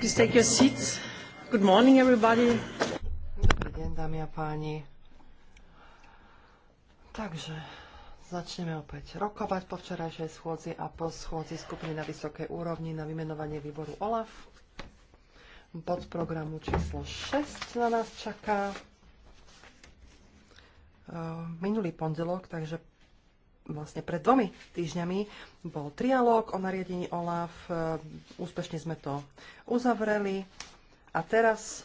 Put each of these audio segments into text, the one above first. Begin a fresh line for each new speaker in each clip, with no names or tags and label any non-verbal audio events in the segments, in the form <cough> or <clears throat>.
Please take your seats. Good morning, everybody. Dobrý
deň, dámy a páni. Takže začneme opäť rokovať po včerajšej schôdzi a po schôdzi skupiny na vysokej úrovni na vymenovanie výboru OLAF. Pod programu číslo 6 na nás čaká ehm, minulý pondelok, takže vlastne pred dvomi týždňami bol trialóg o nariadení OLAF. E, úspešne sme to uzavreli. A teraz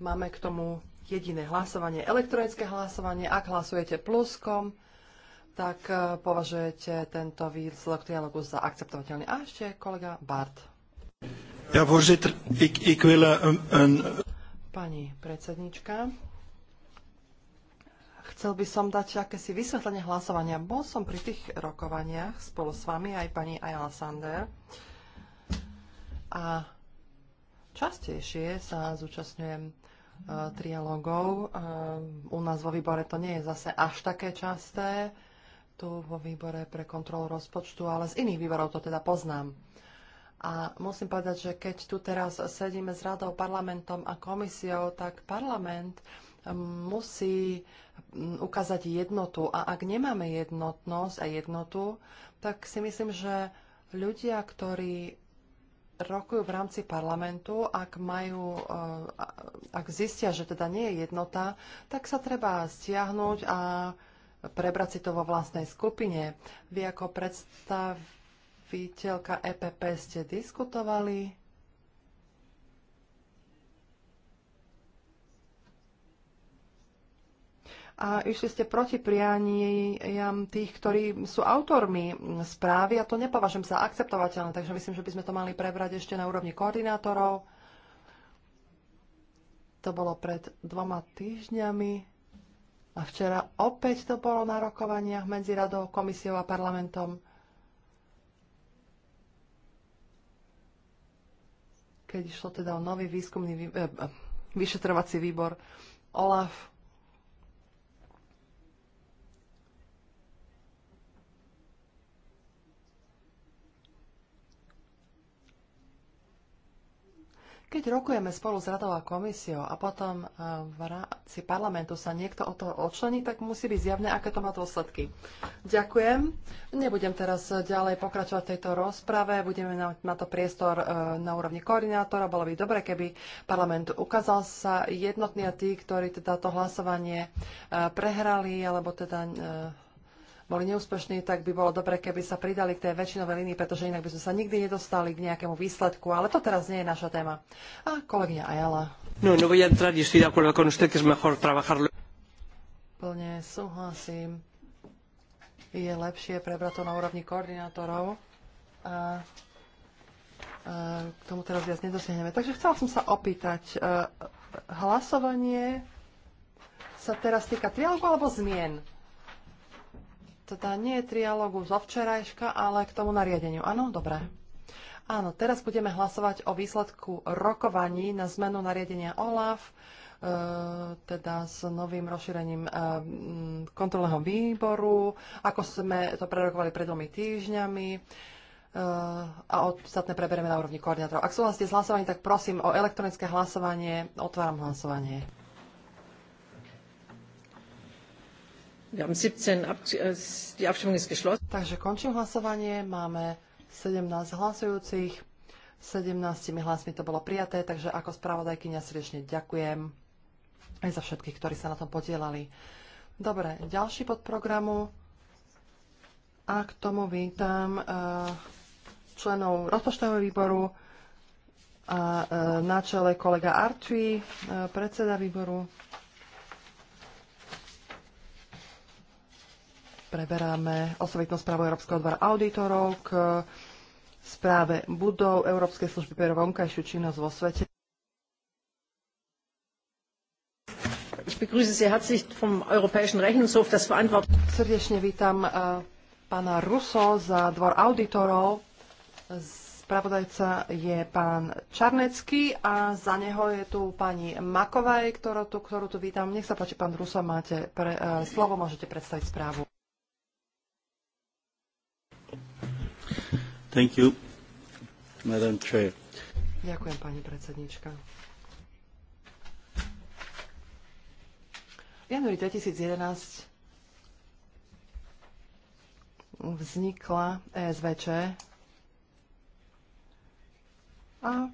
máme k tomu jediné hlasovanie, elektronické hlasovanie. Ak hlasujete pluskom, tak e, považujete tento výsledok trialógu za akceptovateľný. A ešte kolega Bart.
Ja, voorzitter, ik, ik wil eh, een...
Pani predsednička, Chcel by som dať akési vysvetlenie hlasovania. Bol som pri tých rokovaniach spolu s vami aj pani Ayala Sander a častejšie sa zúčastňujem uh, trialogov. Uh, u nás vo výbore to nie je zase až také časté, tu vo výbore pre kontrolu rozpočtu, ale z iných výborov to teda poznám. A musím povedať, že keď tu teraz sedíme s radou, parlamentom a komisiou, tak parlament musí mm, ukázať jednotu. A ak nemáme jednotnosť a jednotu, tak si myslím, že ľudia, ktorí rokujú v rámci parlamentu, ak majú, eh, ak zistia, že teda nie je jednota, tak sa treba stiahnuť a prebrať si to vo vlastnej skupine. Vy ako predstaviteľka EPP ste diskutovali a išli ste proti prianiam tých, ktorí sú autormi správy a to nepovažujem za akceptovateľné, takže myslím, že by sme to mali prebrať ešte na úrovni koordinátorov. To bolo pred dvoma týždňami a včera opäť to bolo na rokovaniach medzi radou, komisiou a parlamentom. Keď išlo teda o nový výskumný eh, eh, vyšetrovací výbor, OLAF Keď rokujeme spolu s Radová komisiou a potom eh, v rámci parlamentu sa niekto o toho odčlení, tak musí byť zjavné, aké to má dôsledky. Ďakujem. Nebudem teraz ďalej pokračovať v tejto rozprave. Budeme na to priestor eh, na úrovni koordinátora. Bolo by dobre, keby parlament ukázal sa jednotný a tí, ktorí teda to hlasovanie eh, prehrali alebo teda boli neúspešní, tak by bolo dobre, keby sa pridali k tej väčšinovej línii, pretože inak by sme sa nikdy nedostali k nejakému výsledku, ale to teraz nie je naša téma. A kolegyňa Ajala.
No, no voy a entrar y
estoy de acuerdo con usted que es mejor trabajarlo. Plne súhlasím. Je lepšie prebrať to na úrovni koordinátorov a k tomu teraz viac nedosiahneme. Takže chcela som sa opýtať, e, hlasovanie sa teraz týka trialogu alebo zmien? teda nie je trialógu zo včerajška, ale k tomu nariadeniu. Áno, dobré. Áno, teraz budeme hlasovať o výsledku rokovaní na zmenu nariadenia OLAF, e, teda s novým rozšírením e, kontrolného výboru, ako sme to prerokovali pred dvomi týždňami e, a ostatné preberieme na úrovni koordinátorov. Ak súhlasíte s hlasovaním, tak prosím o elektronické hlasovanie. Otváram hlasovanie. Äh, takže končím hlasovanie. Máme 17 hlasujúcich. 17 hlasmi to bolo prijaté, takže ako spravodajkyňa srdečne ďakujem aj za všetkých, ktorí sa na tom podielali. Dobre, ďalší podprogramu. A k tomu vítam eh, členov rozpočtového výboru a eh, na čele kolega Arčí, eh, predseda výboru preberáme osobitnú správu Európskeho dvora auditorov k eh, správe budov Európskej služby pre vonkajšiu činnosť vo svete. Srdečne vítam eh, pána Ruso za dvor auditorov. Spravodajca je pán Čarnecký a za neho je tu pani Makovaj, ktorú tu, ktorú tu vítam. Nech sa páči, pán Ruso, máte pre, eh, slovo, môžete predstaviť správu.
Thank you, Madam Chair.
Ďakujem, pani predsednička. V januári 2011 vznikla ESVČ a e,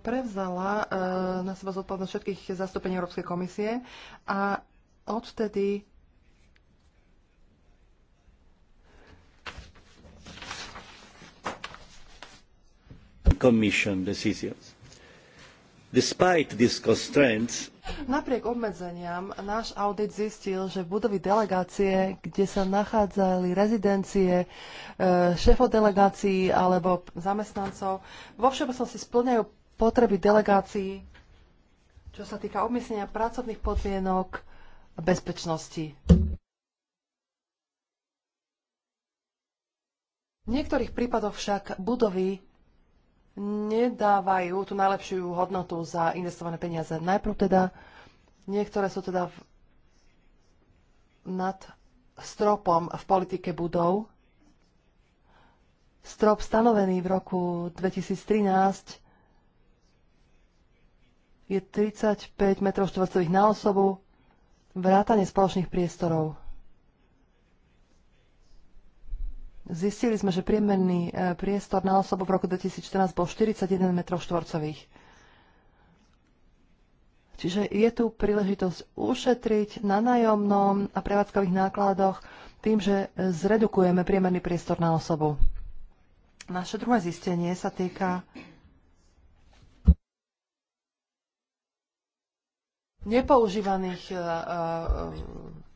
prevzala e, na seba zodpovednosť všetkých zastúpení Európskej komisie a odtedy
Commission decisions. Despite these constraints,
Napriek obmedzeniam náš audit zistil, že budovy delegácie, kde sa nachádzali rezidencie e, šéfov delegácií alebo zamestnancov, vo všeobecnosti splňajú potreby delegácií, čo sa týka obmyslenia pracovných podmienok a bezpečnosti. V niektorých prípadoch však budovy nedávajú tú najlepšiu hodnotu za investované peniaze. Najprv teda niektoré sú teda v, nad stropom v politike budov. Strop stanovený v roku 2013 je 35 m 2 na osobu, vrátanie spoločných priestorov. Zistili sme, že priemerný e, priestor na osobu v roku 2014 bol 41 metrov štvorcových. Čiže je tu príležitosť ušetriť na nájomnom a prevádzkových nákladoch tým, že e, zredukujeme priemerný priestor na osobu. Naše druhé zistenie sa týka nepoužívaných e,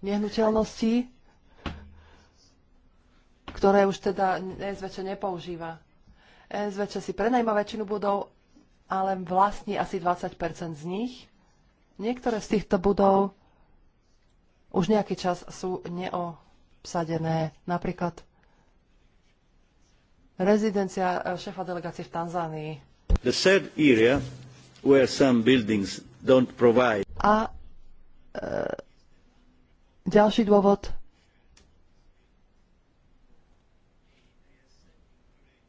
nehnuteľností ktoré už teda SVČ nepoužíva. SVČ si prenajma väčšinu budov, ale vlastní asi 20 z nich. Niektoré z týchto budov už nejaký čas sú neobsadené. Napríklad rezidencia eh, šefa delegácie v Tanzánii.
The third area where some buildings don't provide. A e,
ďalší dôvod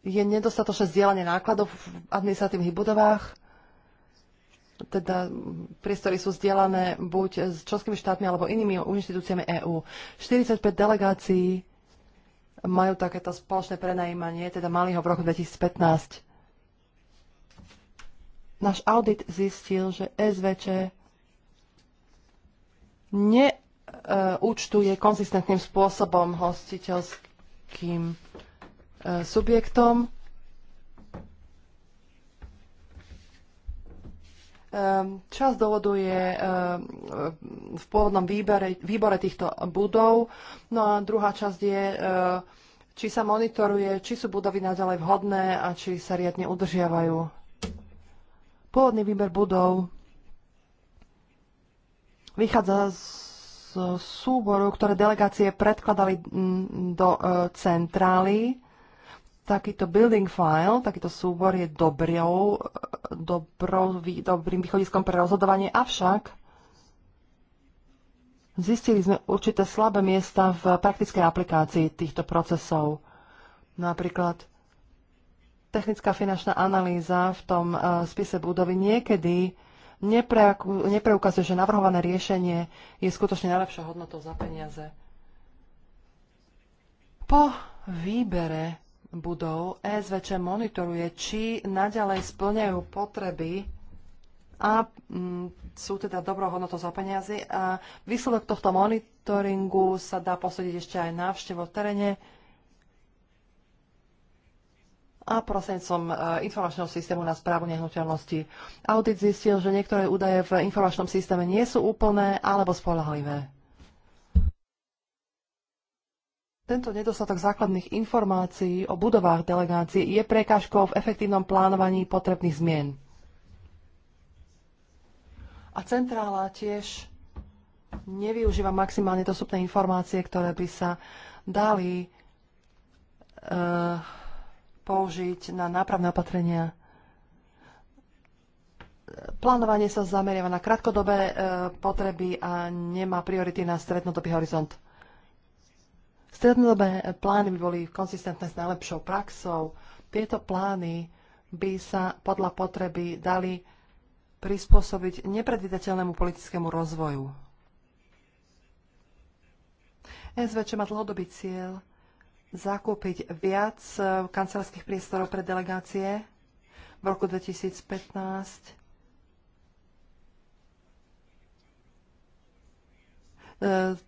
je nedostatočné zdieľanie nákladov v administratívnych budovách. Teda priestory sú zdieľané buď s členskými štátmi alebo inými inštitúciami EÚ. 45 delegácií majú takéto spoločné prenajímanie, teda mali ho v roku 2015. Náš audit zistil, že SVČ neúčtuje konzistentným spôsobom hostiteľským subjektom. Ehm, časť dôvodu je ehm, v pôvodnom výbere, výbore týchto budov. No a druhá časť je, ehm, či sa monitoruje, či sú budovy naďalej vhodné a či sa riadne udržiavajú. Pôvodný výber budov vychádza z súboru, ktoré delegácie predkladali mm, do e, centrály takýto building file, takýto súbor je dobrou, dobrou, dobrým východiskom pre rozhodovanie, avšak zistili sme určité slabé miesta v praktickej aplikácii týchto procesov. Napríklad technická finančná analýza v tom eh, spise budovy niekedy nepreukazuje, že navrhované riešenie je skutočne najlepšou hodnotou za peniaze. Po výbere budov ESVČ monitoruje, či naďalej splňajú potreby a mm, sú teda dobrou hodnotou za peniazy a výsledok tohto monitoringu sa dá posúdiť ešte aj návštevo v teréne a prostredníctvom e, informačného systému na správu nehnuteľnosti. Audit zistil, že niektoré údaje v informačnom systéme nie sú úplné alebo spolahlivé. Tento nedostatok základných informácií o budovách delegácií je prekážkou v efektívnom plánovaní potrebných zmien. A centrála tiež nevyužíva maximálne dostupné informácie, ktoré by sa dali e, použiť na nápravné opatrenia. Plánovanie sa zameriava na krátkodobé e, potreby a nemá priority na strednodobý horizont Strednodobé plány by boli konsistentné s najlepšou praxou. Tieto plány by sa podľa potreby dali prispôsobiť nepredvidateľnému politickému rozvoju. SVČ má dlhodobý cieľ zakúpiť viac eh, kancelárskych priestorov pre delegácie v roku 2015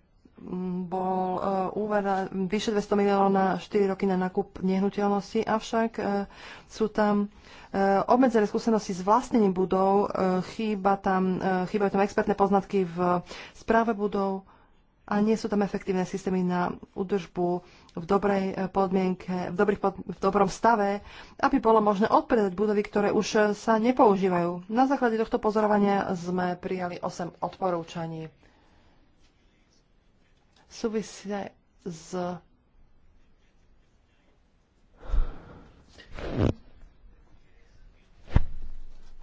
bol e, úver na vyše 200 miliónov na 4 roky na nákup nehnuteľnosti, avšak e, sú tam e, obmedzené skúsenosti s vlastnením budov, chýba tam, chýbajú tam expertné poznatky v správe budov a nie sú tam efektívne systémy na údržbu v dobrej podmienke, v, dobrých pod, v dobrom stave, aby bolo možné odpredať budovy, ktoré už sa nepoužívajú. Na základe tohto pozorovania sme prijali 8 odporúčaní súvisia s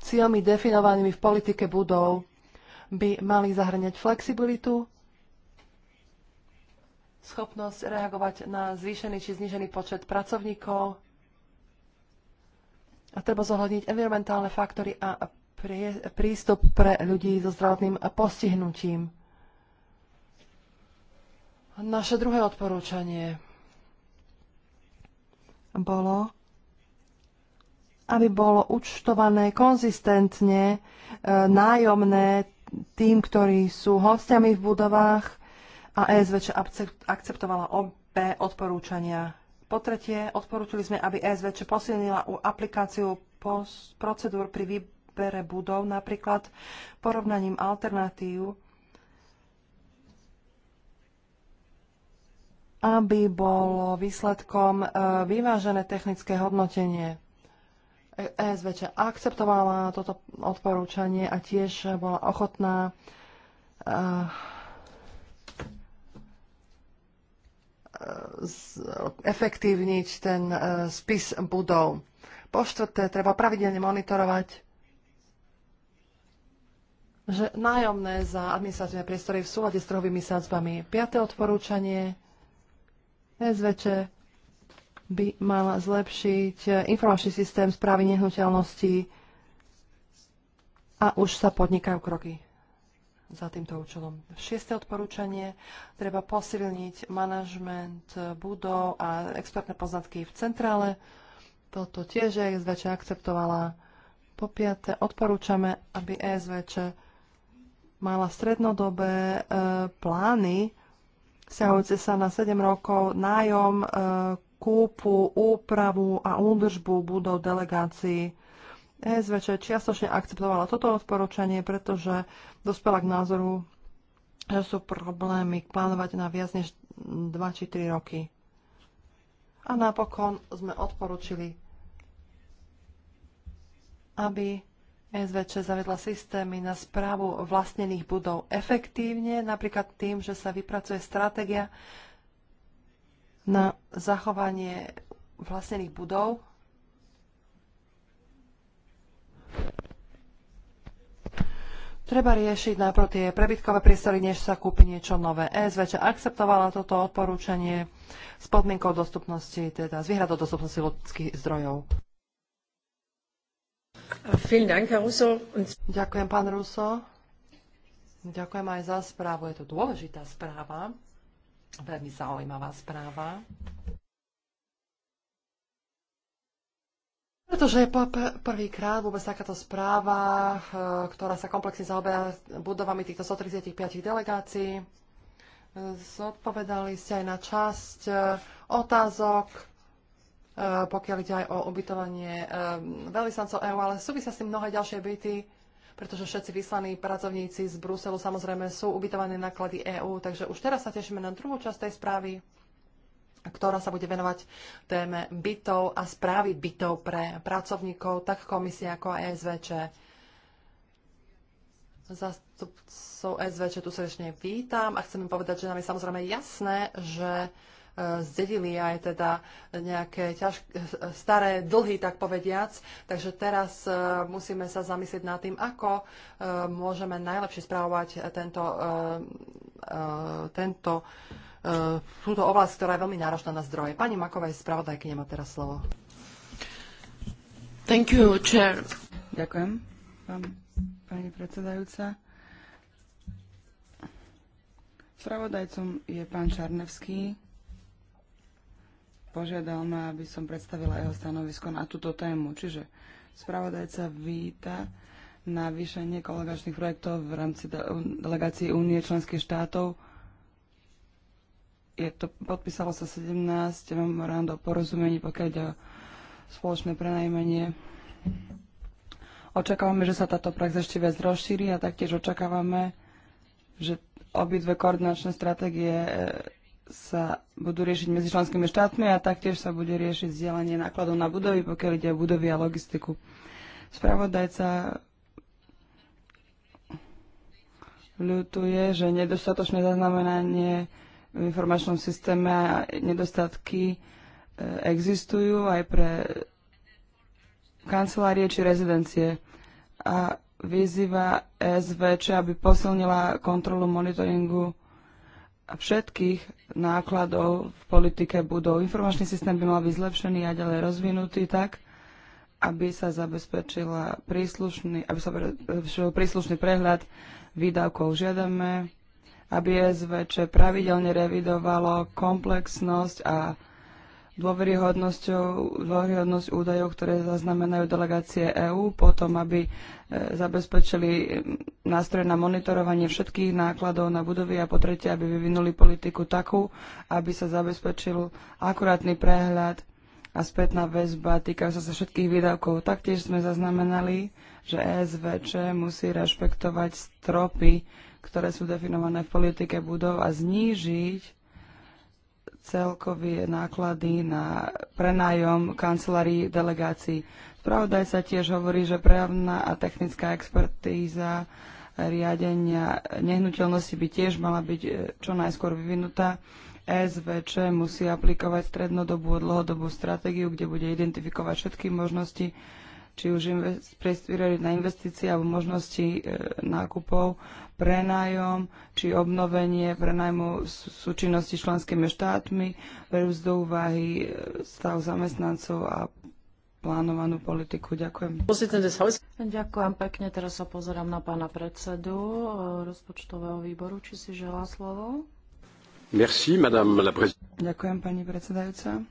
cieľmi definovanými v politike budov by mali zahrňať flexibilitu, schopnosť reagovať na zvýšený či znížený počet pracovníkov a treba zohľadniť environmentálne faktory a prístup pre ľudí so zdravotným postihnutím. Naše druhé odporúčanie bolo, aby bolo účtované konzistentne e, nájomné tým, ktorí sú hostiami v budovách a ESVČ akceptovala obe odporúčania. Po tretie, odporúčili sme, aby ESVČ posilnila aplikáciu procedúr pri výbere budov, napríklad porovnaním alternatív aby bolo výsledkom e, vyvážené technické hodnotenie. ESVČ e akceptovala toto odporúčanie a tiež bola ochotná e, efektívniť ten spis budov. Po štvrté, treba pravidelne monitorovať že nájomné za administratívne priestory v súlade s trhovými sádzbami. Piaté odporúčanie SVČ by mala zlepšiť eh, informačný systém správy nehnuteľnosti a už sa podnikajú kroky za týmto účelom. Šieste odporúčanie, treba posilniť manažment budov a expertné poznatky v centrále. Toto tiež ESVČ akceptovala. Po piate, odporúčame, aby ESVČ mala strednodobé e, plány vzťahujúce sa na 7 rokov nájom, e, kúpu, úpravu a údržbu budov delegácií. E SVČ čiastočne akceptovala toto odporúčanie, pretože dospela k názoru, že sú problémy plánovať na viac než 2 či 3 roky. A napokon sme odporučili, aby SVČ zavedla systémy na správu vlastnených budov efektívne, napríklad tým, že sa vypracuje stratégia na zachovanie vlastnených budov. Treba riešiť najprv tie prebytkové priestory, než sa kúpi niečo nové. ESVČ akceptovala toto odporúčanie s podmienkou dostupnosti, teda s výhradou dostupnosti ľudských zdrojov. Ďakujem, pán Ruso. Ďakujem aj za správu. Je to dôležitá správa, veľmi zaujímavá správa. Pretože je prvýkrát vôbec takáto správa, eh, ktorá sa komplexne zaoberá budovami týchto 135 delegácií. Eh, zodpovedali ste aj na časť eh, otázok, Eh, pokiaľ ide aj o ubytovanie eh, veľvyslancov EÚ, ale súvisia s tým mnohé ďalšie byty, pretože všetci vyslaní pracovníci z Bruselu samozrejme sú ubytované náklady EÚ, takže už teraz sa tešíme na druhú časť tej správy, ktorá sa bude venovať téme bytov a správy bytov pre pracovníkov, tak komisie ako aj SVČ. Zastupcov SVČ tu srdečne vítam a chcem im povedať, že nám je samozrejme jasné, že zdedili aj teda nejaké ťažké staré dlhy, tak povediac. Takže teraz e, musíme sa zamyslieť nad tým, ako e, môžeme najlepšie spravovať tento, e, tento túto oblasť, ktorá je veľmi náročná na zdroje. Pani Makovej, spravodajky nemá teraz slovo. Thank you,
chair. Ďakujem, pán, pani predsedajúca. Spravodajcom je pán Čarnevský požiadal ma, aby som predstavila jeho stanovisko na túto tému. Čiže spravodajca víta vyšenie kolegačných projektov v rámci um, delegácie únie členských štátov. Je to, podpísalo sa 17 memorandov porozumení, pokiaľ ide o spoločné prenajmenie. Očakávame, že sa táto prax ešte viac rozšíri a taktiež očakávame, že obidve koordinačné stratégie sa budú riešiť medzi členskými štátmi a taktiež sa bude riešiť vzdielanie nákladov na budovy, pokiaľ ide o budovy a logistiku. Spravodajca ľutuje, že nedostatočné zaznamenanie v informačnom systéme a nedostatky e, existujú aj pre kancelárie či rezidencie a vyzýva SVČ, aby posilnila kontrolu monitoringu všetkých nákladov v politike budov. Informačný systém by mal byť zlepšený a ďalej rozvinutý tak, aby sa zabezpečila príslušný, aby sa zabezpečil príslušný prehľad výdavkov. Žiadame, aby SVČ pravidelne revidovalo komplexnosť a dôveryhodnosť údajov, ktoré zaznamenajú delegácie EÚ, potom aby e, zabezpečili e, nástroje na monitorovanie všetkých nákladov na budovy a po tretie, aby vyvinuli politiku takú, aby sa zabezpečil akurátny prehľad a spätná väzba týka sa všetkých výdavkov. Taktiež sme zaznamenali, že ESVČ musí rešpektovať stropy, ktoré sú definované v politike budov a znížiť celkové náklady na prenájom kancelárií delegácií. Pravda sa tiež hovorí, že právna a technická expertíza riadenia nehnuteľnosti by tiež mala byť e, čo najskôr vyvinutá. SVČ musí aplikovať strednodobú a dlhodobú stratégiu, kde bude identifikovať všetky možnosti, či už prispírať na investície alebo možnosti e, nákupov prenájom či obnovenie prenajmu súčinnosti členskými štátmi, berúc do úvahy e, stav zamestnancov a plánovanú politiku. Ďakujem.
Ďakujem pekne. Teraz sa pozerám na pána predsedu e, rozpočtového výboru. Či si želá slovo?
Merci, madame la
Ďakujem, pani
predsedajúca.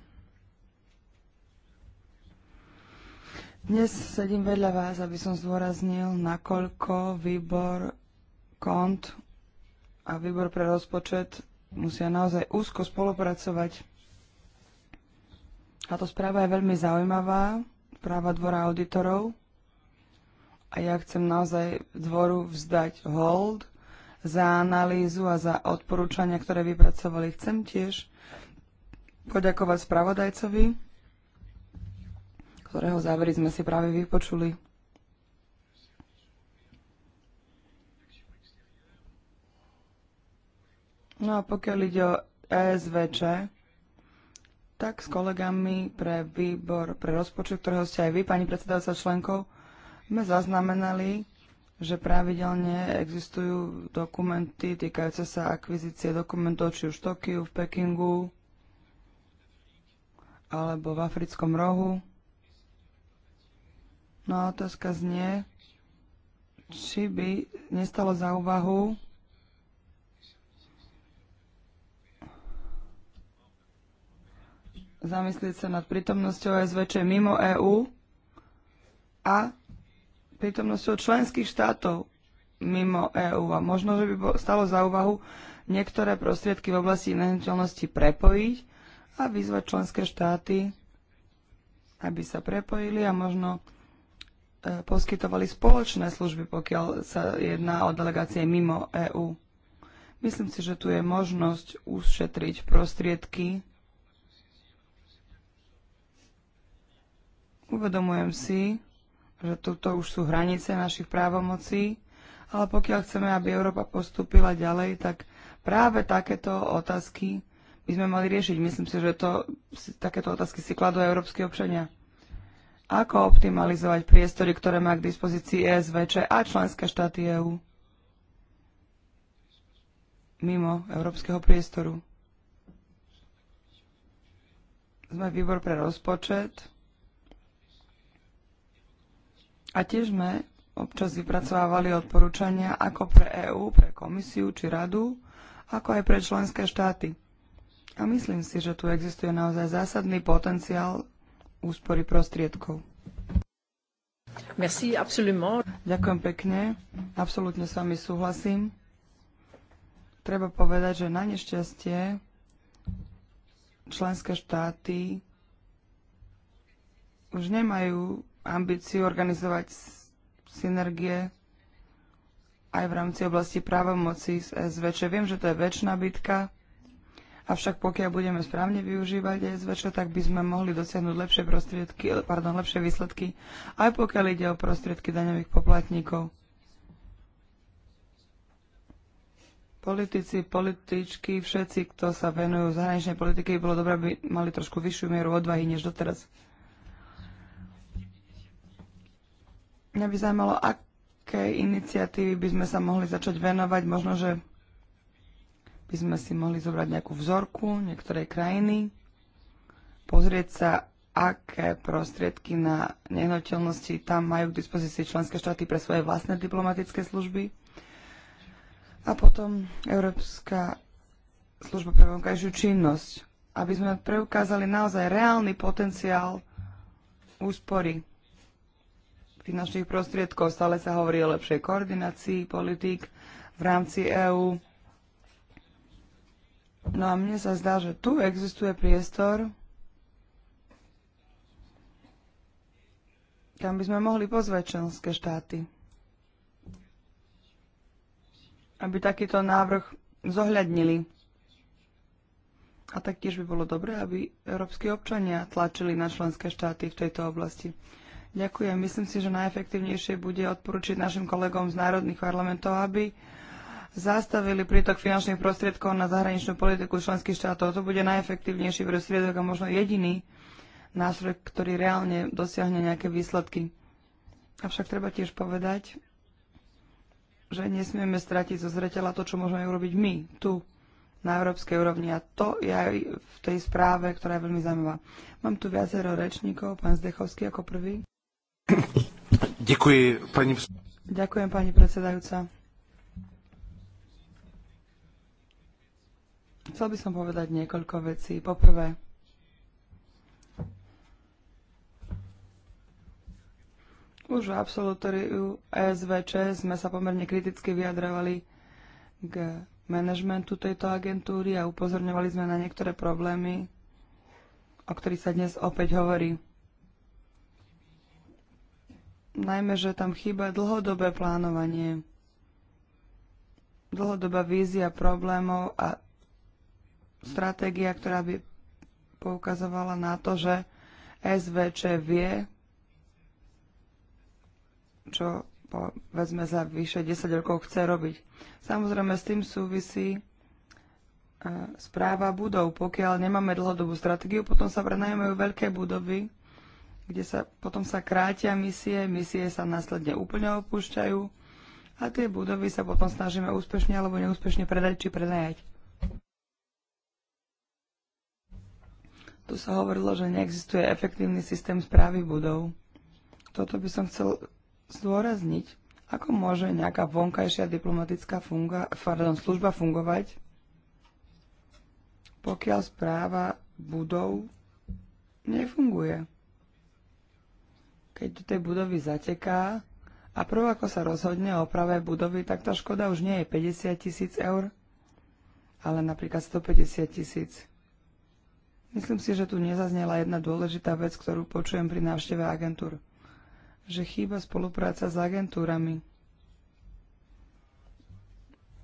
Dnes sedím vedľa vás, aby som zdôraznil, nakoľko výbor kont a výbor pre rozpočet musia naozaj úzko spolupracovať. A to správa je veľmi zaujímavá, práva dvora auditorov. A ja chcem naozaj dvoru vzdať hold za analýzu a za odporúčania, ktoré vypracovali. Chcem tiež poďakovať spravodajcovi, ktorého závery sme si práve vypočuli. No a pokiaľ ide o ESVČ, tak s kolegami pre výbor pre rozpočet, ktorého ste aj vy, pani predsedajúca členkov, sme zaznamenali, že pravidelne existujú dokumenty týkajúce sa akvizície dokumentov či už v Tokiu, v Pekingu alebo v Africkom rohu. No a otázka znie, či by nestalo za úvahu zamyslieť sa nad prítomnosťou SVČ mimo EÚ a prítomnosťou členských štátov mimo EÚ. A možno, že by stalo za úvahu niektoré prostriedky v oblasti nehnuteľnosti prepojiť a vyzvať členské štáty, aby sa prepojili a možno e, poskytovali spoločné služby, pokiaľ sa jedná o delegácie mimo EÚ. Myslím si, že tu je možnosť ušetriť prostriedky Uvedomujem si, že toto už sú hranice našich právomocí, ale pokiaľ chceme, aby Európa postúpila ďalej, tak práve takéto otázky by sme mali riešiť. Myslím si, že to, takéto otázky si kladú európsky občania. Ako optimalizovať priestory, ktoré má k dispozícii ESVČ a členské štáty EÚ mimo európskeho priestoru? Sme výbor pre rozpočet a tiež sme občas vypracovávali odporúčania ako pre EÚ, pre komisiu či radu, ako aj pre členské štáty. A myslím si, že tu existuje naozaj zásadný potenciál úspory prostriedkov. Merci, absolument. Ďakujem pekne, absolútne s vami súhlasím. Treba povedať, že na nešťastie členské štáty už nemajú ambíciu organizovať synergie aj v rámci oblasti právomocí z SVČ. Viem, že to je väčšiná bitka, avšak pokiaľ budeme správne využívať SV, tak by sme mohli dosiahnuť lepšie, prostriedky, pardon, lepšie výsledky, aj pokiaľ ide o prostriedky daňových poplatníkov. Politici, političky, všetci, kto sa venujú zahraničnej politike, bolo dobré, aby mali trošku vyššiu mieru odvahy než doteraz. Mňa by zaujímalo, aké iniciatívy by sme sa mohli začať venovať. Možno, že by sme si mohli zobrať nejakú vzorku niektorej krajiny, pozrieť sa, aké prostriedky na nehnuteľnosti tam majú k dispozícii členské štáty pre svoje vlastné diplomatické služby. A potom Európska služba pre vonkajšiu činnosť, aby sme preukázali naozaj reálny potenciál úspory finančných prostriedkov. Stále sa hovorí o lepšej koordinácii politík v rámci EÚ. No a mne sa zdá, že tu existuje priestor, kam by sme mohli pozvať členské štáty, aby takýto návrh zohľadnili. A taktiež by bolo dobré, aby európsky občania tlačili na členské štáty v tejto oblasti. Ďakujem. Myslím si, že najefektívnejšie bude odporučiť našim kolegom z národných parlamentov, aby zastavili prítok finančných prostriedkov na zahraničnú politiku členských štátov. To bude najefektívnejší prostriedok a možno jediný nástroj, ktorý reálne dosiahne nejaké výsledky. Avšak treba tiež povedať, že nesmieme stratiť zo zreteľa to, čo môžeme urobiť my, tu, na európskej úrovni. A to je aj v tej správe, ktorá je veľmi zaujímavá. Mám tu viacero rečníkov, pán Zdechovský ako prvý.
Ďakujem, pani...
Ďakujem, pani predsedajúca. Chcel by som povedať niekoľko vecí. Poprvé, už v absolutóriu SVČ sme sa pomerne kriticky vyjadrovali k manažmentu tejto agentúry a upozorňovali sme na niektoré problémy, o ktorých sa dnes opäť hovorí najmä, že tam chýba dlhodobé plánovanie, dlhodobá vízia problémov a stratégia, ktorá by poukazovala na to, že SVČ vie, čo povedzme za vyše 10 rokov chce robiť. Samozrejme, s tým súvisí e, správa budov. Pokiaľ nemáme dlhodobú stratégiu, potom sa prenajímajú veľké budovy, kde sa potom sa krátia misie, misie sa následne úplne opúšťajú a tie budovy sa potom snažíme úspešne alebo neúspešne predať či prenajať. Tu sa hovorilo, že neexistuje efektívny systém správy budov. Toto by som chcel zdôrazniť. Ako môže nejaká vonkajšia diplomatická funga, pardon, služba fungovať, pokiaľ správa budov nefunguje? keď do tej budovy zateká a prv ako sa rozhodne o oprave budovy, tak tá škoda už nie je 50 tisíc eur, ale napríklad 150 tisíc. Myslím si, že tu nezaznela jedna dôležitá vec, ktorú počujem pri návšteve agentúr. Že chýba spolupráca s agentúrami.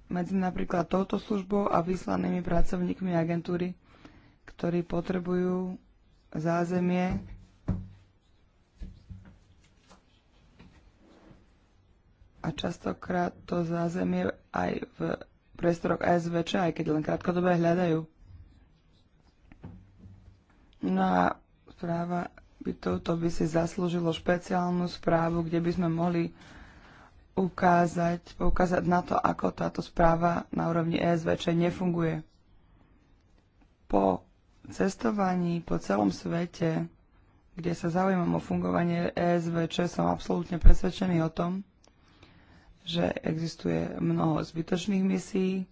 Medzi napríklad touto službou a vyslanými pracovníkmi agentúry, ktorí potrebujú zázemie, A častokrát to zázemie aj v priestoroch SVČ, aj keď len krátkodobé hľadajú. No a správa by toto by si zaslúžilo špeciálnu správu, kde by sme mohli ukázať, poukázať na to, ako táto správa na úrovni ESVČ nefunguje. Po cestovaní po celom svete, kde sa zaujímam o fungovanie ESVČ, som absolútne presvedčený o tom, že existuje mnoho zbytočných misií.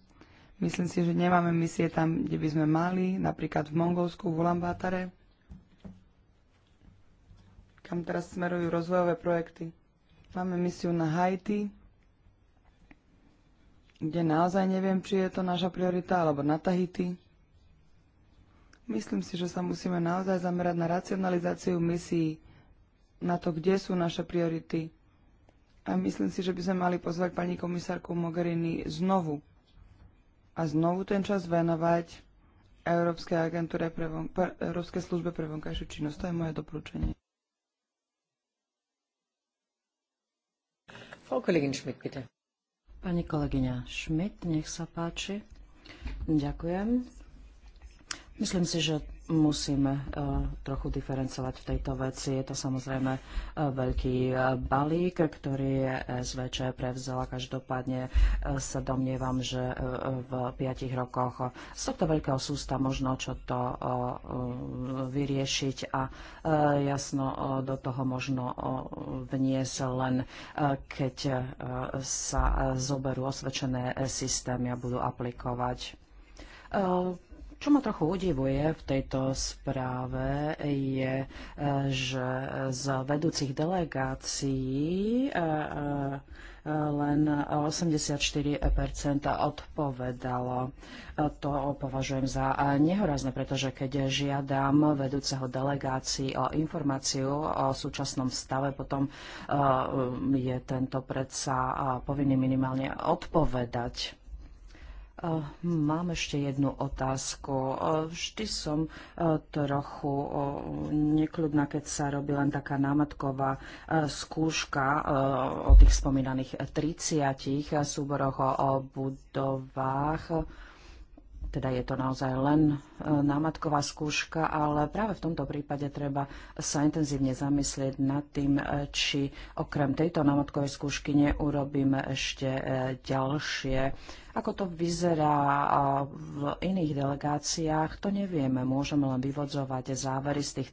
Myslím si, že nemáme misie tam, kde by sme mali, napríklad v Mongolsku, v Ulambátare, kam teraz smerujú rozvojové projekty. Máme misiu na Haiti, kde naozaj neviem, či je to naša priorita, alebo na Tahiti. Myslím si, že sa musíme naozaj zamerať na racionalizáciu misií, na to, kde sú naše priority, a myslím si, že by sme mali pozvať pani komisárku Mogherini znovu. A znovu ten čas venovať Európskej agentúre pre, von, pre Európskej službe pre vonkajšiu činnosť. To je moje doporučenie.
Pani kolegyňa Schmidt, nech sa páči. Ďakujem. Myslím si, že musíme eh, trochu diferencovať v tejto veci. Je to samozrejme eh, veľký eh, balík, ktorý je SVČ prevzala. Každopádne sa domnievam, že v piatich rokoch z tohto veľkého sústa možno čo to vyriešiť a jasno do toho možno vniesť len, keď sa zoberú osvedčené systémy a budú aplikovať. Čo ma trochu udivuje v tejto správe je, e, že z vedúcich delegácií e, e, len 84 odpovedalo. To považujem za nehorazné, pretože keď žiadam vedúceho delegácií o informáciu o súčasnom stave, potom je tento predsa povinný minimálne odpovedať. Mám ešte jednu otázku. Vždy som trochu nekľudná, keď sa robí len taká námatková skúška o tých spomínaných 30 súboroch o budovách teda je to naozaj len e, námatková skúška, ale práve v tomto prípade treba sa intenzívne zamyslieť nad tým, e, či okrem tejto námatkovej skúšky neurobíme ešte e, ďalšie. Ako to vyzerá v iných delegáciách, to nevieme. Môžeme len vyvodzovať závery z tých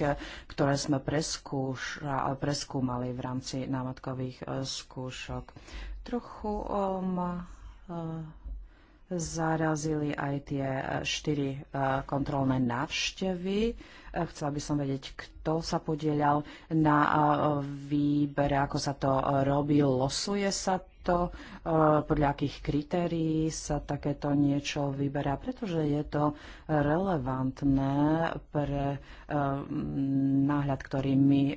30, ktoré sme preskúša, preskúmali v rámci námatkových skúšok. Trochu ma um, zarazili aj tie eh, štyri eh, kontrolné návštevy E, chcela by som vedieť, kto sa podielal na e, výbere, ako sa to e, robí, losuje sa to, podľa akých kritérií sa takéto niečo vyberá, pretože je to relevantné pre náhľad, ktorý my,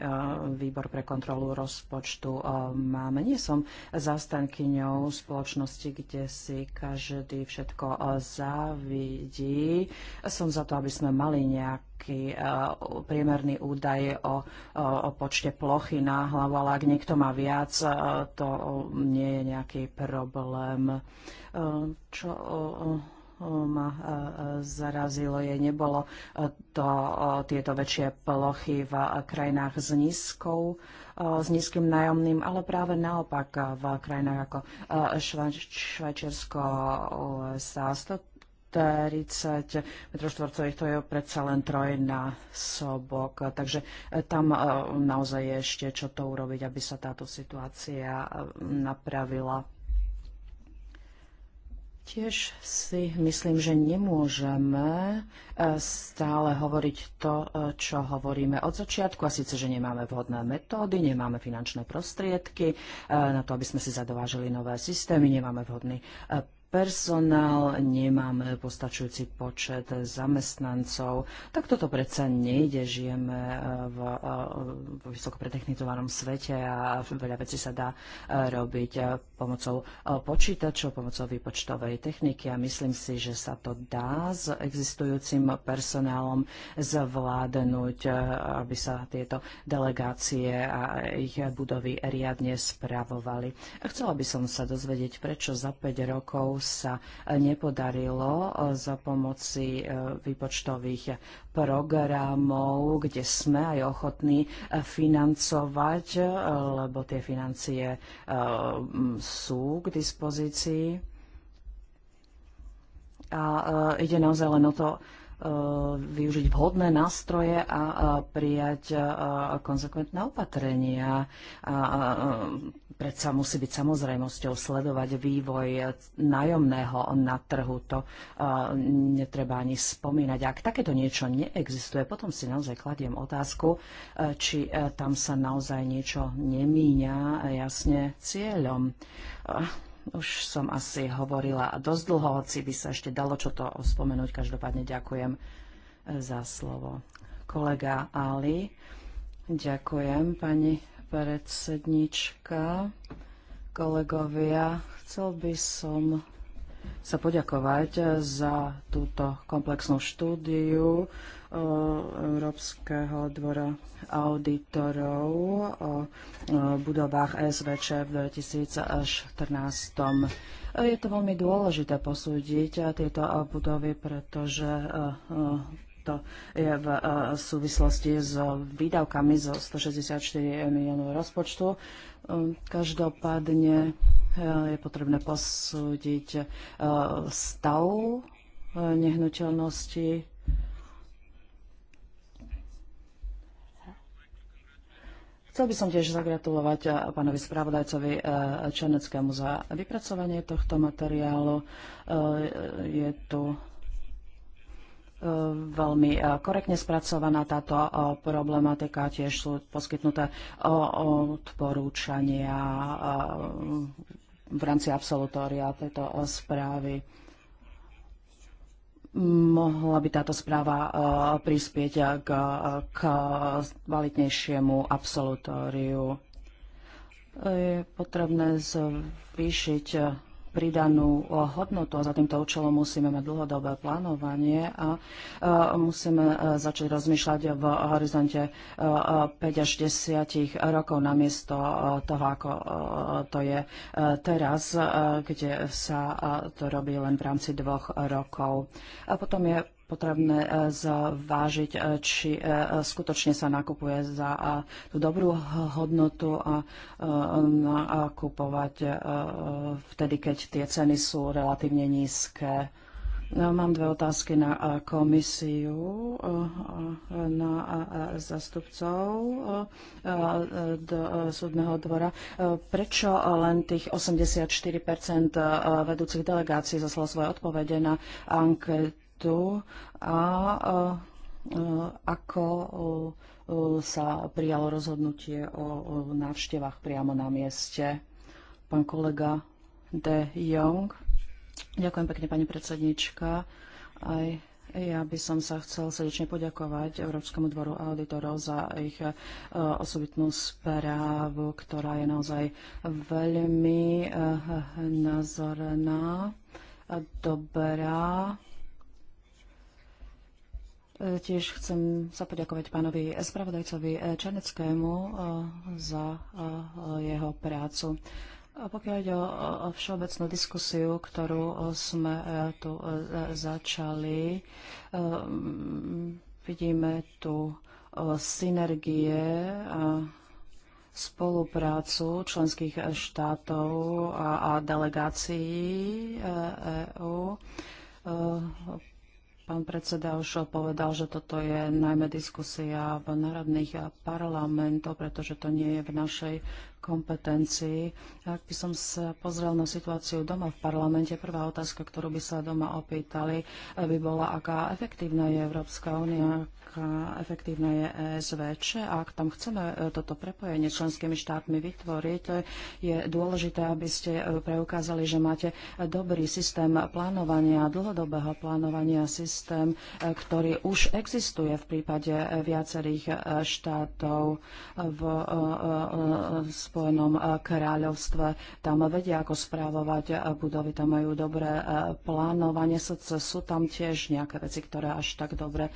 Výbor pre kontrolu rozpočtu, máme. Nie som zastankyňou spoločnosti, kde si každý všetko závidí. Som za to, aby sme mali nejak nejaký e, priemerný údaj o, o počte plochy na hlavu, ale ak niekto má viac, e, to nie je nejaký problém. E, čo ma zarazilo je, nebolo to tieto väčšie plochy v krajinách s nízkou s nízkym nájomným, ale práve naopak v krajinách ako Švajčiarsko, USA, 30 m štvorcových, to je predsa len trojnásobok. Takže e, tam e, naozaj je ešte čo to urobiť, aby sa táto situácia e, napravila. Tiež si myslím, že nemôžeme stále hovoriť to, čo hovoríme od začiatku, a síce, že nemáme vhodné metódy, nemáme finančné prostriedky na to, aby sme si zadovážili nové systémy, nemáme vhodný personál, nemáme postačujúci počet zamestnancov. Tak toto predsa nejde. Žijeme e, v, e, v vysokopretechnizovanom svete a veľa vecí sa dá e, robiť pomocou počítačov, pomocou výpočtovej techniky a myslím si, že sa to dá s existujúcim personálom zvládnuť, aby sa tieto delegácie a ich budovy riadne spravovali. Chcela by som sa dozvedieť, prečo za 5 rokov sa nepodarilo eh, za pomoci eh, výpočtových programov, kde sme aj ochotní eh, financovať, lebo tie financie sú k dispozícii. A ide naozaj len o to, využiť vhodné nástroje a prijať konzekventné opatrenia. A predsa musí byť samozrejmosťou sledovať vývoj nájomného na trhu. To e, netreba ani spomínať. Ak takéto niečo neexistuje, potom si naozaj kladiem otázku, e, či e, tam sa naozaj niečo nemíňa jasne cieľom už som asi hovorila dosť dlho, hoci by sa ešte dalo čo to spomenúť. Každopádne ďakujem za slovo. Kolega Ali, ďakujem pani predsednička, kolegovia. Chcel by som sa poďakovať za túto komplexnú štúdiu eh, Európskeho dvora auditorov o eh, budovách SVČ v 2014. Je to veľmi dôležité posúdiť tieto budovy, pretože eh, to je v e, súvislosti s výdavkami zo 164 miliónov rozpočtu. E, každopádne e, je potrebné posúdiť stav nehnuteľnosti Chcel by som tiež zagratulovať pánovi spravodajcovi Černeckému za vypracovanie tohto materiálu. Je tu veľmi e, korektne spracovaná táto e, problematika. Tiež sú poskytnuté e, odporúčania v rámci absolutória tejto správy mohla by táto správa prispieť k, kvalitnejšiemu absolutóriu. Je potrebné zvýšiť pridanú eh, hodnotu a za týmto účelom musíme mať dlhodobé plánovanie a eh, musíme eh, začať rozmýšľať v horizonte 5 až 10 rokov namiesto toho, ako to je teraz, kde sa to robí len v rámci dvoch rokov. A potom je potrebné e, zvážiť, e, či e, skutočne sa nakupuje za tú dobrú hodnotu a nakupovať vtedy, keď tie ceny sú relatívne nízke. Mám dve otázky na komisiu, na zastupcov do súdneho dvora. Prečo len tých 84 vedúcich delegácií zaslalo svoje odpovede na anketu? parlamentu a ako e, sa prijalo rozhodnutie o návštevách priamo na mieste. Pán kolega De Jong. Ďakujem pekne, pani predsednička. Aj ja by som sa chcel srdečne poďakovať Európskemu dvoru auditorov za ich e, osobitnú správu, ktorá je naozaj veľmi e, názorná, dobrá Tiež chcem sa poďakovať pánovi spravodajcovi eh, Černeckému eh, za eh, jeho prácu. Pokiaľ ide o všeobecnú diskusiu, ktorú sme tu začali, vidíme tu synergie a spoluprácu členských štátov a, a delegácií EÚ e Pán predseda už povedal, že toto je najmä diskusia v národných parlamentoch, pretože to nie je v našej kompetencií. Ak by som sa pozrel na situáciu doma v parlamente, prvá otázka, ktorú by sa doma opýtali, eh, by bola, aká efektívna je Európska únia, aká efektívna je ESVČ. ak tam chceme eh, toto prepojenie členskými štátmi vytvoriť, eh, je dôležité, aby ste preukázali, že máte dobrý systém plánovania, dlhodobého plánovania, systém, ktorý už existuje v prípade viacerých štátov v Spojenom eh, kráľovstve. Tam vedia, ako správovať eh, budovy, tam majú dobré eh, plánovanie. srdce sú tam tiež nejaké veci, ktoré až tak dobre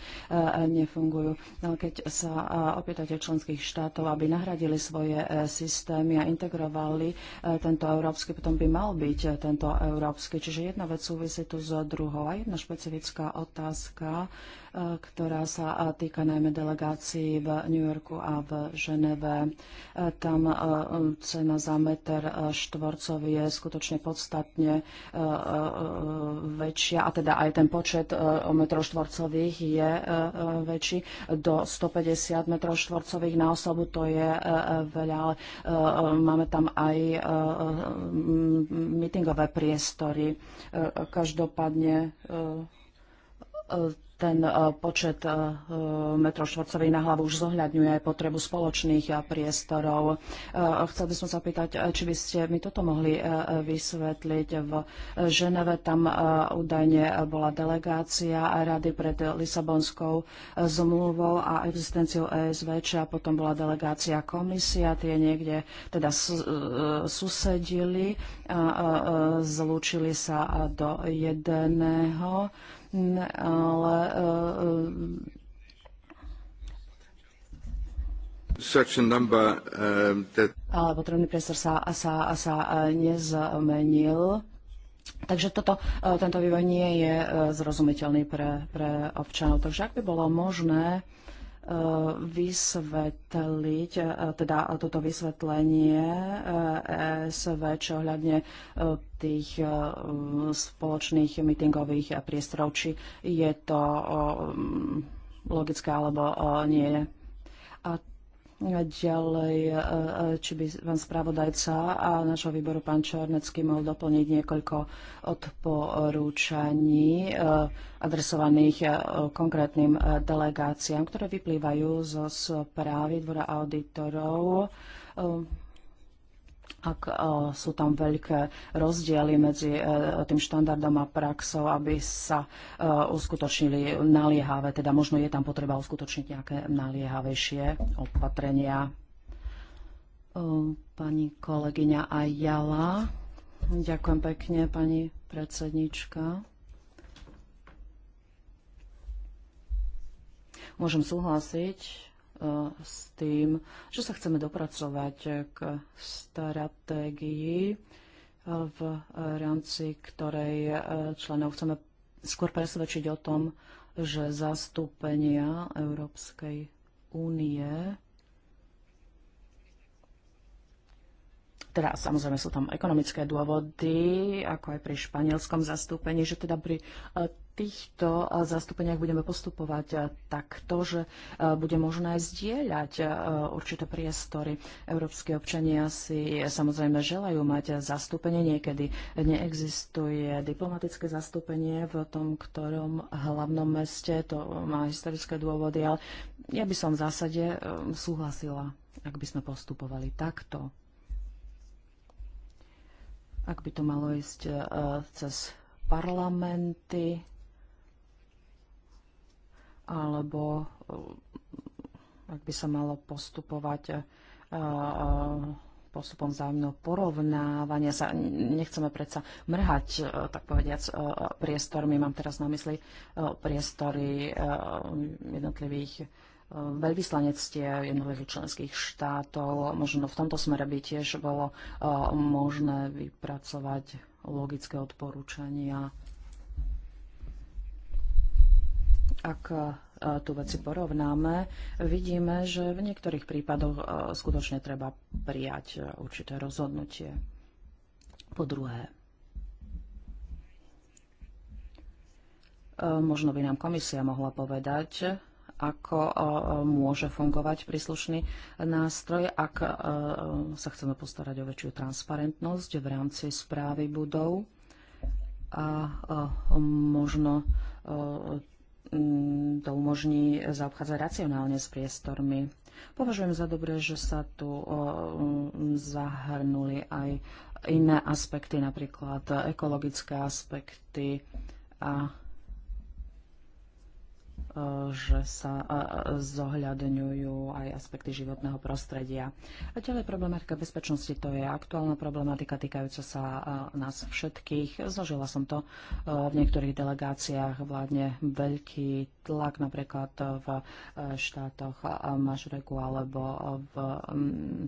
nefungujú. No, keď sa opýtate členských štátov, aby nahradili svoje systémy a integrovali tento európsky, potom by mal byť tento európsky. Čiže jedna vec súvisí tu s druhou a jedna špecifická otázka ktorá sa týka najmä delegácií v New Yorku a v Ženeve. Tam cena za meter štvorcový je skutočne podstatne väčšia a teda aj ten počet metrov štvorcových je väčší do 150 metrov štvorcových na osobu, to je veľa, ale máme tam aj mítingové priestory. Každopádne ten e, počet e, metrov štvorcových na hlavu už zohľadňuje aj potrebu spoločných e, priestorov. Chcel by som sa pýtať, či by ste mi toto mohli vysvetliť. V Ženeve tam údajne bola delegácia rady pred Lisabonskou zmluvou a existenciou ESVČ a potom bola delegácia komisia. Tie niekde teda susedili, zlúčili sa do jedného ale e, e,
such a number um, that
ale potrebný priestor sa, sa, sa e, nezmenil. Takže toto, tento vývoj nie je zrozumiteľný pre, pre občanov. Takže ak by bolo možné vysvetliť, e, teda toto vysvetlenie ESV, čo hľadne e, tých e, spoločných mítingových priestorov, či je to logické alebo nie. A Ďalej, e, e, či by vám spravodajca a nášho výboru pán Čornecký mohol doplniť niekoľko odporúčaní e, adresovaných konkrétnym delegáciám, ktoré vyplývajú zo správy Dvora auditorov ak e, sú tam veľké rozdiely medzi e, tým štandardom a praxou, aby sa e, uskutočnili naliehavé, teda možno je tam potreba uskutočniť nejaké naliehavejšie opatrenia. Pani kolegyňa Ajala. Ďakujem pekne, pani predsednička. Môžem súhlasiť s tým, že sa chceme dopracovať k stratégii, eh, v rámci ktorej eh, členov chceme skôr presvedčiť o tom, že zastúpenia Európskej únie teda samozrejme sú tam ekonomické dôvody, ako aj pri španielskom zastúpení, že teda pri e, týchto e, zastúpeniach budeme postupovať e, takto, že bude možné zdieľať určité priestory. Európsky občania si samozrejme želajú mať zastúpenie. Niekedy neexistuje diplomatické zastúpenie v tom, ktorom hlavnom meste. To má historické dôvody, ale ja by som v zásade súhlasila, ak by sme postupovali takto ak by to malo ísť e, cez parlamenty alebo e, ak by sa malo postupovať e, postupom vzájomného porovnávania sa. Nechceme predsa mrhať, tak povediac, priestormi. Mám teraz na mysli priestory jednotlivých veľvyslanectie jednotlivých členských štátov. Možno v tomto smere by tiež bolo e, možné vypracovať logické odporúčania. Ak e, tu veci porovnáme, vidíme, že v niektorých prípadoch e, skutočne treba prijať určité rozhodnutie. Po druhé, možno by nám komisia mohla povedať, ako e, môže fungovať príslušný nástroj, ak e, sa chceme postarať o väčšiu transparentnosť v rámci správy budov a e, možno to umožní zaobchádzať racionálne s priestormi. Považujem za dobré, že sa tu zahrnuli aj iné aspekty, napríklad ekologické aspekty a že sa zohľadňujú aj aspekty životného prostredia. A ďalej problematika bezpečnosti, to je aktuálna problematika týkajúca sa nás všetkých. Zažila som to v niektorých delegáciách, vládne veľký tlak napríklad v e, štátoch Mažreku alebo v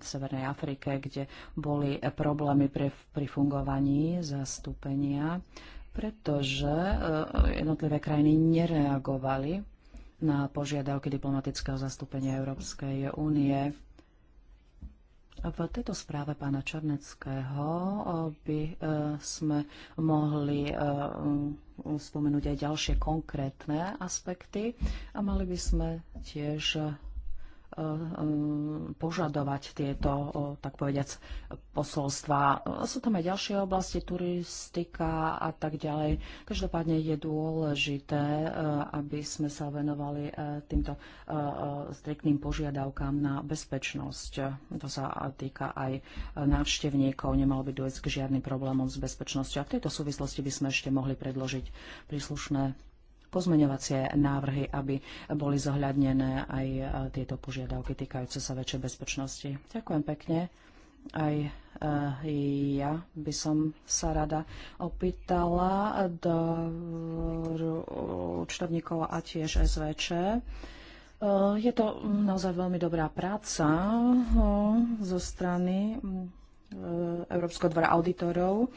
Severnej Afrike, kde boli problémy pri fungovaní zastúpenia pretože e, jednotlivé krajiny nereagovali na požiadavky diplomatického zastúpenia Európskej únie. V tejto správe pána Černeckého eh, by eh, sme mohli eh, spomenúť aj ďalšie konkrétne aspekty a mali by sme tiež E, e, požadovať tieto, tak povediac, posolstva. E, sú tam aj ďalšie oblasti, turistika a tak ďalej. Každopádne je dôležité, aby sme sa venovali týmto striktným požiadavkám na bezpečnosť. To sa týka aj návštevníkov. Nemalo by dojsť k žiadnym problémom s bezpečnosťou. A v tejto súvislosti by sme ešte mohli predložiť príslušné pozmeňovacie návrhy, aby boli zohľadnené aj e, tieto požiadavky týkajúce sa väčšej bezpečnosti. Ďakujem pekne. Aj e, ja by som sa rada opýtala do účtovníkov a tiež SVČ. E, je to naozaj veľmi dobrá práca zo strany Európskeho dvora auditorov,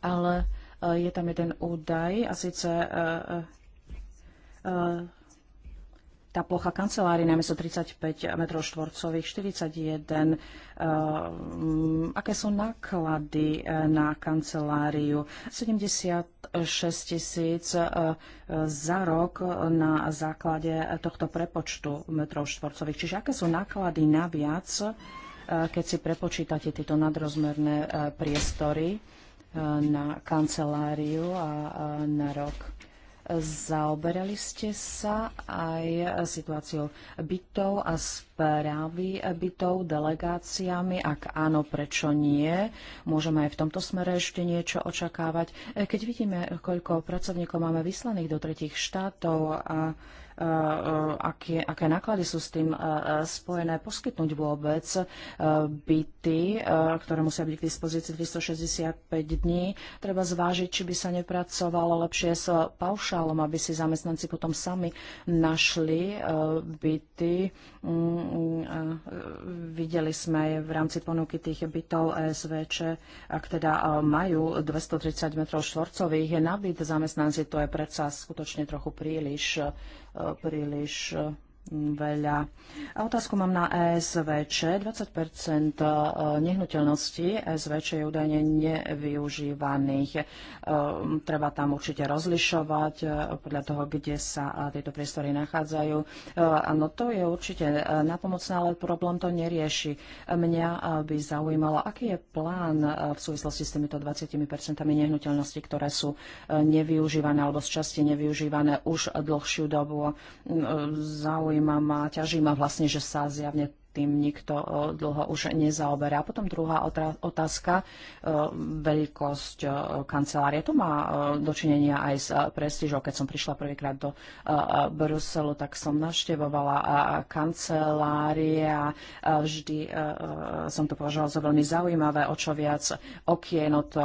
ale Eh, je tam jeden údaj a síce eh, eh, tá plocha kancelárie namiesto 35 m štvorcových 41. Aké sú náklady na kanceláriu? 76 tisíc za rok na základe tohto prepočtu metrov štvorcových. Čiže aké sú náklady naviac, keď si prepočítate tieto nadrozmerné priestory? Eh, na kanceláriu a na rok. Zaoberali ste sa aj situáciou bytov a správy bytov, delegáciami? Ak áno, prečo nie? Môžeme aj v tomto smere ešte niečo očakávať. Eh, keď vidíme, koľko pracovníkov máme vyslaných do tretich štátov a aké, aké náklady sú s tým spojené, poskytnúť vôbec byty, ktoré musia byť k dispozícii 365 dní. Treba zvážiť, či by sa nepracovalo lepšie s paušálom, aby si zamestnanci potom sami našli byty. Mm, videli sme aj v rámci ponuky tých bytov SVČ, ak teda majú 230 m štvorcových na byt zamestnanci, to je predsa skutočne trochu príliš príliš veľa. A otázku mám na ESVČ. 20 e, nehnuteľností ESVČ je údajne nevyužívaných. E, treba tam určite rozlišovať e, podľa toho, kde sa tieto priestory nachádzajú. Áno, to je určite napomocné, ale problém to nerieši. Mňa by zaujímalo, aký je plán v súvislosti s týmito 20 nehnuteľností, ktoré sú nevyužívané alebo z časti nevyužívané už dlhšiu dobu. Zaujímavé zaujímam a ťaží ma vlastne, že sa zjavne tým nikto e, dlho už nezaoberá. Potom druhá otázka, e, veľkosť e, kancelárie. To má dočinenia aj s prestížou. Keď som prišla prvýkrát do Bruselu, tak som navštevovala kancelárie a vždy som to považovala za veľmi zaujímavé, o čo viac okien, o to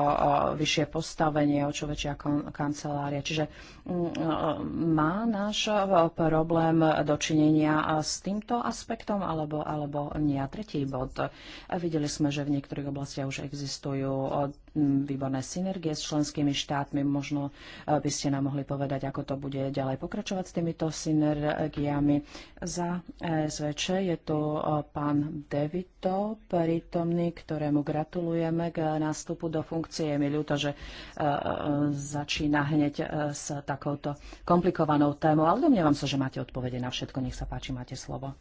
vyššie postavenie, o čo väčšia kancelária. Čiže mm, má náš problém dočinenia s týmto aspektom alebo, alebo alebo nie. A tretí bod. A videli sme, že v niektorých oblastiach už existujú výborné synergie s členskými štátmi. Možno e, by ste nám mohli povedať, ako to bude ďalej pokračovať s týmito synergiami. Za e, SVČ je tu pán Devito, prítomný, ktorému gratulujeme k nástupu do funkcie. Je mi ľúto, že e, začína hneď s takouto komplikovanou témou, ale domnievam sa, že máte odpovede na všetko. Nech sa páči, máte slovo.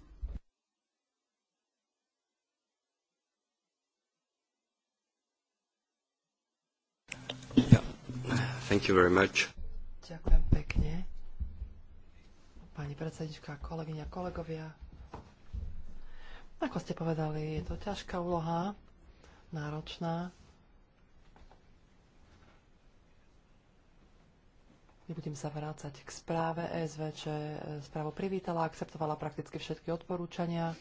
Thank you very much. Ďakujem pekne. Pani predsednička, kolegyňa, kolegovia. Ako ste povedali, je to ťažká úloha, náročná. Nebudem sa vrácať k správe SVČ. správo privítala, akceptovala prakticky všetky odporúčania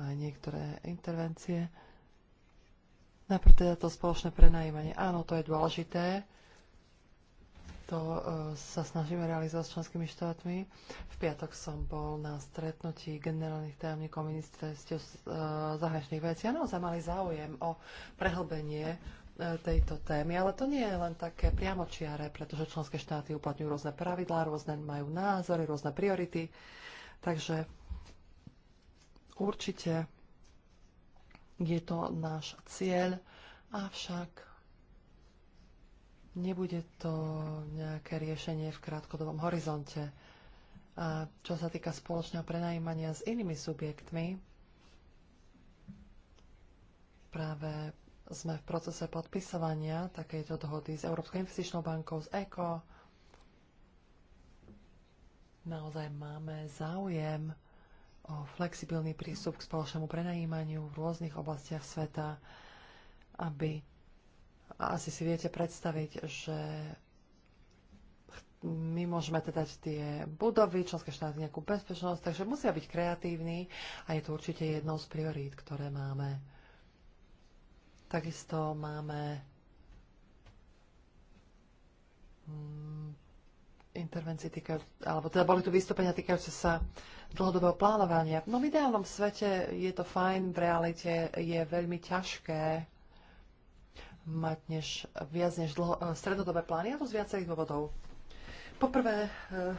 aj niektoré intervencie. Najprv teda to spoločné prenajímanie. Áno, to je dôležité. To e, sa snažíme realizovať s členskými štátmi. V piatok som bol na stretnutí generálnych tajomníkov ministerstiev e, zahraničných vecí áno za mali záujem o prehlbenie e, tejto témy. Ale to nie je len také priamočiare, pretože členské štáty uplatňujú rôzne pravidlá, rôzne majú názory, rôzne priority. Takže určite je to náš cieľ, avšak nebude to nejaké riešenie v krátkodobom horizonte. A čo sa týka spoločného prenajímania s inými subjektmi, práve sme v procese podpisovania takejto dohody s Európskou investičnou bankou, z ECO. Naozaj máme záujem flexibilný prístup k spoločnému prenajímaniu v rôznych oblastiach sveta, aby a asi si viete predstaviť, že my môžeme teda tie budovy, členské štáty nejakú bezpečnosť, takže musia byť kreatívni a je to určite jednou z priorít, ktoré máme. Takisto máme mm, intervencií týka, alebo teda boli tu vystúpenia týkajúce sa dlhodobého plánovania. No v ideálnom svete je to fajn, v realite je veľmi ťažké mať než, viac než dlho, eh, stredodobé plány, a to z viacerých dôvodov. Poprvé, eh,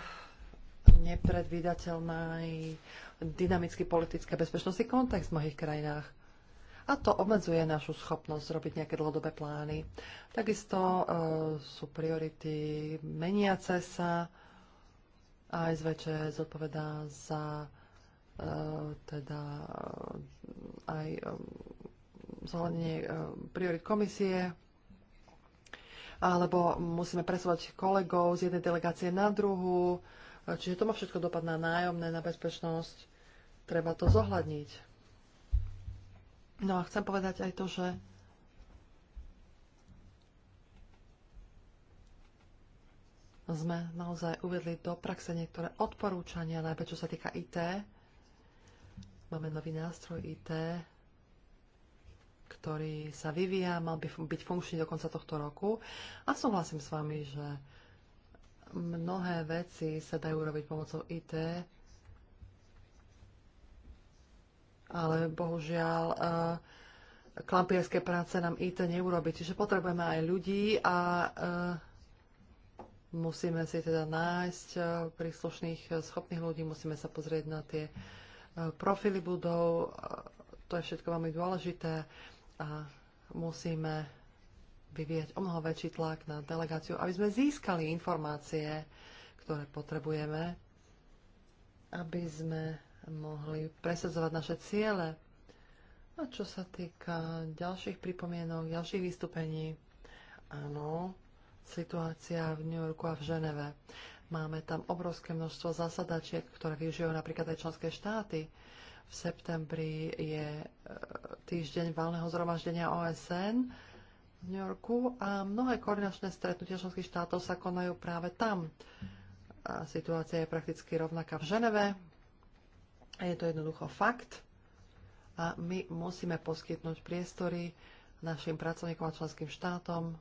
nepredvídateľný dynamický politický a bezpečnostný kontext v mnohých krajinách a to obmedzuje našu schopnosť robiť nejaké dlhodobé plány. Takisto e, sú priority meniace sa a SVČ zodpovedá za e, teda aj e, zohľadenie e, priorit komisie alebo musíme presúvať kolegov z jednej delegácie na druhú. E, čiže to má všetko dopad na nájomné, na bezpečnosť. Treba to zohľadniť. No a chcem povedať aj to, že sme naozaj uvedli do praxe niektoré odporúčania, najmä čo sa týka IT. Máme nový nástroj IT, ktorý sa vyvíja, mal by byť funkčný do konca tohto roku. A súhlasím s vami, že mnohé veci sa dajú robiť pomocou IT, ale bohužiaľ e, klampierské práce nám IT neurobi. Čiže potrebujeme aj ľudí a e, musíme si teda nájsť e, príslušných schopných ľudí, musíme sa pozrieť na tie profily budov, to je všetko veľmi dôležité a musíme vyvíjať o mnoho väčší tlak na delegáciu, aby sme získali informácie, ktoré potrebujeme, aby sme mohli presadzovať naše ciele. A čo sa týka ďalších pripomienok, ďalších vystúpení, áno, situácia v New Yorku a v Ženeve. Máme tam obrovské množstvo zasadačiek, ktoré využijú napríklad aj členské štáty. V septembri je e, týždeň valného zhromaždenia OSN v New Yorku a mnohé koordinačné stretnutia členských štátov sa konajú práve tam. A situácia je prakticky rovnaká v Ženeve, je to jednoducho fakt a my musíme poskytnúť priestory našim pracovníkom a členským štátom.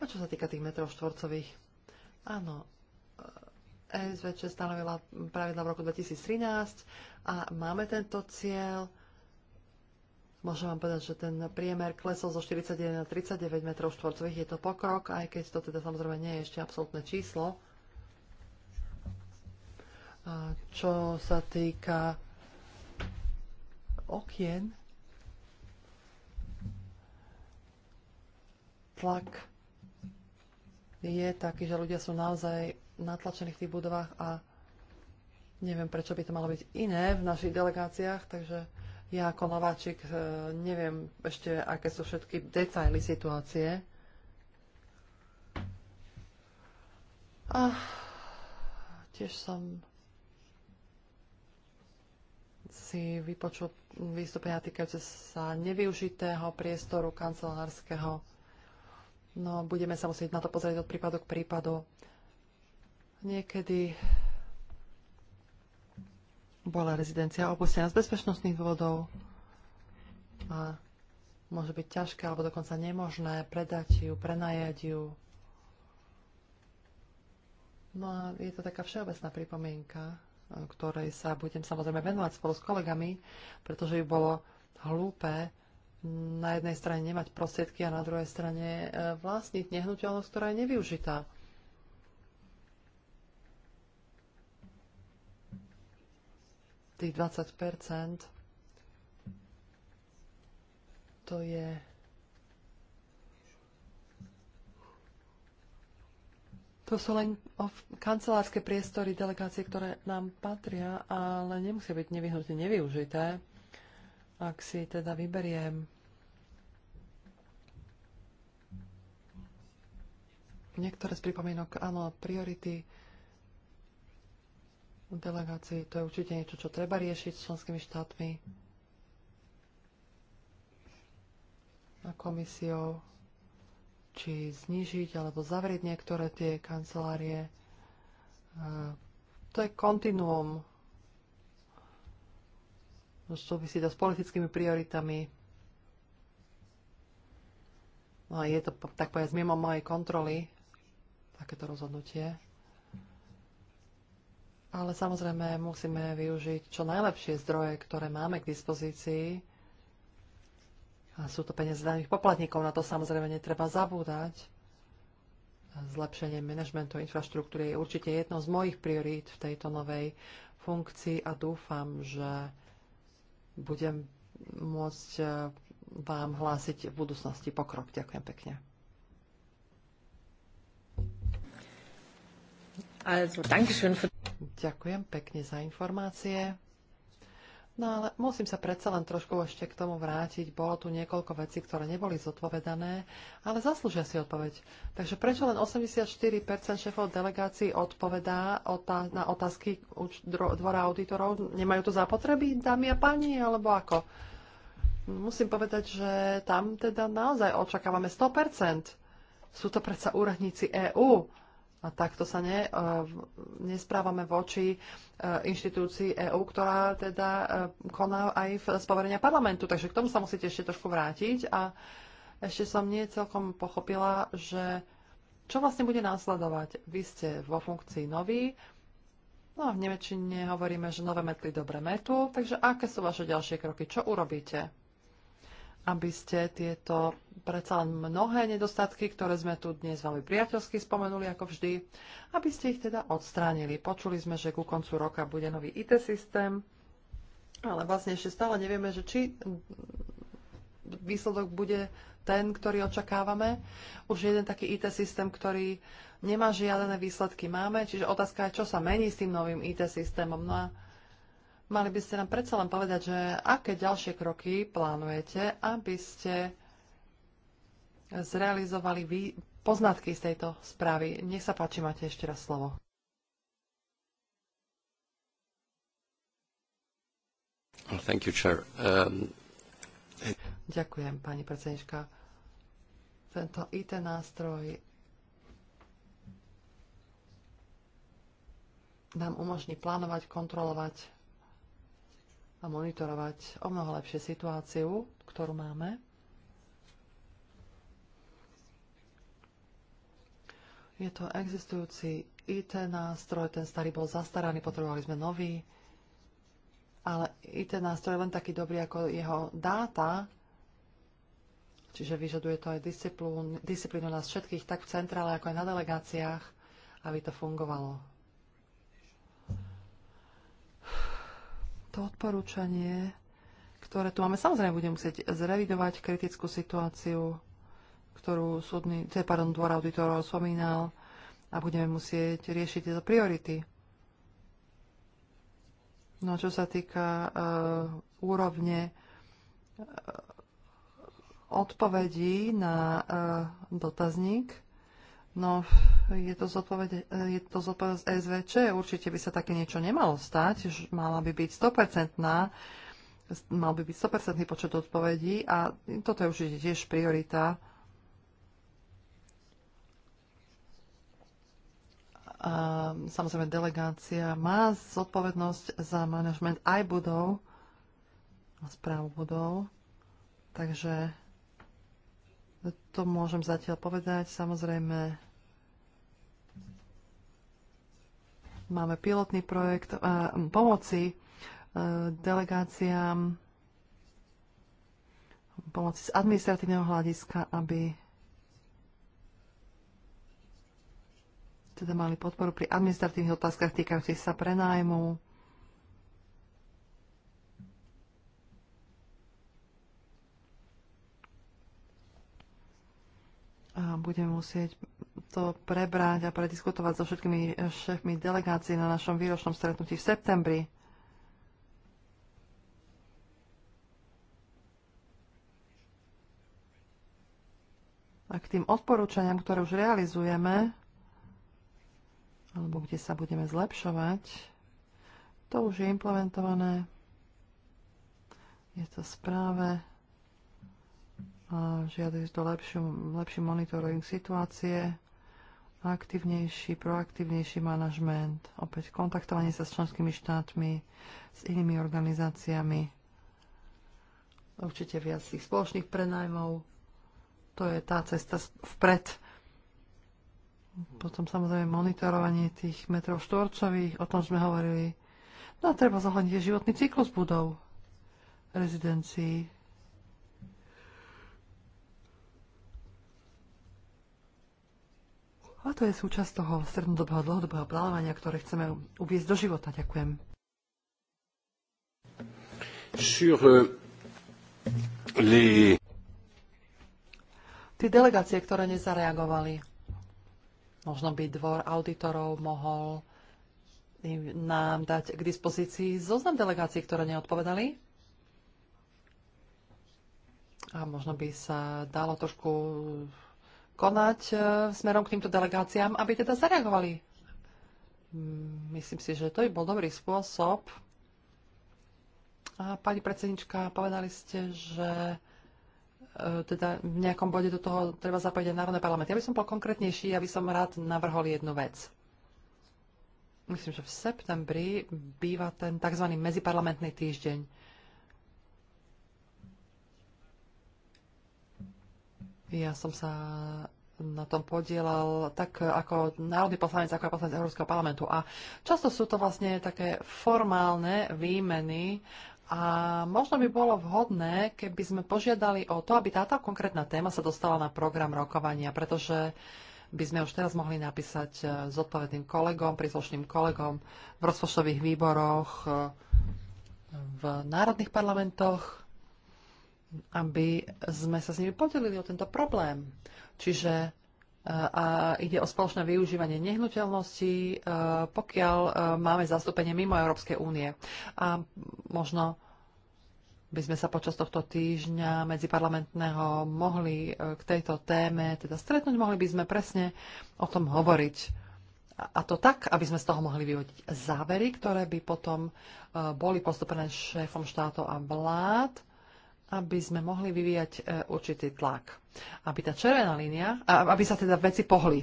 A čo sa týka tých metrov štvorcových, áno, ESVČ eh, stanovila pravidla v roku 2013 a máme tento cieľ. Môžem vám povedať, že ten priemer klesol zo 41 na 39 metrov štvorcových. Je to pokrok, aj keď to teda samozrejme nie je ešte absolútne číslo čo sa týka okien, tlak je taký, že ľudia sú naozaj natlačení v tých budovách a neviem, prečo by to malo byť iné v našich delegáciách, takže ja ako nováčik e, neviem ešte, aké sú všetky detaily situácie. A tiež som si vypočul výstupenia týkajúce sa nevyužitého priestoru kancelárskeho. No, budeme sa musieť na to pozrieť od prípadu k prípadu. Niekedy bola rezidencia opustená z bezpečnostných dôvodov a môže byť ťažké alebo dokonca nemožné predať ju, prenajať ju. No a je to taká všeobecná pripomienka ktorej sa budem samozrejme venovať spolu s kolegami, pretože by bolo hlúpe na jednej strane nemať prostriedky a na druhej strane e, vlastniť nehnuteľnosť, ktorá je nevyužitá. Tých 20 to je To sú len kancelárske priestory delegácie, ktoré nám patria, ale nemusia byť nevyhnutne nevyužité. Ak si teda vyberiem niektoré z pripomienok, áno, priority delegácií, to je určite niečo, čo treba riešiť s členskými štátmi a komisiou či znižiť alebo zavrieť niektoré tie kancelárie. E, to je kontinuum. Súvisí to s politickými prioritami. No a je to, tak povedať, mimo mojej kontroly, takéto rozhodnutie. Ale samozrejme musíme využiť čo najlepšie zdroje, ktoré máme k dispozícii a sú to peniaze daných poplatníkov, na to samozrejme netreba zabúdať. Zlepšenie manažmentu infraštruktúry je určite jednou z mojich priorít v tejto novej funkcii a dúfam, že budem môcť e, vám hlásiť v budúcnosti pokrok. Ďakujem pekne. Ďakujem pekne za informácie. No ale musím sa predsa len trošku ešte k tomu vrátiť. Bolo tu niekoľko vecí, ktoré neboli zodpovedané, ale zaslúžia si odpoveď. Takže prečo len 84% šéfov delegácií odpovedá na otázky dvora auditorov? Nemajú to zapotreby, dámy a páni, alebo ako? Musím povedať, že tam teda naozaj očakávame 100%. Sú to predsa úradníci EÚ a takto sa ne, e, nesprávame voči e, inštitúcii EÚ, ktorá teda e, koná aj v, z poverenia parlamentu. Takže k tomu sa musíte ešte trošku vrátiť. A ešte som nie celkom pochopila, že čo vlastne bude následovať. Vy ste vo funkcii nový, no a v Nemečine hovoríme, že nové metly dobre metu, takže aké sú vaše ďalšie kroky, čo urobíte? aby ste tieto predsa len mnohé nedostatky, ktoré sme tu dnes veľmi priateľsky spomenuli, ako vždy, aby ste ich teda odstránili. Počuli sme, že ku koncu roka bude nový IT systém, ale vlastne ešte stále nevieme, že či výsledok bude ten, ktorý očakávame. Už jeden taký IT systém, ktorý nemá žiadne výsledky, máme. Čiže otázka je, čo sa mení s tým novým IT systémom. No a Mali by ste nám predsa len povedať, že aké ďalšie kroky plánujete, aby ste zrealizovali vy poznatky z tejto správy. Nech sa páči, máte ešte raz slovo. Thank you, chair. Um... Ďakujem, pani predsednička. Tento IT nástroj nám umožní plánovať, kontrolovať a monitorovať o mnoho lepšie situáciu, ktorú máme. Je to existujúci IT nástroj, ten starý bol zastaraný, potrebovali sme nový, ale IT nástroj je len taký dobrý ako jeho dáta, čiže vyžaduje to aj disciplínu, disciplínu nás všetkých, tak v centrále, ako aj na delegáciách, aby to fungovalo. to odporúčanie, ktoré tu máme, samozrejme bude musieť zrevidovať kritickú situáciu, ktorú súdny, teda, pardon, dvor auditorov spomínal a budeme musieť riešiť tieto priority. No a čo sa týka uh, úrovne uh, odpovedí na uh, dotazník, No, je to zodpoveď, je to zodpoveď SVČ, určite by sa také niečo nemalo stať, mala by byť 100% mal by byť 100% počet odpovedí a toto je určite tiež priorita. A samozrejme, delegácia má zodpovednosť za manažment aj budov a správu budov, takže to môžem zatiaľ povedať. Samozrejme, máme pilotný projekt uh, pomoci uh, delegáciám, pomoci z administratívneho hľadiska, aby teda mali podporu pri administratívnych otázkach týkajúcich sa prenájmu, budeme musieť to prebrať a prediskutovať so všetkými e, šéfmi delegácií na našom výročnom stretnutí v septembri. A k tým odporúčaniam, ktoré už realizujeme, alebo kde sa budeme zlepšovať, to už je implementované. Je to správe žiadajú to lepšiu, lepší monitoring situácie, aktívnejší, proaktívnejší manažment, opäť kontaktovanie sa s členskými štátmi, s inými organizáciami, určite viac tých spoločných prenajmov. To je tá cesta vpred. Potom samozrejme monitorovanie tých metrov štvorcových, o tom sme hovorili. No a treba zohľadniť životný cyklus budov, rezidencií, A to je súčasť toho strednodobého dlhodobého plánovania, ktoré chceme uviezť do života. Ďakujem. Sur, euh, les... Tí delegácie, ktoré nezareagovali, možno by dvor auditorov mohol nám dať k dispozícii zoznam delegácií, ktoré neodpovedali. A možno by sa dalo trošku konať e, smerom k týmto delegáciám, aby teda zareagovali. Mm, myslím si, že to by bol dobrý spôsob. A pani predsednička, povedali ste, že e, teda v nejakom bode do toho treba zapojiť aj Národné parlamenty. Ja by som bol konkrétnejší, ja by som rád navrhol jednu vec. Myslím, že v septembri býva ten tzv. meziparlamentný týždeň Ja som sa na tom podielal tak ako národný poslanec, ako aj poslanec Európskeho parlamentu. A často sú to vlastne také formálne výmeny a možno by bolo vhodné, keby sme požiadali o to, aby táto konkrétna téma sa dostala na program rokovania, pretože by sme už teraz mohli napísať s eh, odpovedným kolegom, príslušným kolegom v rozpočtových výboroch, eh, v národných parlamentoch, aby sme sa s nimi podelili o tento problém. Čiže e, a ide o spoločné využívanie nehnuteľností, e, pokiaľ e, máme zastúpenie mimo Európskej únie. A možno by sme sa počas tohto týždňa medziparlamentného mohli k tejto téme teda stretnúť, mohli by sme presne o tom hovoriť. A to tak, aby sme z toho mohli vyvodiť závery, ktoré by potom boli postupené šéfom štátov a vlád aby sme mohli vyvíjať e, určitý tlak. Aby tá červená línia, aby sa teda veci pohli.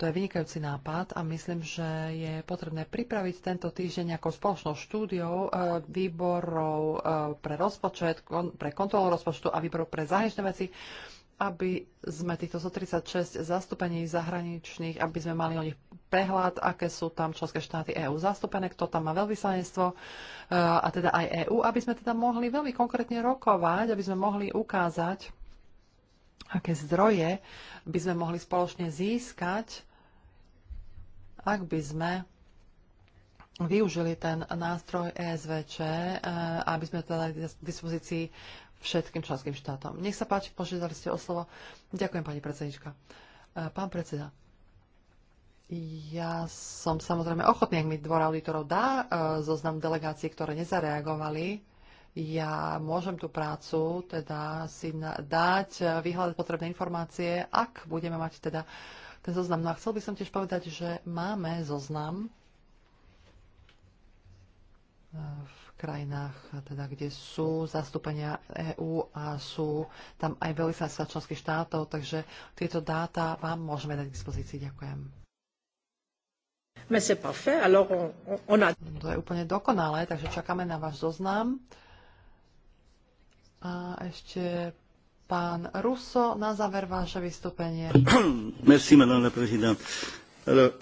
To je vynikajúci nápad a myslím, že je potrebné pripraviť tento týždeň ako spoločnou štúdiou e, výborov e, pre rozpočet, pre kontrolu rozpočtu a výborov pre zahraničné veci, aby sme týchto 136 zastúpení zahraničných, aby sme mali o nich prehľad, aké sú tam členské štáty EÚ zastúpené, kto tam má veľvyslanectvo e, a teda aj EÚ, aby sme teda mohli veľmi konkrétne rokovať, aby sme mohli ukázať, aké zdroje by sme mohli spoločne získať, ak by sme využili ten nástroj ESVČ, e, aby sme teda k dispozícii všetkým členským štátom. Nech sa páči, požiadali ste o slovo. Ďakujem, pani predsednička. E, pán predseda, ja som samozrejme ochotný, ak mi dvor auditorov dá e, zoznam delegácií, ktoré nezareagovali. Ja môžem tú prácu teda si dať, e, vyhľadať potrebné informácie, ak budeme mať teda ten zoznam. No a chcel by som tiež povedať, že máme zoznam v krajinách, teda, kde sú zastúpenia EÚ a sú tam aj veľvyslanectva členských štátov, takže tieto dáta vám môžeme dať k dispozícii. Ďakujem. To je úplne dokonalé, takže čakáme na váš zoznam. A ešte pán Russo, na záver vaše vystúpenie.
Merci, madame la présidente. Alors,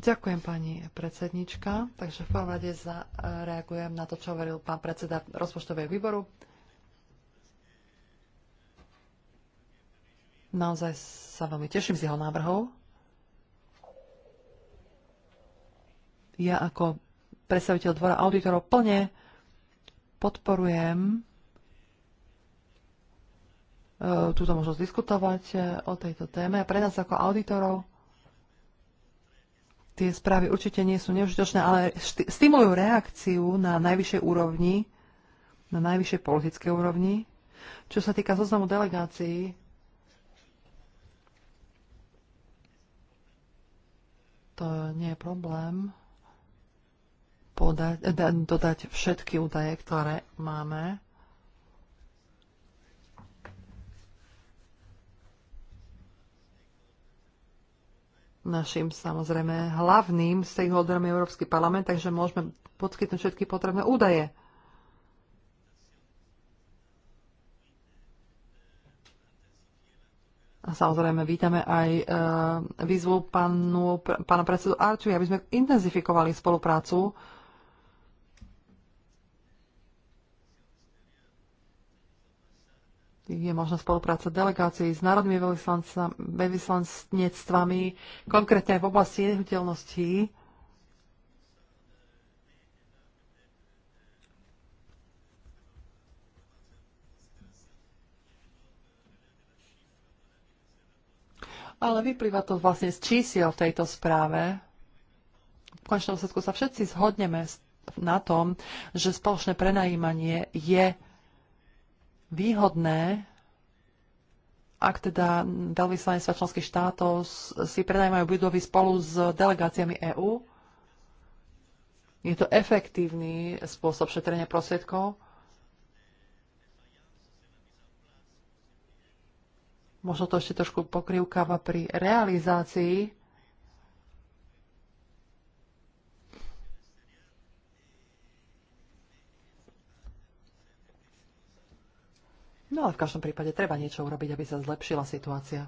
Ďakujem pani predsednička. Takže v prvom rade e, reagujem na to, čo hovoril pán predseda rozpočtového výboru. Naozaj sa veľmi teším z jeho návrhov. Ja ako predstaviteľ dvora auditorov plne podporujem e, túto možnosť diskutovať e, o tejto téme. Pre nás ako auditorov tie správy určite nie sú neužitočné, ale stimulujú reakciu na najvyššej úrovni, na najvyššej politickej úrovni. Čo sa týka zoznamu delegácií, to nie je problém podať, eh, dodať všetky údaje, ktoré máme Našim samozrejme hlavným stakeholderom je Európsky parlament, takže môžeme podskytnúť všetky potrebné údaje. A samozrejme vítame aj e, výzvu pánu, pána predsedu Arču, aby sme intenzifikovali spoluprácu je možná spolupráca delegácií s národnými veľvyslanectvami, konkrétne aj v oblasti nehnuteľností. Ale vyplýva to vlastne z čísiel v tejto správe. V končnom sledku sa všetci zhodneme na tom, že spoločné prenajímanie je výhodné, ak teda sa členských štátov si prenajmajú budovy spolu s delegáciami EÚ. Je to efektívny spôsob šetrenia prostriedkov. Možno to ešte trošku pokrývkáva pri realizácii No ale v každom prípade treba niečo urobiť, aby sa zlepšila situácia.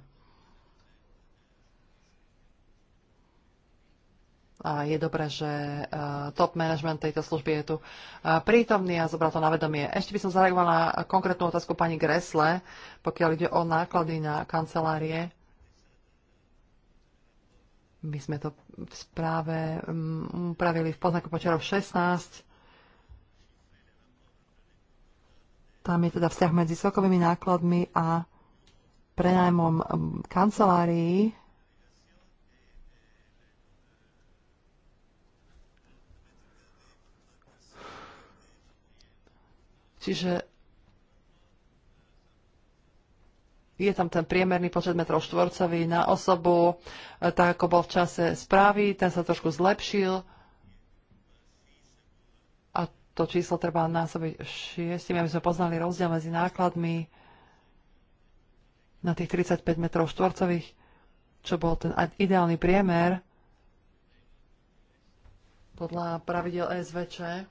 A je dobré, že e, top management tejto služby je tu e, prítomný a zobral to na vedomie. Ešte by som zareagovala na konkrétnu otázku pani Gresle, pokiaľ ide o náklady na kancelárie. My sme to v správe mm, upravili v poznaku počiarov 16 Tam je teda vzťah medzi celkovými nákladmi a prenajmom um, kancelárií. Čiže je tam ten priemerný počet metrov štvorcový na osobu, eh, tak ako bol v čase správy, ten sa trošku zlepšil to číslo treba násobiť 6, aby sme poznali rozdiel medzi nákladmi na tých 35 metrov štvorcových, čo bol ten ideálny priemer podľa pravidel SVČ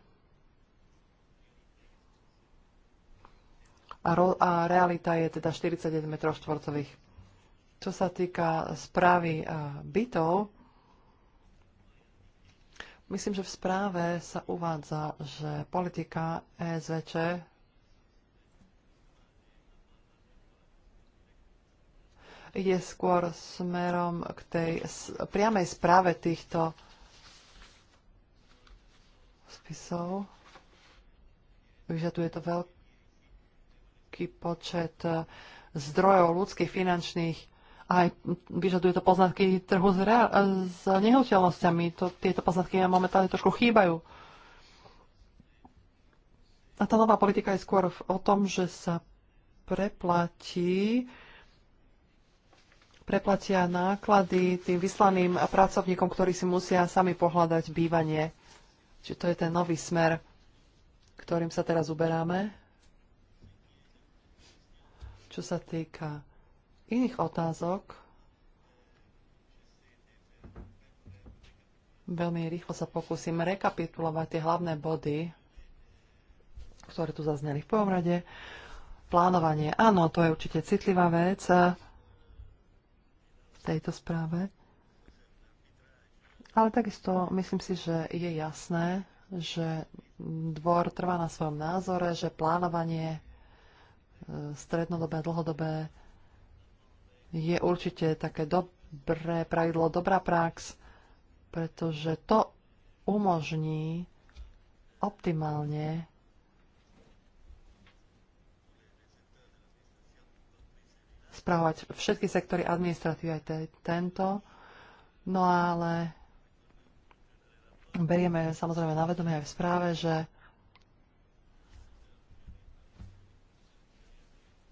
A, ro- a realita je teda 41 metrov štvorcových. Čo sa týka správy eh, bytov, Myslím, že v správe sa uvádza, že politika ESVČ ide skôr smerom k tej priamej správe týchto spisov. Vyžaduje to veľký počet eh, zdrojov ľudských, finančných aj vyžaduje to poznatky trhu s, rea- s nehnuteľnosťami. To, tieto poznatky momentálne trošku chýbajú. A tá nová politika je skôr o tom, že sa preplatí preplatia náklady tým vyslaným pracovníkom, ktorí si musia sami pohľadať bývanie. Čiže to je ten nový smer, ktorým sa teraz uberáme. Čo sa týka iných otázok. Veľmi rýchlo sa pokúsim rekapitulovať tie hlavné body, ktoré tu zazneli v prvom rade. Plánovanie. Áno, to je určite citlivá vec v tejto správe. Ale takisto myslím si, že je jasné, že dvor trvá na svojom názore, že plánovanie e, strednodobé dlhodobé je určite také dobré pravidlo, dobrá prax, pretože to umožní optimálne spravovať všetky sektory administratívy, aj tento. No ale berieme samozrejme na vedomie aj v správe, že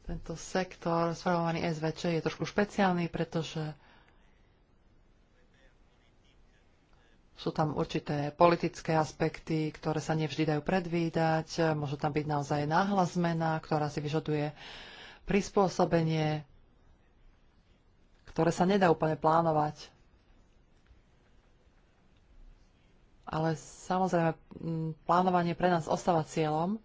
Tento sektor spravovaný SVČ je trošku špeciálny, pretože sú tam určité politické aspekty, ktoré sa nevždy dajú predvídať. Môže tam byť naozaj náhla zmena, ktorá si vyžaduje prispôsobenie, ktoré sa nedá úplne plánovať. Ale samozrejme, plánovanie pre nás ostáva cieľom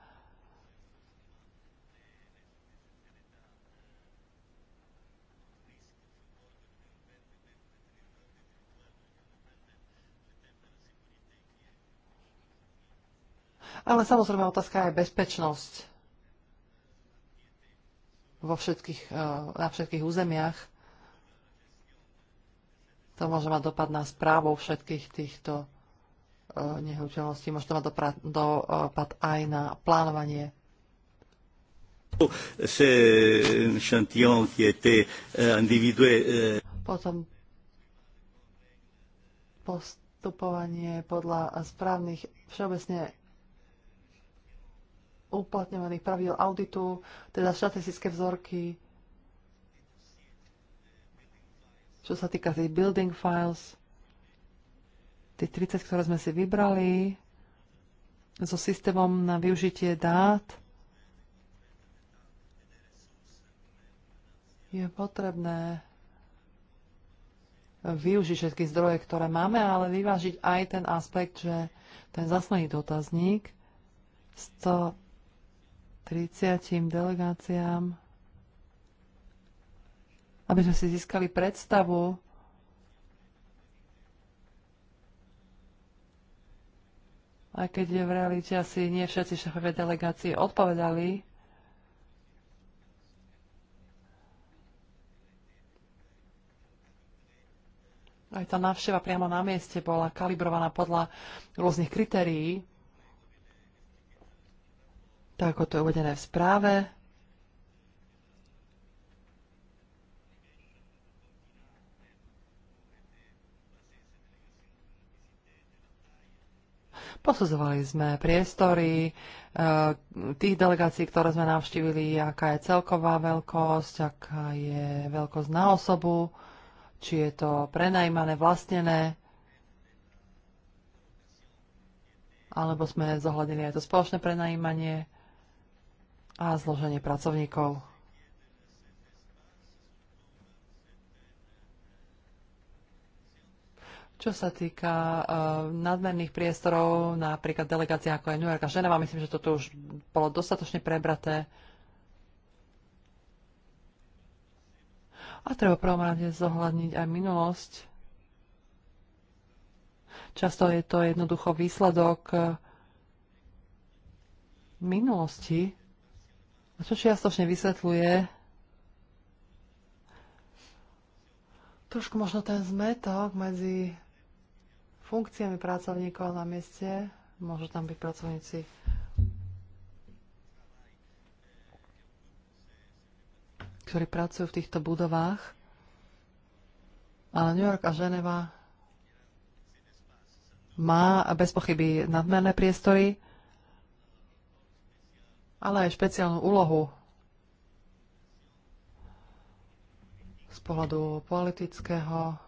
ale samozrejme otázka je bezpečnosť vo všetkých, eh, na všetkých územiach. To môže mať dopad na správu všetkých týchto eh, nehnuteľností. Môže to mať dopad aj na plánovanie eh, Potom postupovanie podľa správnych, všeobecne uplatňovaných pravidel auditu, teda štatistické vzorky, čo sa týka tých building files, tých 30, ktoré sme si vybrali, so systémom na využitie dát, je potrebné využiť všetky zdroje, ktoré máme, ale vyvážiť aj ten aspekt, že ten zaslený dotazník s, 30 delegáciám, aby sme si získali predstavu aj keď je v realite asi nie všetci šéfovia delegácie odpovedali. Aj tá návšteva priamo na mieste bola kalibrovaná podľa rôznych kritérií tak ako to je uvedené v správe. Posudzovali sme priestory e, tých delegácií, ktoré sme navštívili, aká je celková veľkosť, aká je veľkosť na osobu, či je to prenajmané, vlastnené, alebo sme zohľadili aj to spoločné prenajímanie a zloženie pracovníkov. Čo sa týka uh, nadmerných priestorov, napríklad delegácia ako je New York a Ženeva, myslím, že toto už bolo dostatočne prebraté. A treba prvom rade zohľadniť aj minulosť. Často je to jednoducho výsledok e, minulosti, čo čiastočne vysvetľuje trošku možno ten zmetok medzi funkciami pracovníkov na mieste. Môžu tam byť pracovníci ktorí pracujú v týchto budovách, ale New York a Ženeva má bez pochyby nadmerné priestory ale aj špeciálnu úlohu z pohľadu politického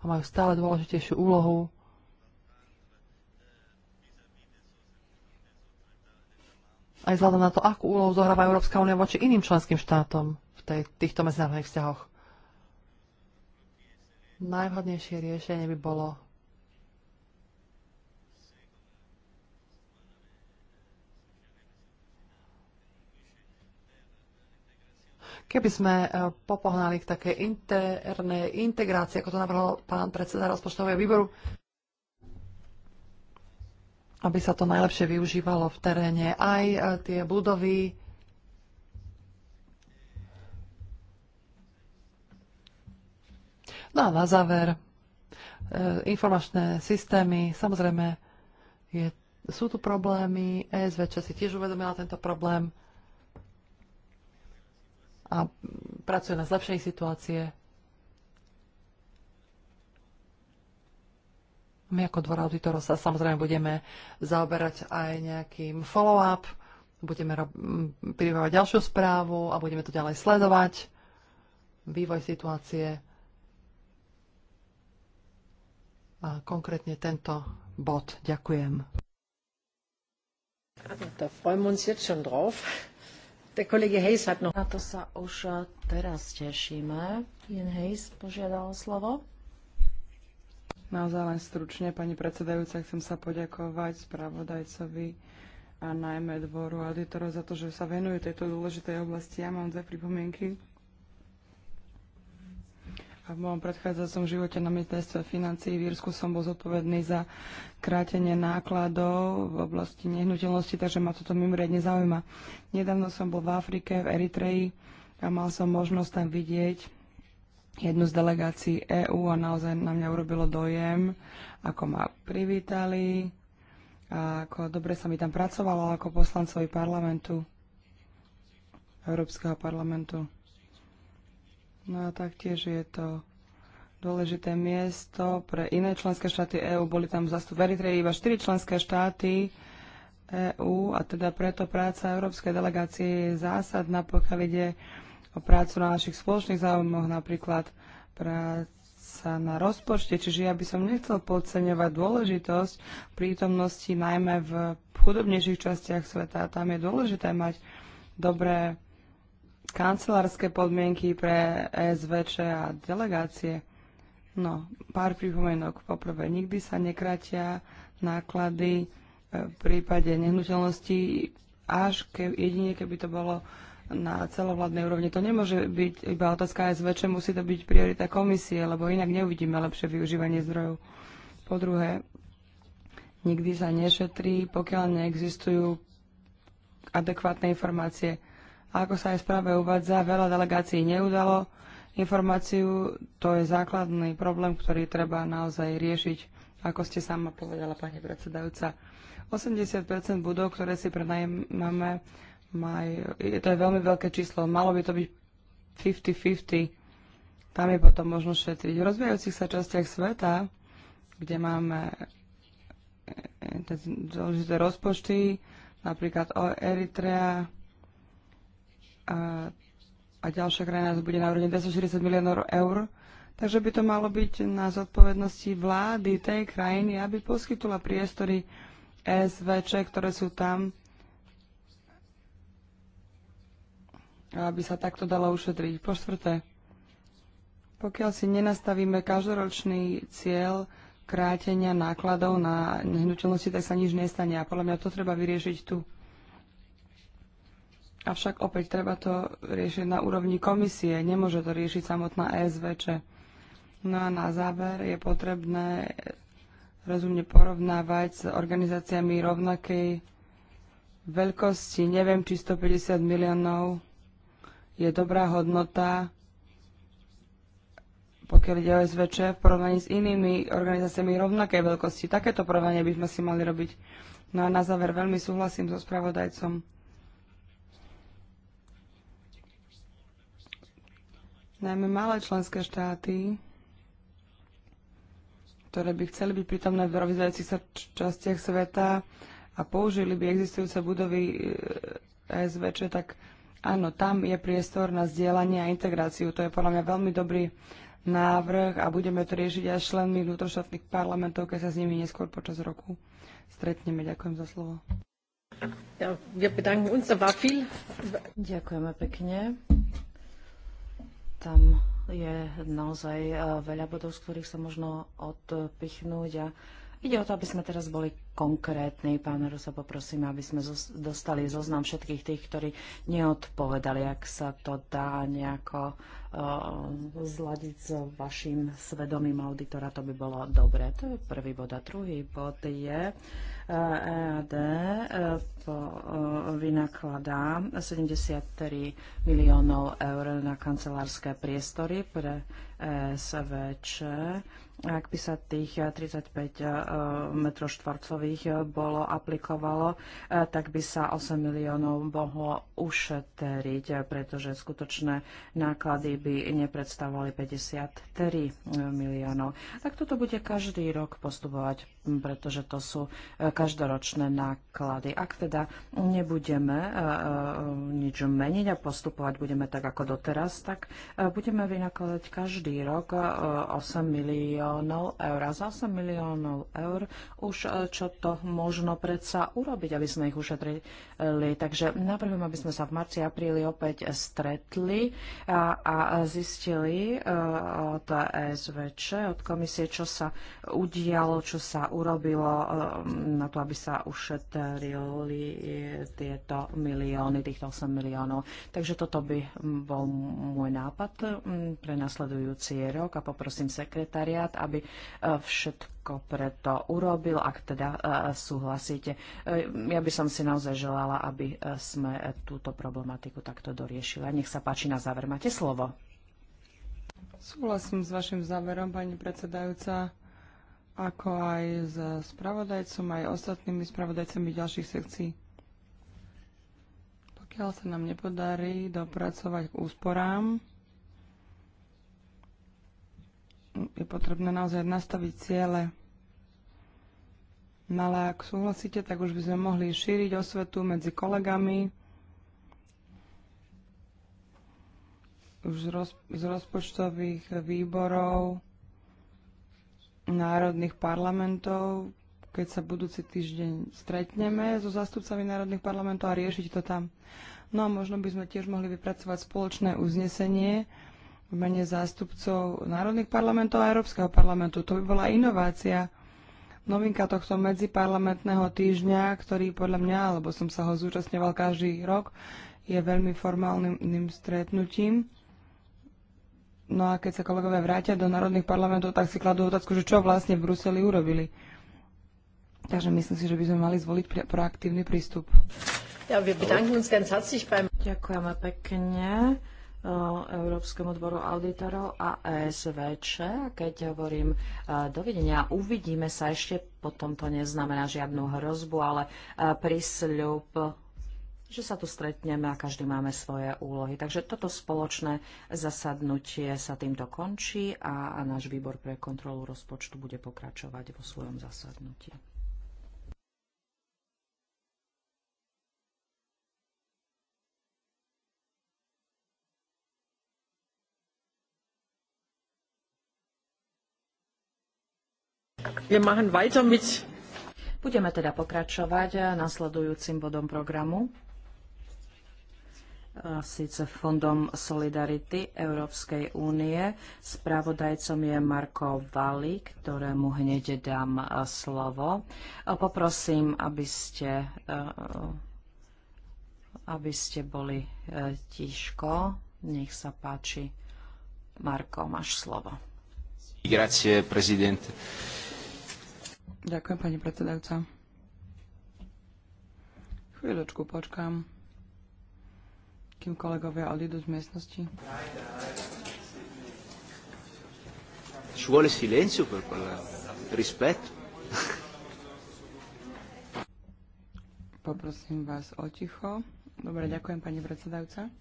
a majú stále dôležitejšiu úlohu aj vzhľadom na to, akú úlohu zohráva Európska únia voči iným členským štátom v tej, týchto medzinárodných vzťahoch. Najvhodnejšie riešenie by bolo Keby sme e, popohnali k takej internej integrácii, ako to navrhol pán predseda rozpočtového výboru, aby sa to najlepšie využívalo v teréne, aj e, tie budovy, No a na záver, e, informačné systémy, samozrejme, je, sú tu problémy, ESVČ si tiež uvedomila tento problém, a pracuje na zlepšení situácie. My ako dvor auditorov sa samozrejme budeme zaoberať aj nejakým follow-up, budeme pribávať ďalšiu správu a budeme to ďalej sledovať, vývoj situácie a konkrétne tento bod. Ďakujem.
Da freuen wir uns jetzt schon drauf. Na to sa už eh, teraz tešíme. Ian Hayes požiadal slovo.
Naozaj len stručne, pani predsedajúca, chcem sa poďakovať spravodajcovi a najmä dvoru auditorov za to, že sa venujú tejto dôležitej oblasti. Ja mám dve pripomienky v mojom predchádzajúcom živote na ministerstve financí v Írsku som bol zodpovedný za krátenie nákladov v oblasti nehnuteľnosti, takže ma toto mimoriadne zaujíma. Nedávno som bol v Afrike, v Eritreji a mal som možnosť tam vidieť jednu z delegácií EÚ a naozaj na mňa urobilo dojem, ako ma privítali a ako dobre sa mi tam pracovalo ako poslancovi parlamentu, Európskeho parlamentu. No a taktiež je to dôležité miesto pre iné členské štáty EÚ. Boli tam zastup Eritreji iba 4 členské štáty EÚ a teda preto práca Európskej delegácie je zásadná, pokiaľ ide o prácu na našich spoločných záujmoch, napríklad práca na rozpočte. Čiže ja by som nechcel podceňovať dôležitosť prítomnosti najmä v chudobnejších častiach sveta. Tam je dôležité mať dobré kancelárske podmienky pre SVČ a delegácie. No, pár pripomienok. Poprvé, nikdy sa nekratia náklady e, v prípade nehnuteľnosti, až ke, jedine keby to bolo na celovládnej úrovni. To nemôže byť iba otázka SVČ, musí to byť priorita komisie, lebo inak neuvidíme lepšie využívanie zdrojov. Po druhé, nikdy sa nešetrí, pokiaľ neexistujú adekvátne informácie. A ako sa aj správe uvádza, veľa delegácií neudalo informáciu. To je základný problém, ktorý treba naozaj riešiť, ako ste sama povedala, pani predsedajúca. 80 budov, ktoré si prenajímame, to je veľmi veľké číslo. Malo by to byť 50-50. Tam je potom možno šetriť. V rozvíjajúcich sa častiach sveta, kde máme e, e, e, dôležité rozpočty, napríklad Eritrea, a, a ďalšia krajina bude na úrovni 240 miliónov eur. Takže by to malo byť na zodpovednosti vlády tej krajiny, aby poskytula priestory SVČ, ktoré sú tam, aby sa takto dalo ušetriť. Po štvrté, pokiaľ si nenastavíme každoročný cieľ krátenia nákladov na nehnuteľnosti, tak sa nič nestane. A podľa mňa to treba vyriešiť tu. Avšak opäť treba to riešiť na úrovni komisie, nemôže to riešiť samotná ESVČ. No a na záver je potrebné rozumne porovnávať s organizáciami rovnakej veľkosti. Neviem, či 150 miliónov je dobrá hodnota, pokiaľ ide o SVČ, v porovnaní s inými organizáciami rovnakej veľkosti. Takéto porovnanie by sme si mali robiť. No a na záver veľmi súhlasím so spravodajcom najmä malé členské štáty, ktoré by chceli byť prítomné v rozvíjajúcich sa častiach sveta a použili by existujúce budovy e, SVČ, tak áno, tam je priestor na zdieľanie a integráciu. To je podľa mňa veľmi dobrý návrh a budeme to riešiť aj členmi vnútroštátnych parlamentov, keď sa s nimi neskôr počas roku stretneme. Ďakujem
za slovo. Ja, ja Ďakujeme pekne. Tam je naozaj eh, veľa bodov, z ktorých sa možno odpichnúť a ide o to, aby sme teraz boli konkrétny. Pán Rusa, poprosím, aby sme dostali zoznam všetkých tých, ktorí neodpovedali, ak sa to dá nejako eh, zladiť s vašim svedomím auditora, to by bolo dobré. To je prvý bod. A druhý bod je, EAD eh, e eh, vynakladá 73 miliónov eur na kancelárske priestory pre e SVČ. Ak by sa tých 35 m ich eh, bolo aplikovalo, eh, tak by sa 8 miliónov mohlo ušetriť, eh, pretože skutočné náklady by nepredstavovali 53 miliónov. Tak toto bude každý rok postupovať pretože to sú e, každoročné náklady. Ak teda nebudeme e, e, nič meniť a postupovať budeme tak ako doteraz, tak budeme vynakladať každý rok 8 miliónov eur. A za 8 miliónov eur už čo to možno predsa urobiť, aby sme ich ušetrili. Takže napríklad, aby sme sa v marci a apríli opäť stretli a, a zistili od SVČ, od komisie, čo sa udialo, čo sa urobilo ehm, na to, aby sa ušetrili tieto milióny, týchto 8 miliónov. Takže toto by bol môj nápad mm, pre nasledujúci rok a poprosím sekretariát, aby e, všetko preto urobil, ak teda e, súhlasíte. E, ja by som si naozaj želala, aby sme túto problematiku takto doriešili. A nech sa páči na záver. Máte slovo.
Súhlasím s vašim záverom, pani predsedajúca ako aj s spravodajcom, aj ostatnými spravodajcami ďalších sekcií. Pokiaľ sa nám nepodarí dopracovať k úsporám, je potrebné naozaj nastaviť ciele. No ale ak súhlasíte, tak už by sme mohli šíriť osvetu medzi kolegami. Už z rozpočtových výborov národných parlamentov, keď sa budúci týždeň stretneme so zástupcami národných parlamentov a riešiť to tam. No a možno by sme tiež mohli vypracovať spoločné uznesenie v mene zástupcov národných parlamentov a Európskeho parlamentu. To by bola inovácia, novinka tohto medziparlamentného týždňa, ktorý podľa mňa, alebo som sa ho zúčastňoval každý rok, je veľmi formálnym stretnutím No a keď sa kolegovia vrátia do národných parlamentov, tak si kladú otázku, že čo vlastne v Bruseli urobili. Takže myslím si, že by sme mali zvoliť proaktívny prístup.
Ja, wir bedanken uns ganz herzlich beim... Ďakujeme pekne. Uh, Európskemu dvoru auditorov a ESVČ. Keď hovorím uh, dovidenia, uvidíme sa ešte, potom to neznamená žiadnu hrozbu, ale uh, prísľub že sa tu stretneme a každý máme svoje úlohy. Takže toto spoločné zasadnutie sa týmto končí a, a náš výbor pre kontrolu rozpočtu bude pokračovať vo svojom zasadnutí. Wir machen weiter mit Budeme teda pokračovať e, nasledujúcim bodom programu síce Fondom Solidarity Európskej únie. Spravodajcom je Marko Vali, ktorému hneď dám e, slovo. Poprosím, aby ste, e, aby ste boli e, tiško. Nech sa páči. Marko, máš slovo. Grazie, prezident. Ďakujem, pani predsedajúca.
Chvíľočku počkám kým kolegovia odídu z miestnosti. per parlare, Poprosím vás o ticho. Dobre, ďakujem pani predsedajúca.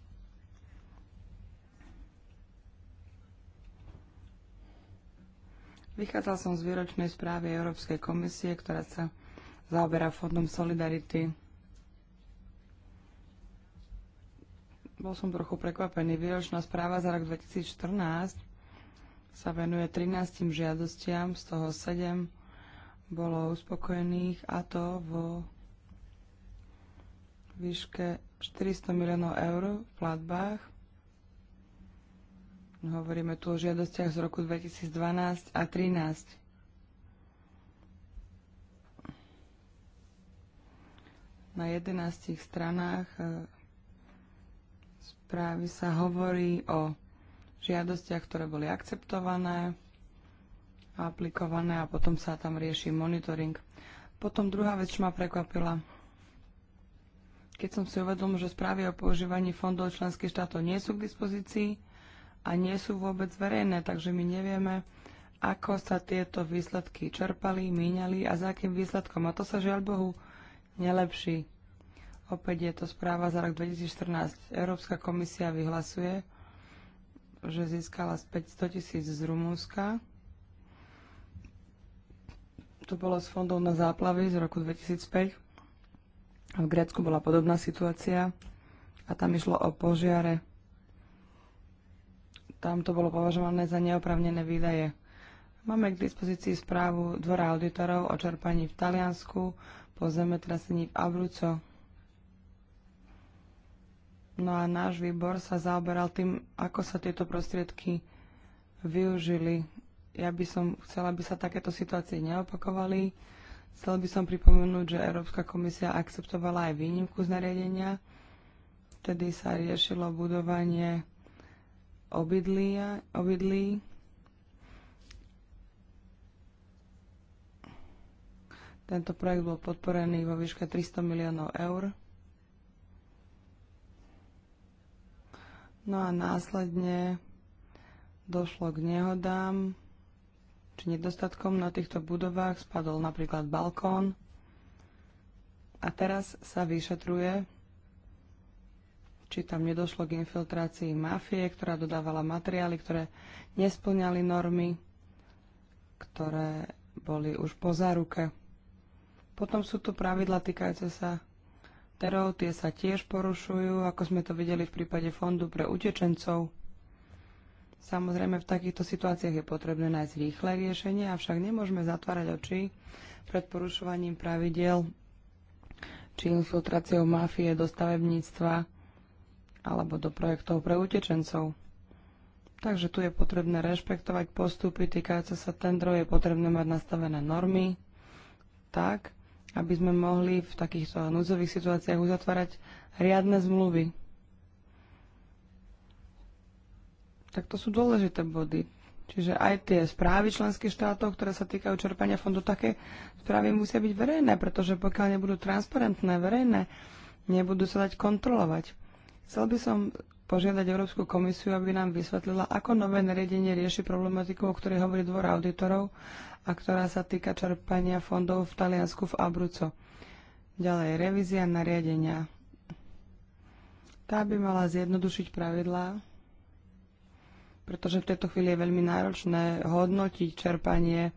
Vychádzal som z výročnej správy Európskej komisie, ktorá sa zaoberá fondom Solidarity bol som trochu prekvapený. Výročná správa za rok 2014 sa venuje 13 žiadostiam, z toho 7 bolo uspokojených a to vo výške 400 miliónov eur v platbách. Hovoríme tu o žiadostiach z roku 2012 a 2013. Na 11 stranách eh, správy sa hovorí o žiadostiach, ktoré boli akceptované, aplikované a potom sa tam rieši monitoring. Potom druhá vec, čo ma prekvapila, keď som si uvedomil, že správy o používaní fondov členských štátov nie sú k dispozícii a nie sú vôbec verejné, takže my nevieme, ako sa tieto výsledky čerpali, míňali a za akým výsledkom. A to sa žiaľ Bohu nelepší. Opäť je to správa za rok 2014. Európska komisia vyhlasuje, že získala späť 100 tisíc z Rumúnska. To bolo z fondov na záplavy z roku 2005. V Grécku bola podobná situácia a tam išlo o požiare. Tam to bolo považované za neopravnené výdaje. Máme k dispozícii správu Dvora auditorov o čerpaní v Taliansku po zemetrasení v Abruco No a náš výbor sa zaoberal tým, ako sa tieto prostriedky využili. Ja by som chcela, aby sa takéto situácie neopakovali. Chcel by som pripomenúť, že Európska komisia akceptovala aj výnimku z nariadenia. Vtedy sa riešilo budovanie obydlia, obydlí. Tento projekt bol podporený vo výške 300 miliónov eur. No a následne došlo k nehodám či nedostatkom na týchto budovách, spadol napríklad balkón a teraz sa vyšetruje, či tam nedošlo k infiltrácii mafie, ktorá dodávala materiály, ktoré nesplňali normy, ktoré boli už po záruke. Potom sú tu pravidla týkajúce sa charakterov, tie sa tiež porušujú, ako sme to videli v prípade Fondu pre utečencov. Samozrejme, v takýchto situáciách je potrebné nájsť rýchle riešenie, avšak nemôžeme zatvárať oči pred porušovaním pravidel či infiltráciou mafie do stavebníctva alebo do projektov pre utečencov. Takže tu je potrebné rešpektovať postupy týkajúce sa tendrov, je potrebné mať nastavené normy tak, aby sme mohli v takýchto núdzových situáciách uzatvárať riadne zmluvy. Tak to sú dôležité body. Čiže aj tie správy členských štátov, ktoré sa týkajú čerpania fondu, také správy musia byť verejné, pretože pokiaľ nebudú transparentné, verejné, nebudú sa dať kontrolovať. Chcel by som požiadať Európsku komisiu, aby nám vysvetlila, ako nové nariadenie rieši problematiku, o ktorej hovorí dvor auditorov a ktorá sa týka čerpania fondov v Taliansku v Abruco. Ďalej, revízia nariadenia. Tá by mala zjednodušiť pravidlá, pretože v tejto chvíli je veľmi náročné hodnotiť čerpanie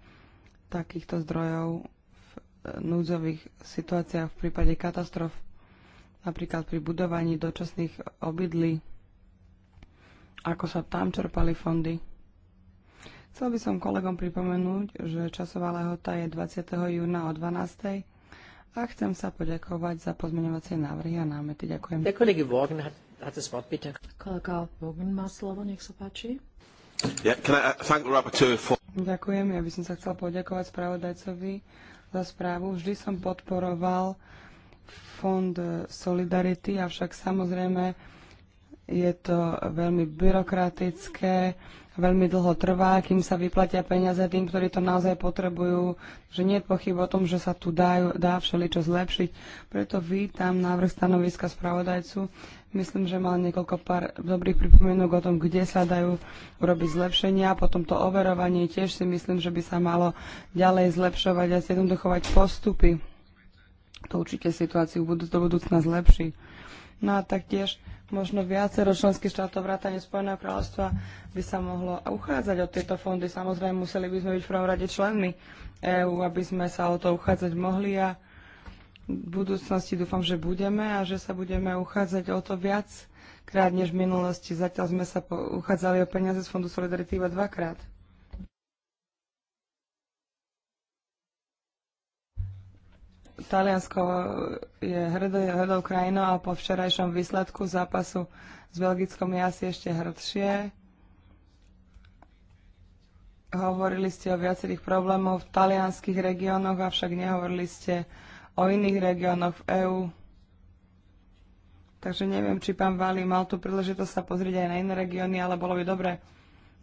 takýchto zdrojov v núdzových situáciách v prípade katastrof, napríklad pri budovaní dočasných obydlí, ako sa tam čerpali fondy. Chcel by som kolegom pripomenúť, že časová lehota je 20. júna o 12. a chcem sa poďakovať za pozmeňovacie návrhy a námety. Ďakujem. Kolega Vogn má slovo, nech sa páči.
Uh,
Ďakujem, ja by som sa chcel poďakovať spravodajcovi za správu. Vždy som podporoval fond Solidarity, avšak samozrejme je to veľmi byrokratické, veľmi dlho trvá, kým sa vyplatia peniaze tým, ktorí to naozaj potrebujú, že nie je pochyb o tom, že sa tu dá, dá všeličo zlepšiť. Preto vítam návrh stanoviska spravodajcu. Myslím, že mal niekoľko pár dobrých pripomienok o tom, kde sa dajú urobiť zlepšenia. Potom to overovanie tiež si myslím, že by sa malo ďalej zlepšovať a zjednoduchovať postupy. To určite situáciu do budúcna zlepší. No a taktiež možno viacero členských štátov vrátane Spojeného kráľovstva by sa mohlo uchádzať o tieto fondy. Samozrejme, museli by sme byť v prvom rade členmi EÚ, aby sme sa o to uchádzať mohli a v budúcnosti dúfam, že budeme a že sa budeme uchádzať o to viac krát než v minulosti. Zatiaľ sme sa uchádzali o peniaze z Fondu Solidarity iba dvakrát. Taliansko je hrdou, hrdou krajinou a po včerajšom výsledku zápasu s Belgickom je asi ešte hrdšie. Hovorili ste o viacerých problémoch v talianských regiónoch, avšak nehovorili ste o iných regiónoch v EÚ. Takže neviem, či pán Vali mal tú príležitosť sa pozrieť aj na iné regióny, ale bolo by dobre,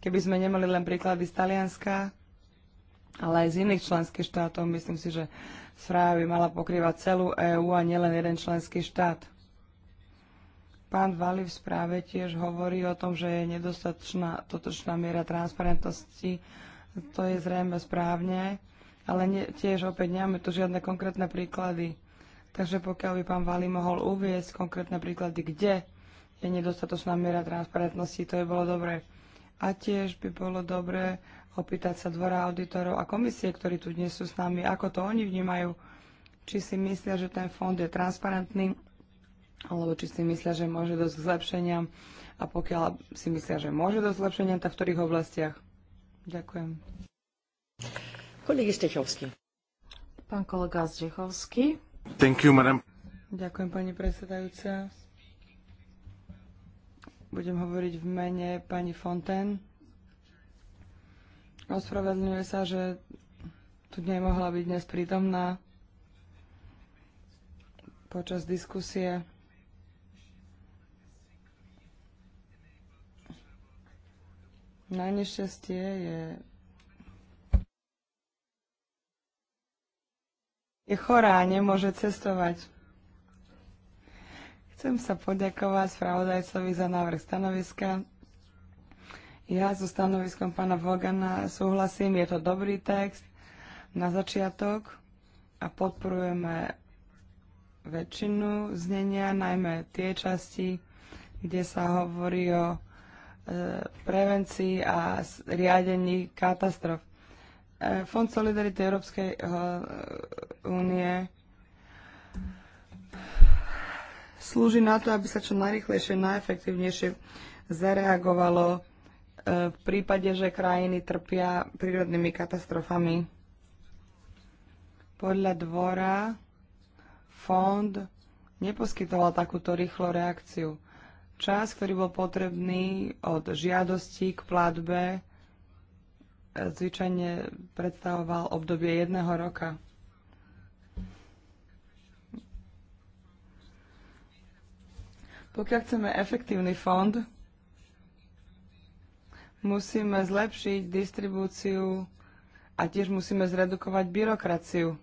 keby sme nemali len príklady z Talianska, ale aj z iných členských štátov. Myslím si, že správa by mala pokrývať celú EÚ a nielen jeden členský štát. Pán Vali v správe tiež hovorí o tom, že je nedostatočná totočná miera transparentnosti. To je zrejme správne, ale nie, tiež opäť nemáme tu žiadne konkrétne príklady. Takže pokiaľ by pán Vali mohol uviesť konkrétne príklady, kde je nedostatočná miera transparentnosti, to je bolo dobré. A tiež by bolo dobré opýtať sa dvora auditorov a komisie, ktorí tu dnes sú s nami, ako to oni vnímajú, či si myslia, že ten fond je transparentný, alebo či si myslia, že môže dosť k zlepšeniam a pokiaľ si myslia, že môže dosť zlepšenia, tak v ktorých oblastiach. Ďakujem. Kolegy Stechovský. Pán kolega Zdechovský.
Thank you, madam.
Ďakujem, pani predsedajúca. Budem hovoriť v mene pani Fontaine Ospravedlňuje sa, že tu nemohla byť dnes prítomná počas diskusie. Na nešťastie je je chorá, nemôže cestovať. Chcem sa poďakovať spravodajcovi za návrh stanoviska. Ja so stanoviskom pána Vogana súhlasím, je to dobrý text na začiatok a podporujeme väčšinu znenia, najmä tie časti, kde sa hovorí o e, prevencii a riadení katastrof. E, Fond Solidarity Európskej e, únie slúži na to, aby sa čo najrychlejšie, najefektívnejšie zareagovalo E, v prípade, že krajiny trpia prírodnými katastrofami. Podľa dvora fond neposkytoval takúto rýchlo reakciu. Čas, ktorý bol potrebný od žiadosti k platbe, e, zvyčajne predstavoval obdobie jedného roka. Pokiaľ chceme efektívny fond, Musíme zlepšiť distribúciu a tiež musíme zredukovať byrokraciu.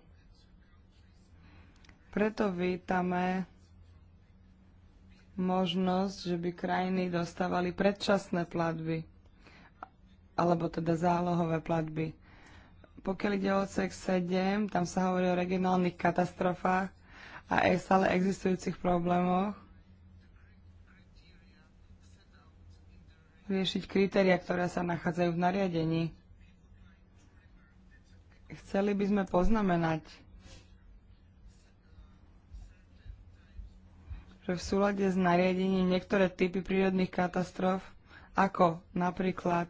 Preto vítame možnosť, že by krajiny dostávali predčasné platby, alebo teda zálohové platby. Pokiaľ ide o odsek 7, tam sa hovorí o regionálnych katastrofách a e- stále existujúcich problémoch. riešiť kritéria, ktoré sa nachádzajú v nariadení. Chceli by sme poznamenať, že v súlade s nariadením niektoré typy prírodných katastrof, ako napríklad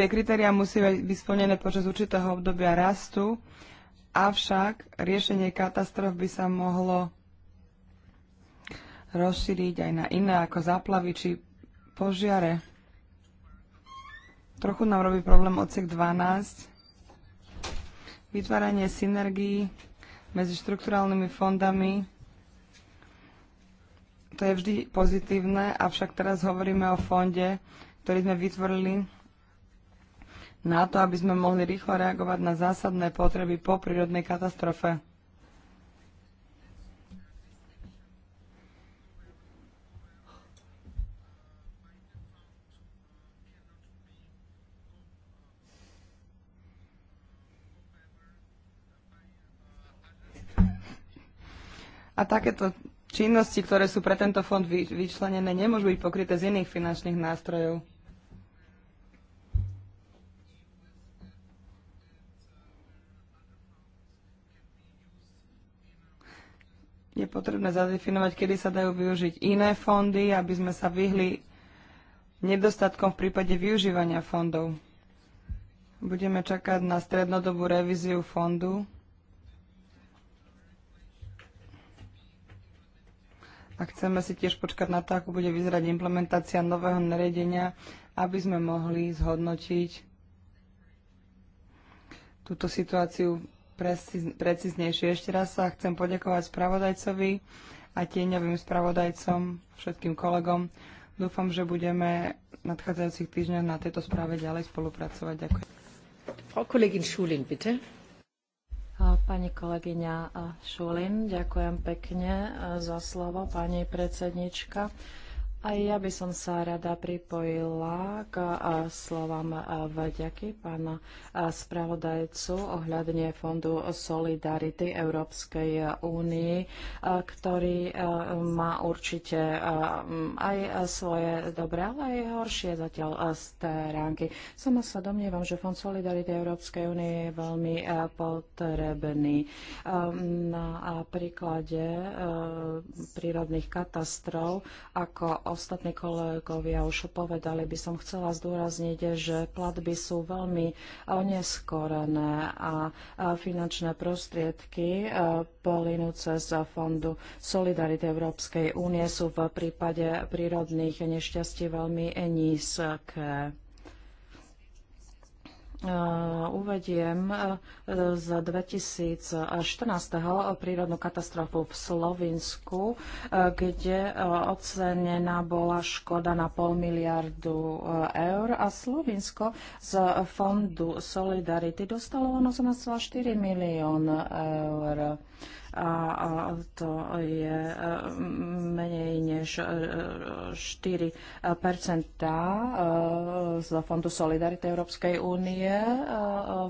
Tie kritéria musí byť splnené počas určitého obdobia rastu, avšak riešenie katastrof by sa mohlo rozšíriť aj na iné ako záplavy či požiare. Trochu nám robí problém odsek 12. Vytváranie synergií medzi štrukturálnymi fondami. To je vždy pozitívne, avšak teraz hovoríme o fonde, ktorý sme vytvorili na to, aby sme mohli rýchlo reagovať na zásadné potreby po prírodnej katastrofe. A takéto činnosti, ktoré sú pre tento fond vyčlenené, nemôžu byť pokryté z iných finančných nástrojov. potrebné zadefinovať, kedy sa dajú využiť iné fondy, aby sme sa vyhli nedostatkom v prípade využívania fondov. Budeme čakať na strednodobú revíziu fondu. A chceme si tiež počkať na to, ako bude vyzerať implementácia nového nariadenia, aby sme mohli zhodnotiť túto situáciu Precíznejšie. Ešte raz sa chcem poďakovať spravodajcovi a tieňovým spravodajcom, všetkým kolegom. Dúfam, že budeme v
nadchádzajúcich týždňoch na tejto správe ďalej spolupracovať. Ďakujem. Frau Kollegin Schulin, bitte. Pani kolegyňa Šulin, ďakujem pekne za slovo, pani predsednička. Aj ja by som sa rada pripojila k slovám vďaky pána spravodajcu ohľadne Fondu Solidarity Európskej únii, ktorý má určite aj svoje dobré, ale aj horšie zatiaľ stránky. Sama sa domnievam, že Fond Solidarity Európskej únie je veľmi potrebný. Na príklade prírodných katastrof ako ostatní kolegovia už povedali, by som chcela zdôrazniť, že platby sú veľmi eh, oneskorené a finančné prostriedky eh, plynúce z Fondu Solidarity Európskej únie sú v prípade prírodných nešťastí veľmi nízke. Eh, uvediem eh, z 2014. prírodnú katastrofu v Slovinsku, eh, kde ocenená bola škoda na pol miliardu eur a Slovinsko z fondu Solidarity dostalo 18,4 milión eur a to je e, menej než 4 e, e, z Fondu Solidarity Európskej únie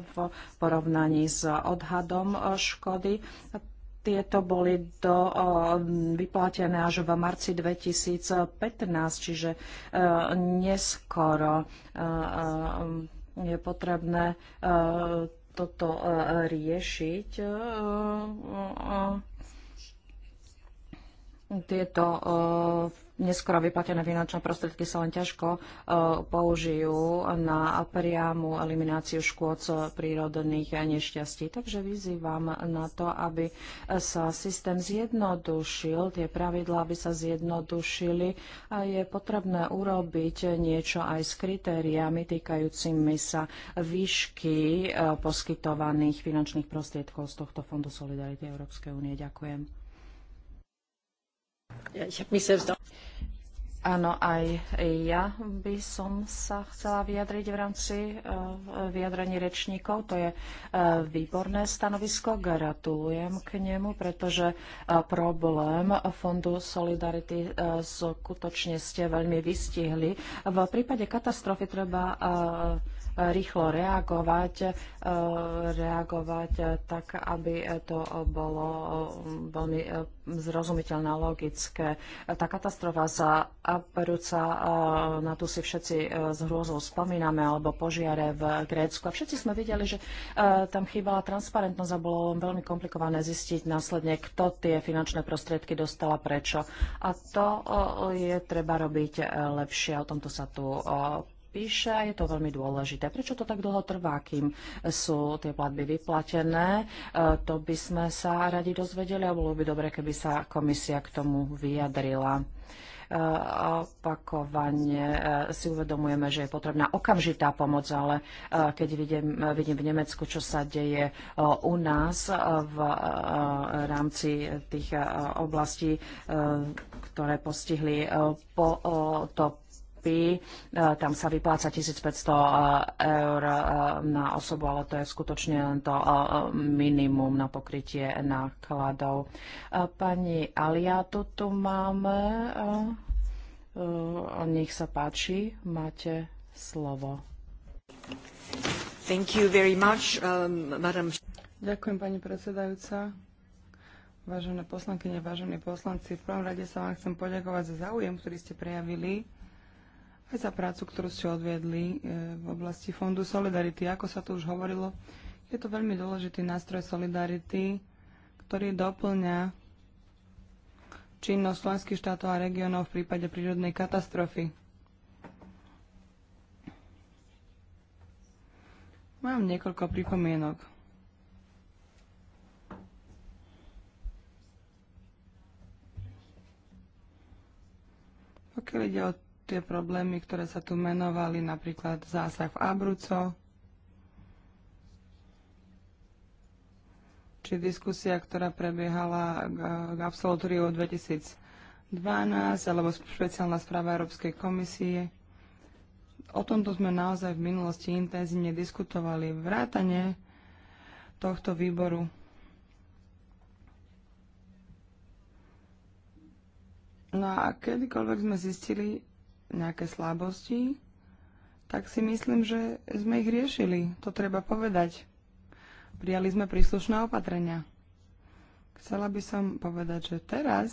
v porovnaní s odhadom škody tieto boli do, vyplatené až v marci 2015, čiže neskoro je potrebné toto e, riešiť e, e, tieto neskoro vyplatené finančné prostriedky sa len ťažko e, použijú na priamu elimináciu škôd prírodných nešťastí. Takže vyzývam na to, aby sa systém zjednodušil, tie pravidlá by sa zjednodušili a je potrebné urobiť niečo aj s kritériami týkajúcimi sa výšky e, poskytovaných finančných prostriedkov z tohto Fondu Solidarity Európskej únie. Ďakujem. Áno, aj ja by som sa chcela vyjadriť v rámci eh, vyjadrení rečníkov. To je eh, výborné stanovisko. Gratulujem k nemu, pretože eh, problém Fondu Solidarity skutočne ste veľmi vystihli. V prípade katastrofy treba rýchlo reagovať, e, reagovať tak, aby to bolo mm, veľmi e, zrozumiteľné logické. Tá katastrofa sa Abrúca, e, na tú si všetci s hrôzou spomíname, alebo požiare v Grécku. A všetci sme videli, že tam chýbala transparentnosť a bolo veľmi komplikované zistiť následne, kto tie finančné prostriedky dostala a prečo. A to je treba robiť lepšie. O tomto sa tu píše a je to veľmi dôležité. Prečo to tak dlho trvá, kým sú tie platby vyplatené? E, to by sme sa radi dozvedeli a bolo by dobre, keby sa komisia k tomu vyjadrila e, opakovane e, si uvedomujeme, že je potrebná okamžitá pomoc, ale keď vidím, vidím v Nemecku, čo sa deje u nás v rámci tých oblastí, ktoré postihli po to Európy. E, tam sa vypláca 1500 e, eur e, na osobu, ale to je skutočne len to minimum na pokrytie nákladov. Pani Aliatu tu máme. Nech sa páči, máte slovo. Thank you very much, um, madam.
Ďakujem, pani predsedajúca. Vážené poslankyne, vážení poslanci, v prvom rade sa vám chcem poďakovať za záujem, ktorý ste prejavili aj za prácu, ktorú ste odviedli e, v oblasti Fondu Solidarity. Ako sa tu už hovorilo, je to veľmi dôležitý nástroj Solidarity, ktorý doplňa činnosť slovenských štátov a regiónov v prípade prírodnej katastrofy. Mám niekoľko pripomienok. Pokiaľ ide o tie problémy, ktoré sa tu menovali, napríklad zásah v Abruco, či diskusia, ktorá prebiehala k absolutóriu 2012, alebo špeciálna správa Európskej komisie. O tomto sme naozaj v minulosti intenzívne diskutovali. Vrátane tohto výboru. No a kedykoľvek sme zistili, nejaké slabosti, tak si myslím, že sme ich riešili. To treba povedať. Prijali sme príslušné opatrenia. Chcela by som povedať, že teraz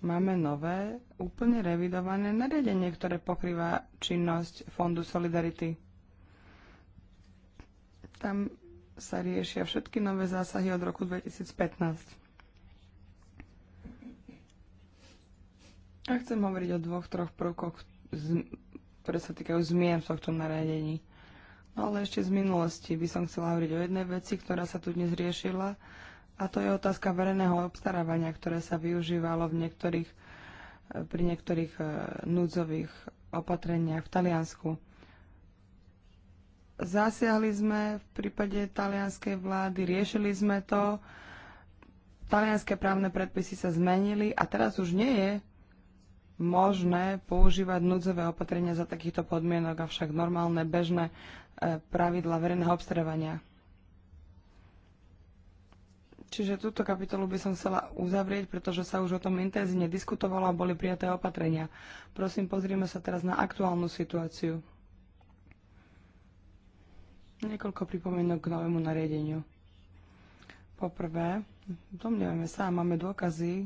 máme nové, úplne revidované nariadenie, ktoré pokrýva činnosť Fondu Solidarity. Tam sa riešia všetky nové zásahy od roku 2015. A chcem hovoriť o dvoch, troch prvkoch, ktoré sa týkajú zmien v tohto naradení. No ale ešte z minulosti by som chcela hovoriť o jednej veci, ktorá sa tu dnes riešila, a to je otázka verejného obstarávania, ktoré sa využívalo v niektorých, pri niektorých e, núdzových opatreniach v Taliansku. Zasiahli sme v prípade talianskej vlády, riešili sme to, talianské právne predpisy sa zmenili a teraz už nie je možné používať núdzové opatrenia za takýchto podmienok, avšak normálne bežné e, pravidla verejného obstarávania. Čiže túto kapitolu by som chcela uzavrieť, pretože sa už o tom intenzívne diskutovalo a boli prijaté opatrenia. Prosím, pozrieme sa teraz na aktuálnu situáciu. Niekoľko pripomienok k novému nariadeniu. Poprvé, domnievame sa a máme dôkazy,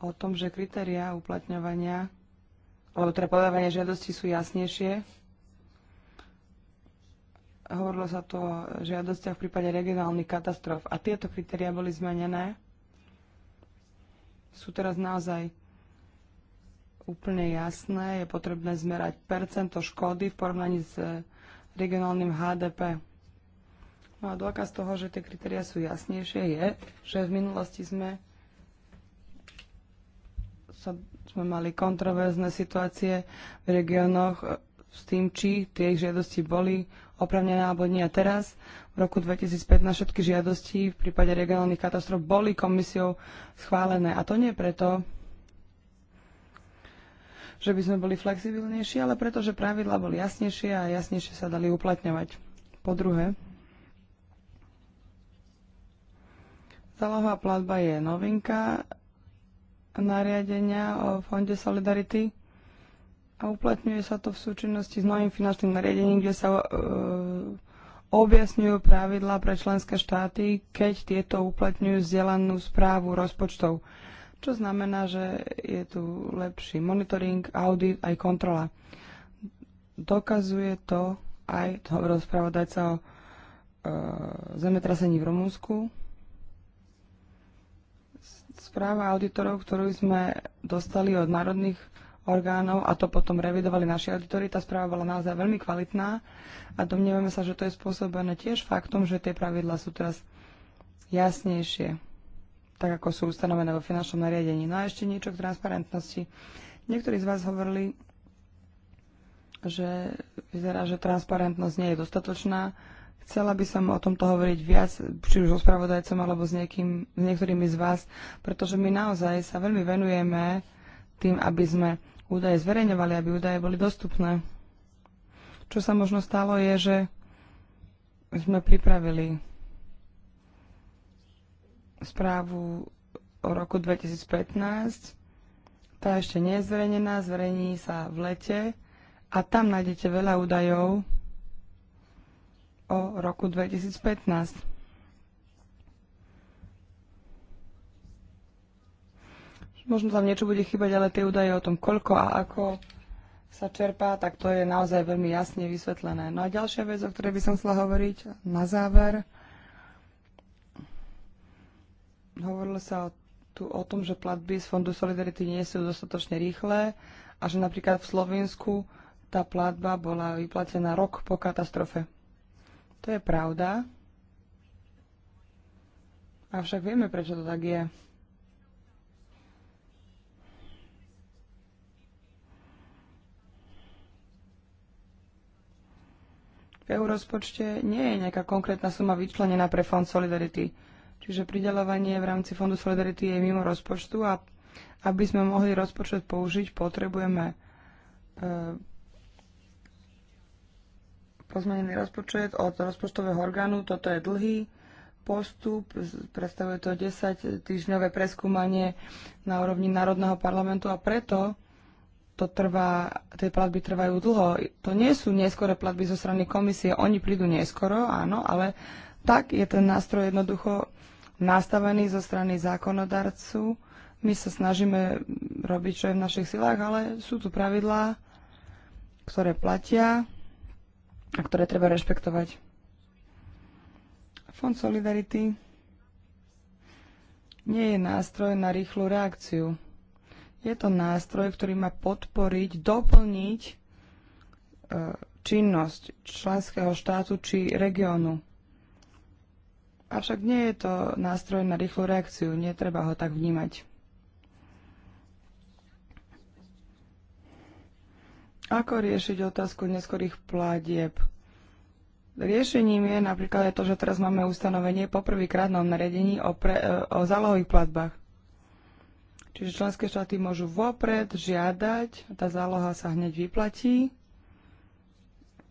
o tom, že kritériá uplatňovania, alebo teda podávania žiadosti sú jasnejšie. Hovorilo sa tu o žiadostiach v prípade regionálnych katastrof a tieto kritériá boli zmenené. Sú teraz naozaj úplne jasné. Je potrebné zmerať percento škody v porovnaní s regionálnym HDP. No a dôkaz toho, že tie kritéria sú jasnejšie, je, že v minulosti sme sa, sme mali kontroverzné situácie v regiónoch e, s tým, či tie ich žiadosti boli opravnené alebo nie. A teraz, v roku 2015, všetky žiadosti v prípade regionálnych katastrof boli komisiou schválené. A to nie preto, že by sme boli flexibilnejší, ale preto, že pravidla boli jasnejšie a jasnejšie sa dali uplatňovať. Po druhé, zálohová platba je novinka, nariadenia o Fonde Solidarity a uplatňuje sa to v súčinnosti s novým finančným nariadením, kde sa e, objasňujú pravidlá pre členské štáty, keď tieto uplatňujú vzdelanú správu rozpočtov, čo znamená, že je tu lepší monitoring, audit aj kontrola. Dokazuje to aj, hovoril rozprávodajca o e, zemetrasení v Rumúnsku, správa auditorov, ktorú sme dostali od národných orgánov a to potom revidovali naši auditori. Tá správa bola naozaj veľmi kvalitná a domnievame sa, že to je spôsobené tiež faktom, že tie pravidlá sú teraz jasnejšie, tak ako sú ustanovené vo finančnom nariadení. No a ešte niečo k transparentnosti. Niektorí z vás hovorili, že vyzerá, že transparentnosť nie je dostatočná. Chcela by som o tomto hovoriť viac, či už so spravodajcom alebo s, niekým, s niektorými z vás, pretože my naozaj sa veľmi venujeme tým, aby sme údaje zverejňovali, aby údaje boli dostupné. Čo sa možno stalo je, že sme pripravili správu o roku 2015. Tá ešte nie je zverejnená, zverejní sa v lete a tam nájdete veľa údajov o roku 2015. Možno tam niečo bude chýbať, ale tie údaje o tom, koľko a ako sa čerpá, tak to je naozaj veľmi jasne vysvetlené. No a ďalšia vec, o ktorej by som chcela hovoriť na záver, hovorilo sa tu o tom, že platby z Fondu Solidarity nie sú dostatočne rýchle a že napríklad v Slovensku tá platba bola vyplatená rok po katastrofe. To je pravda. Avšak vieme, prečo to tak je. V EU rozpočte nie je nejaká konkrétna suma vyčlenená pre Fond Solidarity. Čiže pridelovanie v rámci Fondu Solidarity je mimo rozpočtu a aby sme mohli rozpočet použiť, potrebujeme e, pozmenený rozpočet od rozpočtového orgánu. Toto je dlhý postup, predstavuje to 10-týždňové preskúmanie na úrovni Národného parlamentu a preto to trvá, tie platby trvajú dlho. To nie sú neskore platby zo strany komisie, oni prídu neskoro, áno, ale tak je ten nástroj jednoducho nastavený zo strany zákonodarcu. My sa snažíme robiť, čo je v našich silách, ale sú tu pravidlá, ktoré platia a ktoré treba rešpektovať. Fond Solidarity nie je nástroj na rýchlu reakciu. Je to nástroj, ktorý má podporiť, doplniť e, činnosť členského štátu či regiónu. Avšak nie je to nástroj na rýchlu reakciu, netreba ho tak vnímať. Ako riešiť otázku neskorých platieb? Riešením je napríklad aj to, že teraz máme ustanovenie po prvýkrát na nariadení o, pre, e, o zálohových platbách. Čiže členské štáty môžu vopred žiadať, tá záloha sa hneď vyplatí,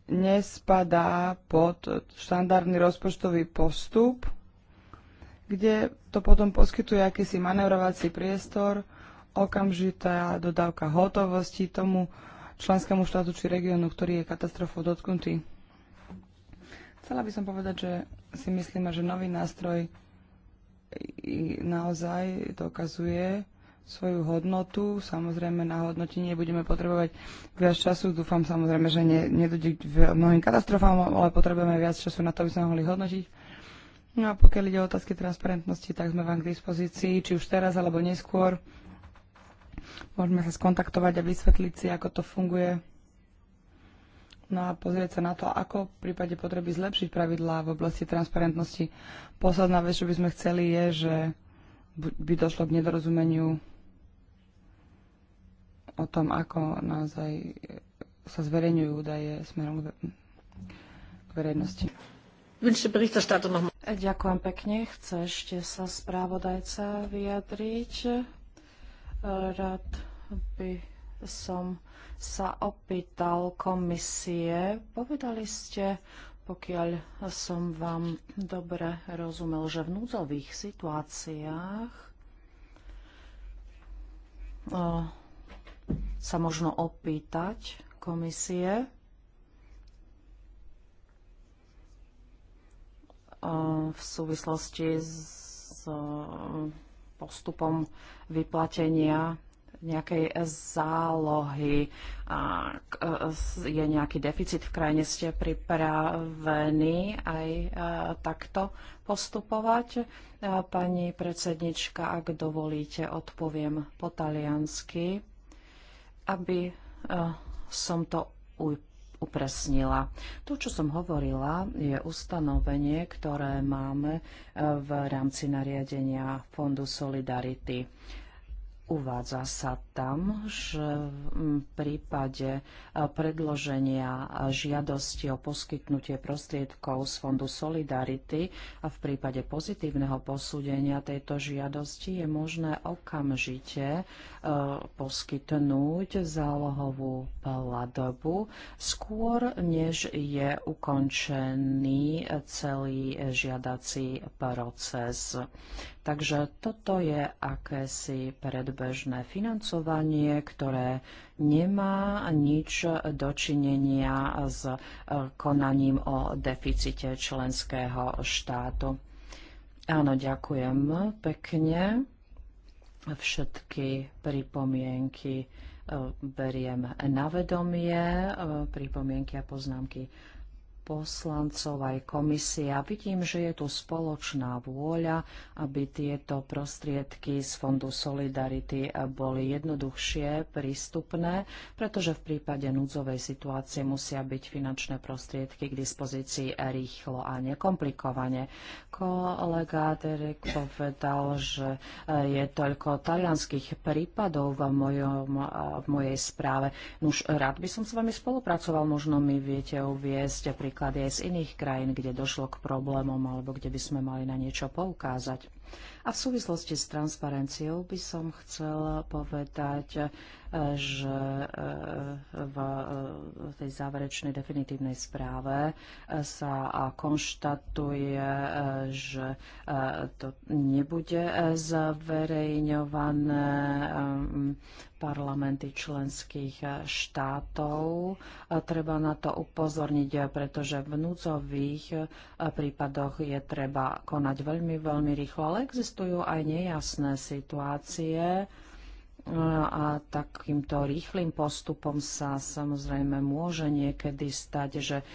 nespadá pod štandardný rozpočtový postup, kde to potom poskytuje akýsi manevrovací priestor, okamžitá dodávka hotovosti tomu, členskému štátu či regiónu, ktorý je katastrofou dotknutý. Chcela by som povedať, že si myslíme, že nový nástroj naozaj dokazuje svoju hodnotu. Samozrejme, na hodnotenie budeme potrebovať viac času. Dúfam samozrejme, že ne, k mnohým katastrofám, ale potrebujeme viac času na to, aby sme mohli hodnotiť. No a pokiaľ ide o otázky transparentnosti, tak sme vám k dispozícii, či už teraz alebo neskôr. Môžeme sa skontaktovať a vysvetliť si, ako to funguje. No a pozrieť sa na to, ako v prípade potreby zlepšiť pravidlá v oblasti transparentnosti. Posledná vec, čo by sme chceli, je, že by došlo k nedorozumeniu o tom, ako naozaj
sa zverejňujú údaje smerom k verejnosti. Ďakujem pekne. Chce ešte sa správodajca vyjadriť? Rád by som sa opýtal komisie. Povedali ste, pokiaľ som vám dobre rozumel, že v núdzových situáciách e, sa možno opýtať komisie, e, v súvislosti s postupom vyplatenia nejakej zálohy, ak e, je nejaký deficit v krajine, ste pripravení aj e, takto postupovať. E, pani predsednička, ak dovolíte, odpoviem po taliansky, aby som to upresnila. To, čo som hovorila, je ustanovenie, ktoré máme eh, v rámci nariadenia Fondu Solidarity. Uvádza sa tam, že v prípade eh, predloženia žiadosti o poskytnutie prostriedkov z Fondu Solidarity a v prípade pozitívneho posúdenia tejto žiadosti je možné okamžite eh, poskytnúť zálohovú platbu skôr, než je ukončený eh, celý žiadací proces. Takže toto je akési predbežné financovanie, ktoré nemá nič dočinenia s e, konaním o deficite členského štátu. Áno, ďakujem pekne. Všetky pripomienky e, berieme na vedomie, e, pripomienky a poznámky poslancov aj komisia. Vidím, že je tu spoločná vôľa, aby tieto prostriedky z Fondu Solidarity boli jednoduchšie prístupné, pretože v prípade núdzovej situácie musia byť finančné prostriedky k dispozícii rýchlo a nekomplikovane. Kolega Derek povedal, že je toľko talianských prípadov v, mojom, v mojej správe. Už rád by som s vami spolupracoval, možno mi viete uviezť pri príklady aj z iných krajín, kde došlo k problémom alebo kde by sme mali na niečo poukázať. A v súvislosti s transparenciou by som chcela povedať, že eh, eh, v tej záverečnej definitívnej správe eh, sa konštatuje, že to nebude zverejňované parlamenty členských štátov. Treba na to upozorniť, pretože v núdzových prípadoch je treba konať veľmi, veľmi rýchlo, ale existujú aj nejasné situácie, a takýmto rýchlým postupom sa samozrejme môže niekedy stať, že e,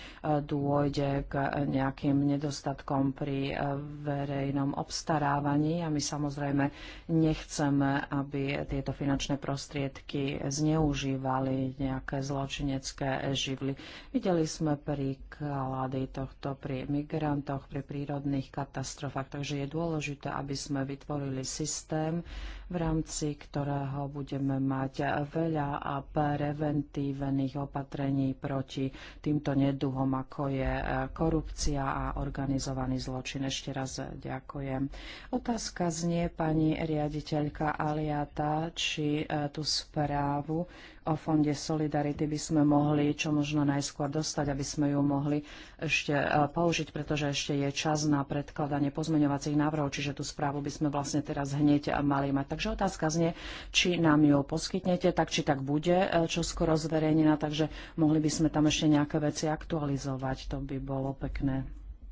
dôjde k nejakým nedostatkom pri e, verejnom obstarávaní a my samozrejme nechceme, aby tieto finančné prostriedky zneužívali nejaké zločinecké živly. Videli sme príklady tohto pri migrantoch, pri prírodných katastrofách, takže je dôležité, aby sme vytvorili systém, v rámci ktorého budeme mať veľa a preventívnych opatrení proti týmto neduhom, ako je e, korupcia a organizovaný zločin. Ešte raz ďakujem. Otázka znie pani riaditeľka Aliata, či e, tú správu o Fonde Solidarity by sme mohli čo možno najskôr dostať, aby sme ju mohli ešte e, použiť, pretože ešte je čas na predkladanie pozmeňovacích návrhov, čiže tú správu by sme vlastne teraz hneď mali mať. Takže otázka znie, či nám ju poskytnete, tak či tak bude e, čo skoro zverejnená, takže mohli by sme tam ešte nejaké veci aktualizovať, to by bolo pekné.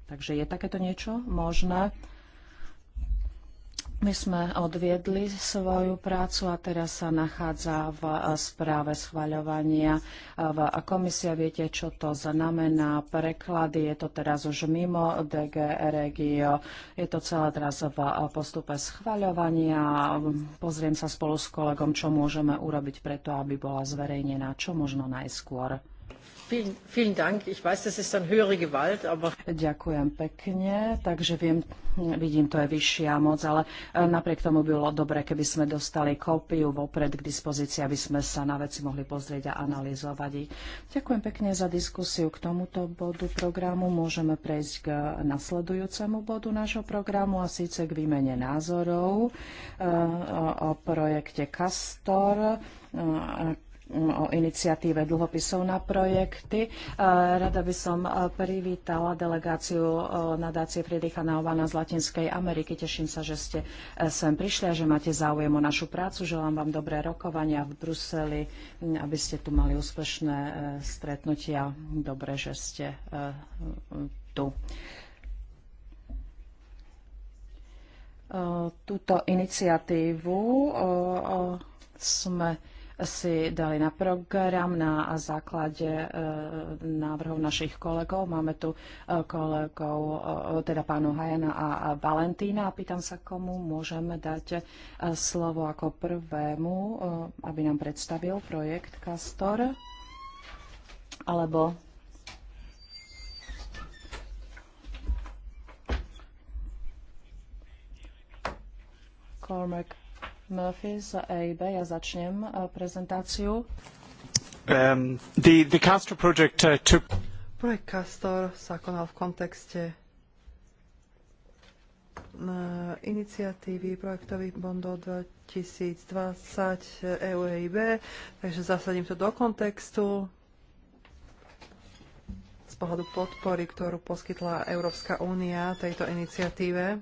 Takže je takéto niečo možné? My sme odviedli svoju prácu a teraz sa nachádza v správe schvaľovania v komisia. Viete, čo to znamená? Preklady je to teraz už mimo DG Regio. Je to celé teraz v postupe schvaľovania. Pozriem sa spolu s kolegom, čo môžeme urobiť preto, aby bola zverejnená čo možno najskôr. Ďakujem pekne, takže viem, vidím, to je vyššia moc, ale e, napriek tomu bylo dobre, keby sme dostali kópiu vopred k dispozícii, aby sme sa na veci mohli pozrieť a analyzovať ich. Ďakujem pekne za diskusiu k tomuto bodu programu. Môžeme prejsť k nasledujúcemu bodu nášho programu a síce k výmene názorov e, o projekte Castor, e, Mm, o iniciatíve dlhopisov na projekty. E, rada by som e, privítala delegáciu e, nadácie Friedricha Naovana z Latinskej Ameriky. Teším sa, že ste sem prišli a že máte záujem o našu prácu. Želám vám dobré rokovania v Bruseli, aby ste tu mali úspešné stretnutia. Dobre, že ste tu. Túto iniciatívu sme si dali na program na základe e, návrhov našich kolegov. Máme tu e, kolegov, e, teda pánu Hajana a Valentína a pýtam sa, komu môžeme dať slovo ako prvému, aby nám predstavil projekt Castor. Alebo Cormac EIB. Ja začnem eh, prezentáciu.
Um, the, the Castor project uh, took... Projekt Castor sa konal v kontexte iniciatívy projektových bondov 2020 EUEIB, eh, e takže zasadím to do kontextu z pohľadu podpory, ktorú poskytla Európska únia tejto iniciatíve.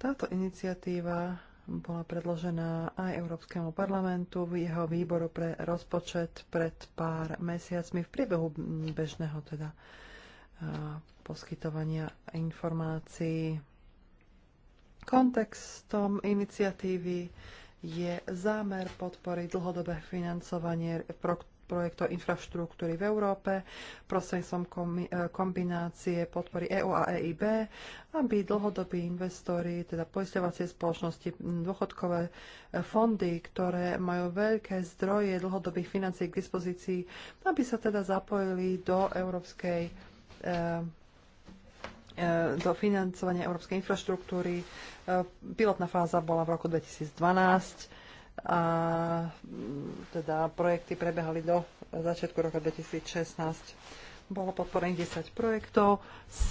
Táto iniciatíva bola predložená aj Európskemu parlamentu v jeho výboru pre rozpočet pred pár mesiacmi v priebehu bežného teda poskytovania informácií. Kontextom iniciatívy je zámer podporiť dlhodobé financovanie projektov infraštruktúry v Európe prostredníctvom e, kombinácie podpory EU a EIB, aby dlhodobí investori, teda poisťovacie spoločnosti, dôchodkové e, fondy, ktoré majú veľké zdroje dlhodobých financií k dispozícii, aby sa teda zapojili do európskej e, do financovania európskej infraštruktúry. Pilotná fáza bola v roku 2012 a mm, teda projekty prebehali do začiatku roka 2016. Bolo podporených 10 projektov,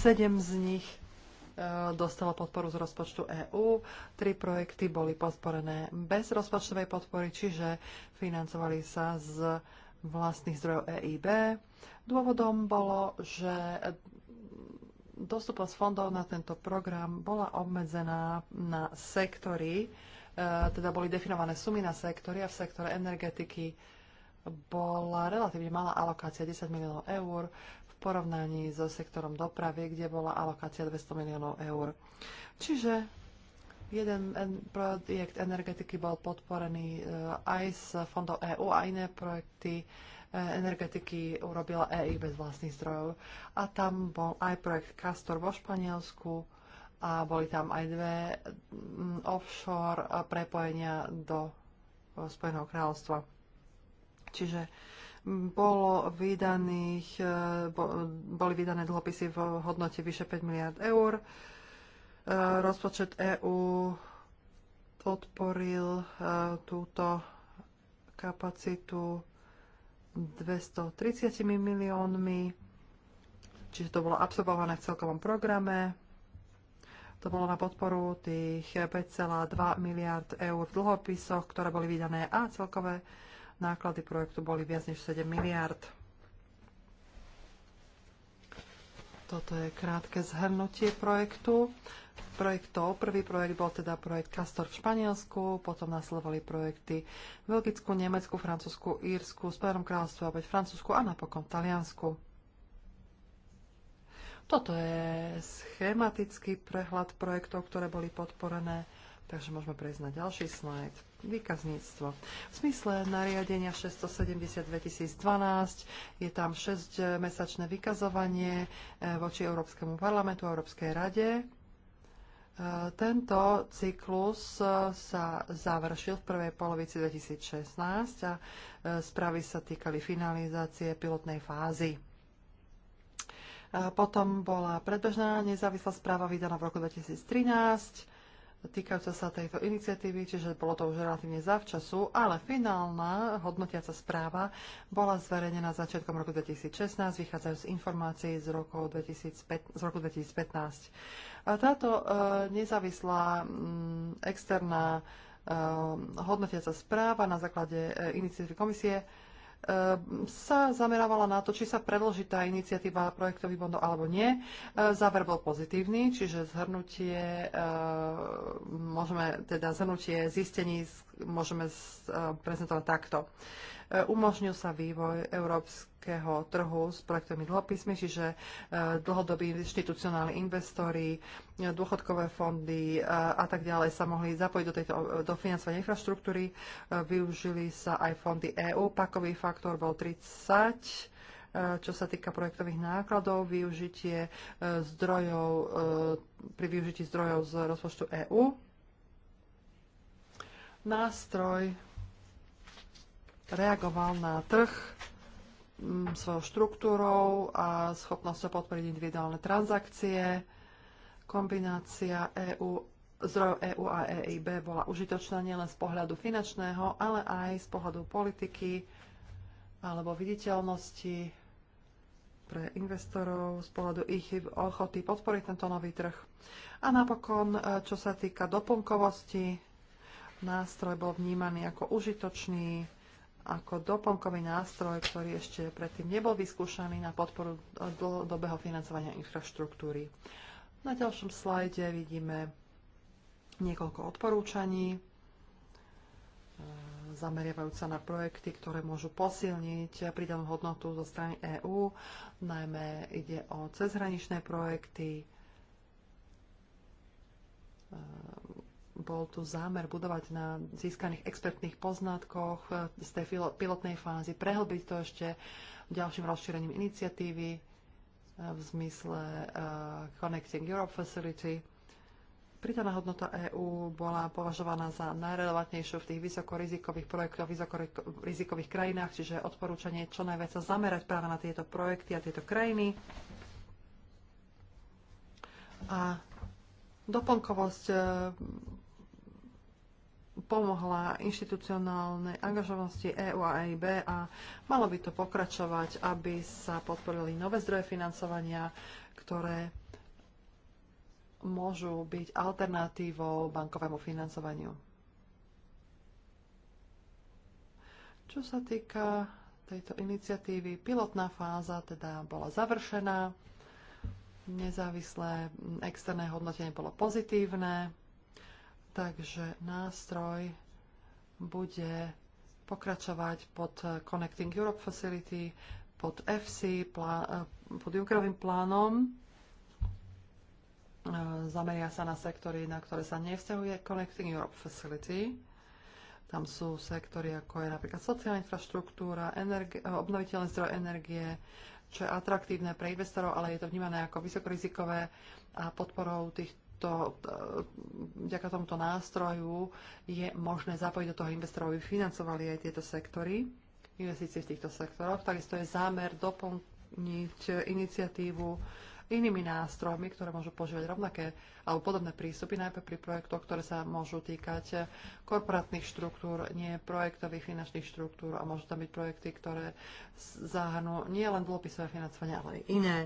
7 z nich e, dostalo podporu z rozpočtu EÚ, tri projekty boli podporené bez rozpočtovej podpory, čiže financovali sa z vlastných zdrojov EIB. Dôvodom bolo, že dostupnosť fondov na tento program bola obmedzená na sektory, E, teda boli definované sumy na sektory a v sektore energetiky bola relatívne malá alokácia 10 miliónov eur v porovnaní so sektorom dopravy, kde bola alokácia 200 miliónov eur. Čiže jeden projekt energetiky bol podporený e, aj z fondov EU, a iné projekty e, energetiky urobila EI bez vlastných zdrojov. A tam bol aj projekt Castor vo Španielsku, a boli tam aj dve mm, offshore prepojenia do e, Spojeného kráľovstva. Čiže mm, bolo vydaných, e, boli vydané dlhopisy v hodnote vyše 5 miliard eur. E, rozpočet EÚ podporil túto kapacitu 230 miliónmi, čiže to bolo absolvované v celkovom programe to bolo na podporu tých 5,2 miliard eur v dlhopisoch, ktoré boli vydané a celkové náklady projektu boli viac než 7 miliard. Toto je krátke zhrnutie projektu. Projektov. Prvý projekt bol teda projekt Castor v Španielsku, potom nasledovali projekty v Belgicku, Nemecku, Francúzsku, Írsku, Spojenom kráľovstve, opäť Francúzsku a napokon Taliansku. Toto je schematický prehľad projektov, ktoré boli podporené. Takže môžeme prejsť na ďalší slajd. Výkazníctvo. V smysle nariadenia 670-2012 je tam 6-mesačné vykazovanie eh, voči Európskemu parlamentu a Európskej rade. Eh, tento cyklus eh, sa završil v prvej polovici 2016 a správy sa týkali finalizácie pilotnej fázy potom bola predbežná nezávislá správa vydaná v roku 2013 týkajúca sa tejto iniciatívy, čiže bolo to už relatívne zavčasu, ale finálna hodnotiaca správa bola zverejnená začiatkom roku 2016, vychádzajú z informácií z roku 2015. Z roku 2015. A táto e, nezávislá mm, externá e, hodnotiaca správa na základe e, iniciatívy komisie Ehm, sa zamerávala na to, či sa predloží tá iniciatíva projektových bondov alebo nie. Ehm, záver bol pozitívny, čiže zhrnutie, ehm, môžeme, teda zhrnutie zistení môžeme prezentovať takto. Umožnil sa vývoj európsky veľkého trhu s projektovými dlhopismi, čiže e, dlhodobí inštitucionálni investori, e, dôchodkové fondy e, a tak ďalej sa mohli zapojiť do, tejto, do financovania infraštruktúry. Využili sa aj fondy EU, pakový faktor bol 30 čo sa týka projektových nákladov, využitie zdrojov, pri využití zdrojov z rozpočtu EÚ. Nástroj reagoval na trh svojou štruktúrou a schopnosťou podporiť individuálne transakcie. Kombinácia EU, zdrojov EU a EIB bola užitočná nielen z pohľadu finančného, ale aj z pohľadu politiky alebo viditeľnosti pre investorov z pohľadu ich ochoty podporiť tento nový trh. A napokon, e, čo sa týka doplnkovosti, nástroj bol vnímaný ako užitočný ako doplnkový nástroj, ktorý ešte predtým nebol vyskúšaný na podporu dlhodobého financovania infraštruktúry. Na ďalšom slajde vidíme niekoľko odporúčaní e, zameriavajú sa na projekty, ktoré môžu posilniť pridanú hodnotu zo strany EÚ. Najmä ide o cezhraničné projekty, e, bol tu zámer budovať na získaných expertných poznatkoch eh, z tej pilotnej fázy, prehlbiť to ešte ďalším rozšírením iniciatívy eh, v zmysle eh, Connecting Europe Facility. Pridaná hodnota EÚ bola považovaná za najrelevantnejšiu v tých vysokorizikových projektoch v vysokorizikových krajinách, čiže odporúčanie čo najviac sa zamerať práve na tieto projekty a tieto krajiny. A doplnkovosť pomohla inštitucionálnej angažovanosti EU a EIB a malo by to pokračovať, aby sa podporili nové zdroje financovania, ktoré môžu byť alternatívou bankovému financovaniu. Čo sa týka tejto iniciatívy, pilotná fáza teda bola završená, nezávislé externé hodnotenie bolo pozitívne, Takže nástroj bude pokračovať pod Connecting Europe Facility, pod FC, pod Junckerovým plánom. E, zameria sa na sektory, na ktoré sa nevzťahuje Connecting Europe Facility. Tam sú sektory, ako je napríklad sociálna infraštruktúra, energi- e, obnoviteľné zdroje energie, čo je atraktívne pre investorov, ale je to vnímané ako vysokorizikové a podporou tých, to, e, vďaka tomuto nástroju je možné zapojiť do toho investorov, aby financovali aj tieto sektory, investície v týchto sektoroch. Takisto je zámer doplniť iniciatívu inými nástrojmi, ktoré môžu požívať rovnaké alebo podobné prístupy, najmä pri projektoch, ktoré sa môžu týkať korporátnych štruktúr, nie projektových finančných štruktúr a môžu tam byť projekty, ktoré zahrnú nie len dlhopisové financovanie, ale aj iné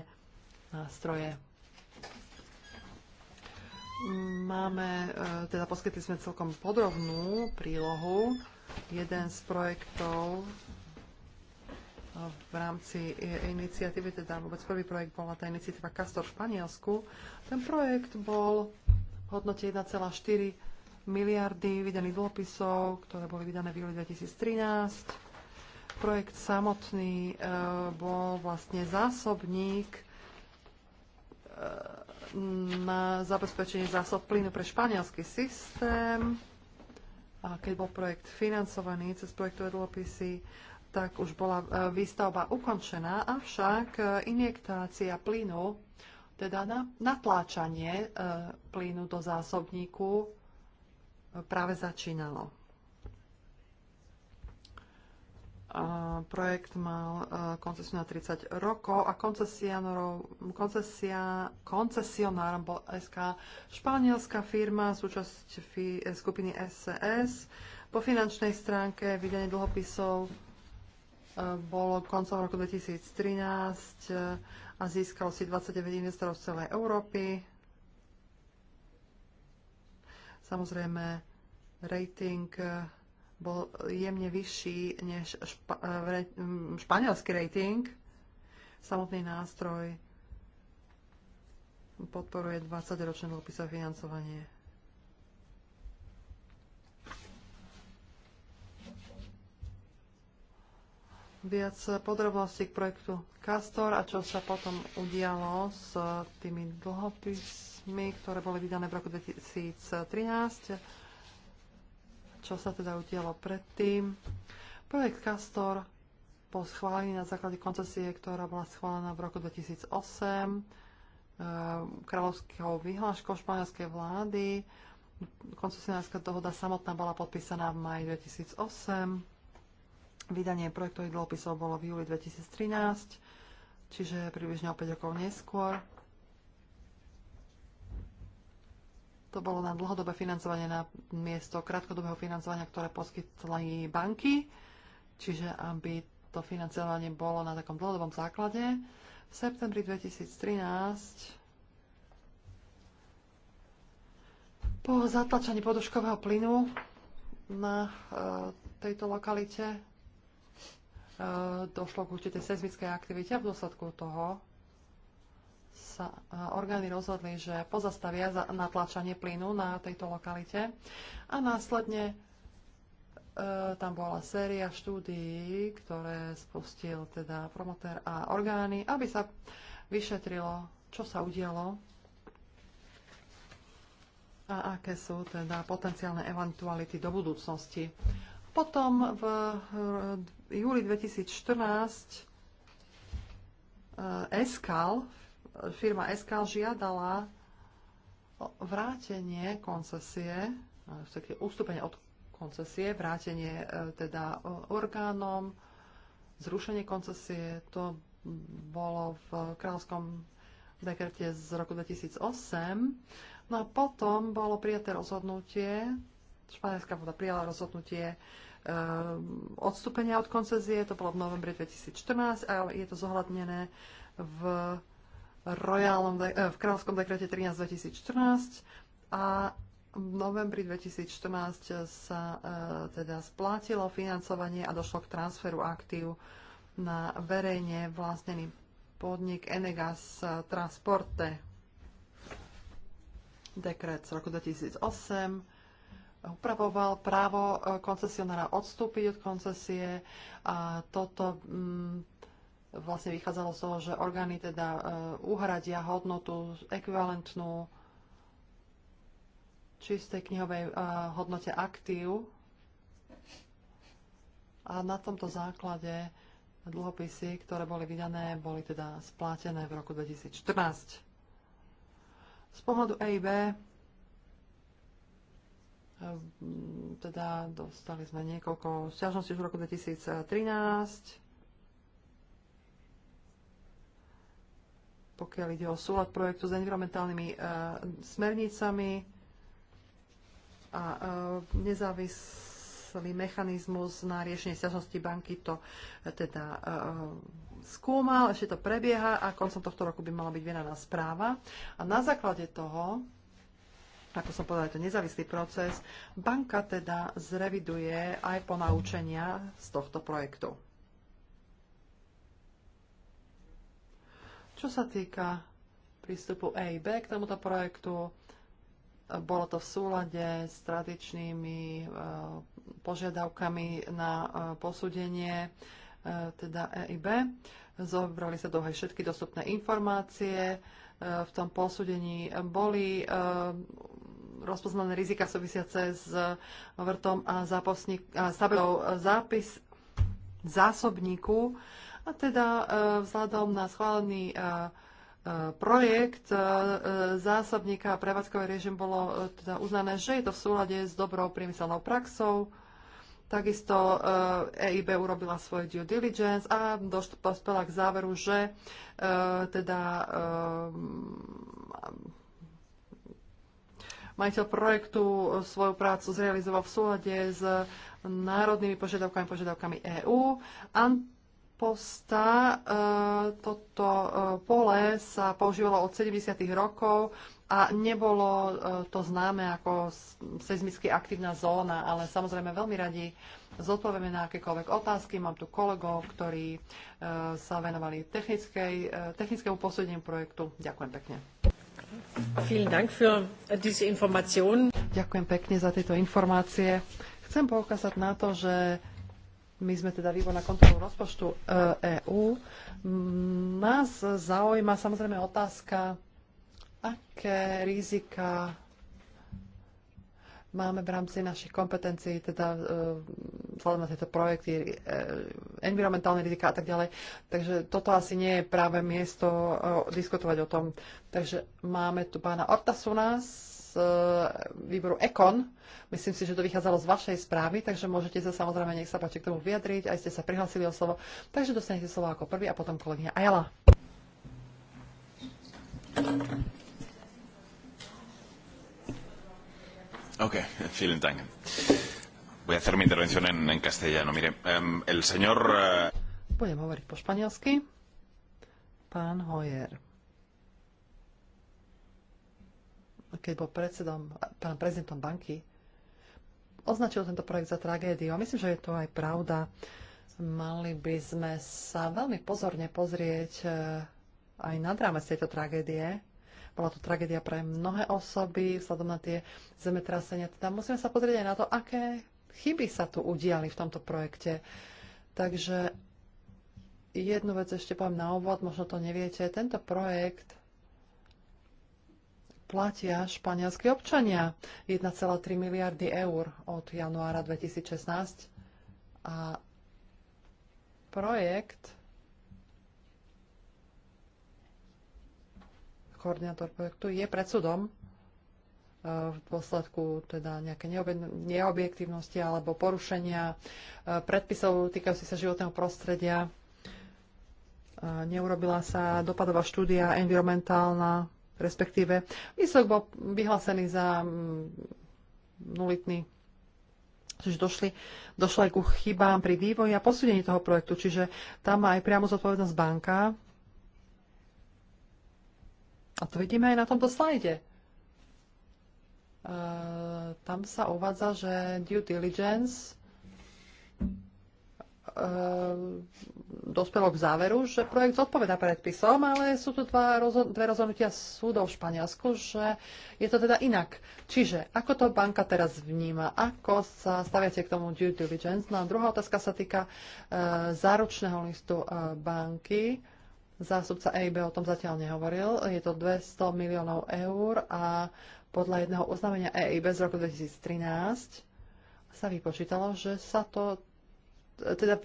nástroje. Máme, e, teda poskytli sme celkom podrobnú prílohu. Jeden z projektov e, v rámci iniciatívy, teda vôbec prvý projekt bola tá iniciatíva Castor v Španielsku. Ten projekt bol v hodnote 1,4 miliardy vydaných dlhopisov, ktoré boli vydané v júli 2013. Projekt samotný e, bol vlastne zásobník na zabezpečenie zásob plynu pre španielský systém. A keď bol projekt financovaný cez projektové dlhopisy, tak už bola e, výstavba ukončená, avšak e, injektácia plynu, teda natláčanie e, plynu do zásobníku práve začínalo. projekt mal e, koncesiu na 30 rokov a koncesia, koncesionárom bol SK španielská firma, súčasť e, skupiny SCS. Po finančnej stránke vydanie dlhopisov e, bolo koncom roku 2013 a získalo si 29 investorov z celej Európy. Samozrejme, rating bol jemne vyšší než špa- eh, mm, španielský rating. Samotný nástroj podporuje 20-ročné dlhopisové financovanie. Viac podrobností k projektu Castor a čo sa potom udialo s tými dlhopismi, ktoré boli vydané v roku 2013 čo sa teda udialo predtým. Projekt Castor bol schválený na základe koncesie, ktorá bola schválená v roku 2008 eh, kráľovskou vyhláškou španielskej vlády. Koncesionárska dohoda samotná bola podpísaná v maji 2008. Vydanie projektových dlhopisov bolo v júli 2013, čiže približne o 5 rokov neskôr. To bolo na dlhodobé financovanie na miesto krátkodobého financovania, ktoré poskytli banky, čiže aby to financovanie bolo na takom dlhodobom základe. V septembri 2013 po zatlačení poduškového plynu na e, tejto lokalite e, došlo k určitej seismickej aktivite a v dôsledku toho sa orgány rozhodli, že pozastavia natlačanie plynu na tejto lokalite a následne e, tam bola séria štúdií, ktoré spustil teda promotér a orgány, aby sa vyšetrilo, čo sa udialo a aké sú teda potenciálne eventuality do budúcnosti. Potom v e, júli 2014 e, ESCAL firma SK žiadala vrátenie koncesie, také ústupenie od koncesie, vrátenie e, teda orgánom, zrušenie koncesie, to bolo v kráľovskom dekrete z roku 2008. No a potom bolo prijaté rozhodnutie, španielská voda prijala rozhodnutie e, odstúpenia od koncezie, to bolo v novembri 2014 a je to zohľadnené v Royálnom, eh, v Kráľovskom dekrete 13 2014 a v novembri 2014 sa eh, teda splátilo financovanie a došlo k transferu aktív na verejne vlastnený podnik Enegas Transporte. Dekret z roku 2008 upravoval právo eh, koncesionára odstúpiť od koncesie a toto mm, vlastne vychádzalo z toho, že orgány teda e, uhradia hodnotu ekvivalentnú čistej knihovej e, hodnote aktív a na tomto základe dlhopisy, ktoré boli vydané, boli teda splátené v roku 2014. Z pohľadu EIB e, teda dostali sme niekoľko sťažností už v roku 2013 pokiaľ ide o súlad projektu s environmentálnymi e, smernicami a e, nezávislý mechanizmus na riešenie sťažnosti banky to e, teda skúmal, ešte to prebieha a koncom tohto roku by mala byť vydaná správa. A na základe toho, ako som povedala, je to nezávislý proces, banka teda zreviduje aj ponaučenia z tohto projektu. Čo sa týka prístupu EIB k tomuto projektu, bolo to v súlade s tradičnými eh, požiadavkami na eh, posúdenie eh, teda EIB. Zobrali sa do aj všetky dostupné informácie. V tom posúdení boli rozpoznané rizika súvisiace s vrtom a, zápasník, zápis zásobníku a teda eh, vzhľadom na schválený eh, eh, projekt zásobníka a režim bolo teda uznané, že je to v súlade s dobrou priemyselnou praxou. Takisto EIB e urobila svoj due diligence a dospela k záveru, že teda majiteľ projektu svoju prácu zrealizoval v súlade s národnými požiadavkami, požiadavkami EÚ komposta. Eh, toto eh, pole sa používalo od 70. rokov a nebolo eh, to známe ako seizmicky aktívna zóna, ale samozrejme veľmi radi zodpovieme na akékoľvek otázky. Mám tu kolegov, ktorí sa venovali technickému posúdeniu projektu. Ďakujem pekne. Ďakujem pekne za tieto informácie. Chcem poukázať na to, že my sme teda výbor na kontrolu rozpočtu EÚ. Nás e zaujíma samozrejme otázka, aké rizika máme v rámci našich kompetencií, teda e, vzhľadom na tieto projekty, e, environmentálne rizika a tak ďalej. Takže toto asi nie je práve miesto diskutovať o tom. Takže máme tu pána Ortasu nás, Eh, výboru EKON. Myslím si, že to vychádzalo z vašej správy, takže môžete sa samozrejme, nech sa páči k tomu vyjadriť, aj ste sa prihlásili o slovo. Takže dostanete slovo ako prvý a potom kolegyňa Ajala. Ok, <laughs> vielen Dank. Voy a hacer mi intervención en, en castellano. Mire, um, el señor... Uh... Budem hovoriť po španielsky. Pán Hoyer. keď bol predsedom, pán prezidentom banky, označil tento projekt za tragédiu. A myslím, že je to aj pravda. Mali by sme sa veľmi pozorne pozrieť e, aj nad z tejto tragédie. Bola to tragédia pre mnohé osoby vzhľadom na tie zemetrasenia. Teda musíme sa pozrieť aj na to, aké chyby sa tu udiali v tomto projekte. Takže jednu vec ešte poviem na úvod, možno to neviete. Tento projekt platia španielskí občania 1,3 miliardy eur od januára 2016 a projekt koordinátor projektu je pred súdom e, v dôsledku teda nejaké neobjektívnosti alebo porušenia e, predpisov týkajúcich sa životného prostredia. E, neurobila sa dopadová štúdia environmentálna respektíve výsledok bol vyhlásený za mm, nulitný. Čiže došli, došlo aj ku chybám pri vývoji a posúdení toho projektu, čiže tam má aj priamo zodpovednosť banka. A to vidíme aj na tomto slajde. Uh, tam sa uvádza, že due diligence E, dospelo k záveru, že projekt zodpoveda predpisom, ale sú tu dva rozho- dve rozhodnutia súdov v Španielsku, že je to teda inak. Čiže ako to banka teraz vníma? Ako sa staviate k tomu due diligence? No a druhá otázka sa týka e, záručného listu e, banky. Zástupca EIB o tom zatiaľ nehovoril. Je to 200 miliónov eur a podľa jedného oznámenia EIB z roku 2013 sa vypočítalo, že sa to teda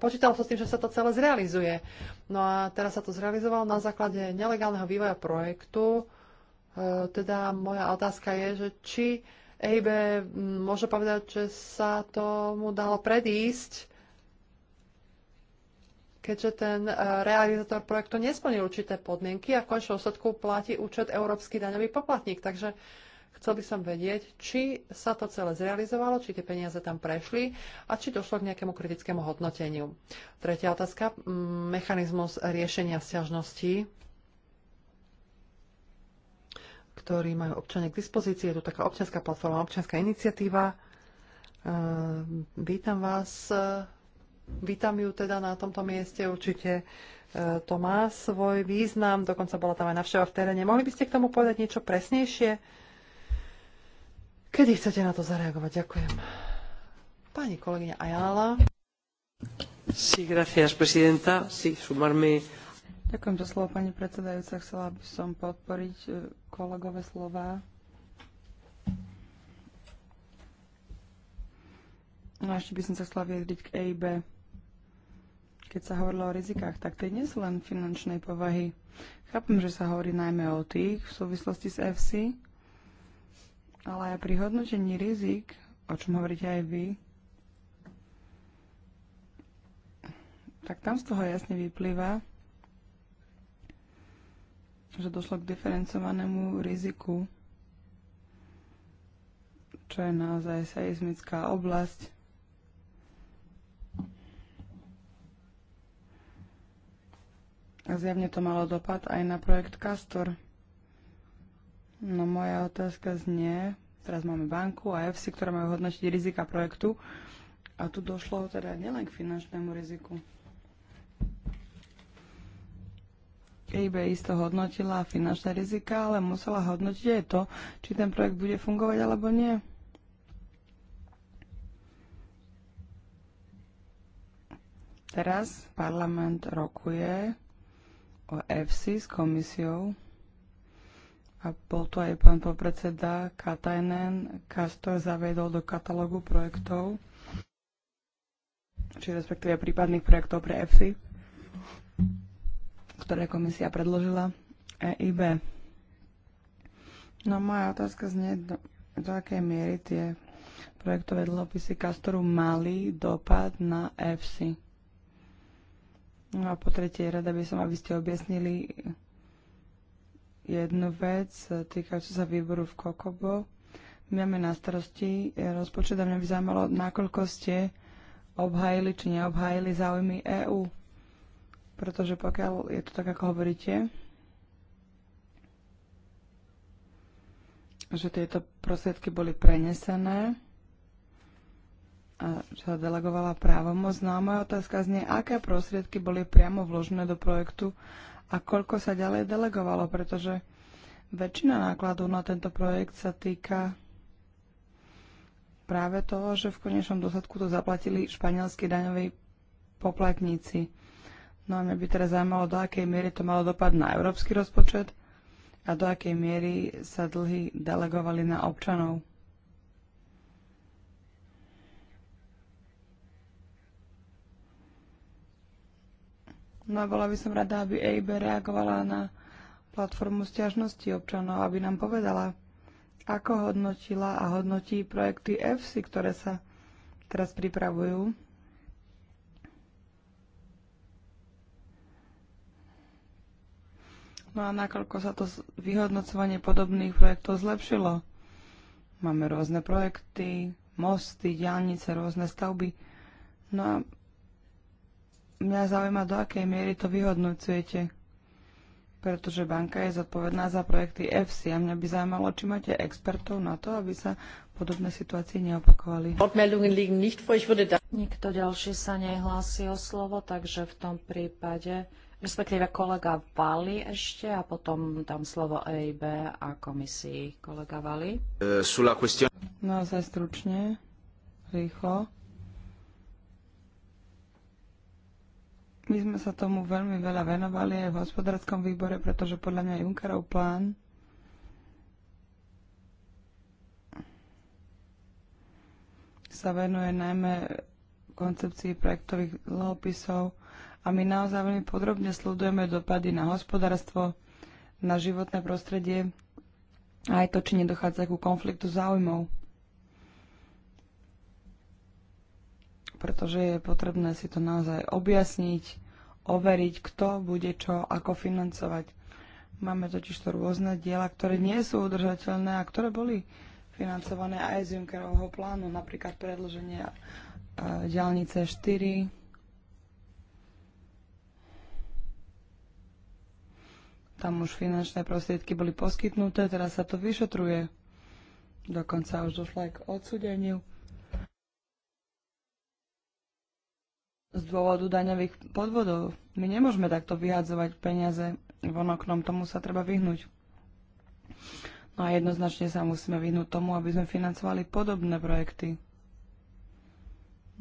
počítal som s tým, že sa to celé zrealizuje. No a teraz sa to zrealizovalo na základe nelegálneho vývoja projektu. E, teda moja otázka je, že či EIB môže povedať, že sa tomu dalo predísť, keďže ten e, realizátor projektu nesplnil určité podmienky a v končnom úsledku platí účet Európsky daňový poplatník. Takže Chcel by som vedieť, či sa to celé zrealizovalo, či tie peniaze tam prešli a či došlo k nejakému kritickému hodnoteniu. Tretia otázka, mm, mechanizmus riešenia sťažností ktorý majú občania k dispozícii. Je tu taká občianská platforma, občianská iniciatíva. E, vítam vás, vítam ju teda na tomto mieste určite. E, to má svoj význam, dokonca bola tam aj navšteva v teréne. Mohli by ste k tomu povedať niečo presnejšie? Kedy chcete na to zareagovať? Ďakujem. Pani kolegyňa Ayala. Sí, gracias, presidenta. Sí, sumarme.
Ďakujem za slovo, pani predsedajúca. Chcela by som podporiť e, kolegové slova. No a ešte by som sa chcela vyjadriť k EIB. Keď sa hovorilo o rizikách, tak tie nie sú len finančnej povahy. Chápem, že sa hovorí najmä o tých v súvislosti s FC, ale aj pri hodnotení rizik, o čom hovoríte aj vy, tak tam z toho jasne vyplýva, že došlo k diferencovanému riziku, čo je naozaj seismická oblasť. A zjavne to malo dopad aj na projekt Castor. No moja otázka znie, teraz máme banku a EFSI, ktoré majú hodnotiť rizika projektu a tu došlo teda nielen k finančnému riziku. EIB isto hodnotila finančné rizika, ale musela hodnotiť aj to, či ten projekt bude fungovať alebo nie. Teraz parlament rokuje o EFSI s komisiou a bol tu aj pán podpredseda Katajnen, Kastor zavedol do katalógu projektov, či respektíve prípadných projektov pre EFSI, ktoré komisia predložila EIB. No moja otázka znie, do, do akej miery tie projektové dlhopisy Castoru mali dopad na EFSI. No a po tretie, rada by som, aby ste objasnili, jednu vec e, týkajúcu sa výboru v Kokobo. Máme na starosti e, rozpočet a mňa by zaujímalo, nakoľko ste obhajili či neobhájili záujmy EÚ. Pretože pokiaľ je to tak, ako hovoríte, že tieto prostriedky boli prenesené a že sa delegovala právomoc, no a moja otázka znie, aké prostriedky boli priamo vložené do projektu a koľko sa ďalej delegovalo, pretože väčšina nákladov na tento projekt sa týka práve toho, že v konečnom dôsledku to zaplatili španielskí daňoví poplatníci. No a mňa by teraz zaujímalo, do akej miery to malo dopad na európsky rozpočet a do akej miery sa dlhy delegovali na občanov. No a bola by som rada, aby EIB reagovala na platformu stiažnosti občanov, aby nám povedala, ako hodnotila a hodnotí projekty EFSI, ktoré sa teraz pripravujú. No a nakoľko sa to vyhodnocovanie podobných projektov zlepšilo? Máme rôzne projekty, mosty, diálnice, rôzne stavby. No a Mňa zaujíma, do akej miery to vyhodnocujete, pretože banka je zodpovedná za projekty EFSI a mňa by zaujímalo, či máte expertov na to, aby sa podobné situácie neopakovali.
Nikto ďalší sa nehlási o slovo, takže v tom prípade respektíve kolega Vali ešte a potom tam slovo EIB a komisii. Kolega Vali. Eh, no Naozaj
stručne, rýchlo. My sme sa tomu veľmi veľa venovali aj v hospodárskom výbore, pretože podľa mňa Junckerov plán sa venuje najmä koncepcii projektových dlhopisov a my naozaj veľmi podrobne sledujeme dopady na hospodárstvo, na životné prostredie a aj to, či nedochádza ku konfliktu záujmov. pretože je potrebné si to naozaj objasniť, overiť, kto bude čo, ako financovať. Máme totiž to rôzne diela, ktoré nie sú udržateľné a ktoré boli financované aj z Junckerovho plánu, napríklad predlženie e, diálnice 4. Tam už finančné prostriedky boli poskytnuté, teraz sa to vyšetruje. Dokonca už došlo aj k odsudeniu. z dôvodu daňových podvodov. My nemôžeme takto vyhadzovať peniaze von oknom, tomu sa treba vyhnúť. No a jednoznačne sa musíme vyhnúť tomu, aby sme financovali podobné projekty.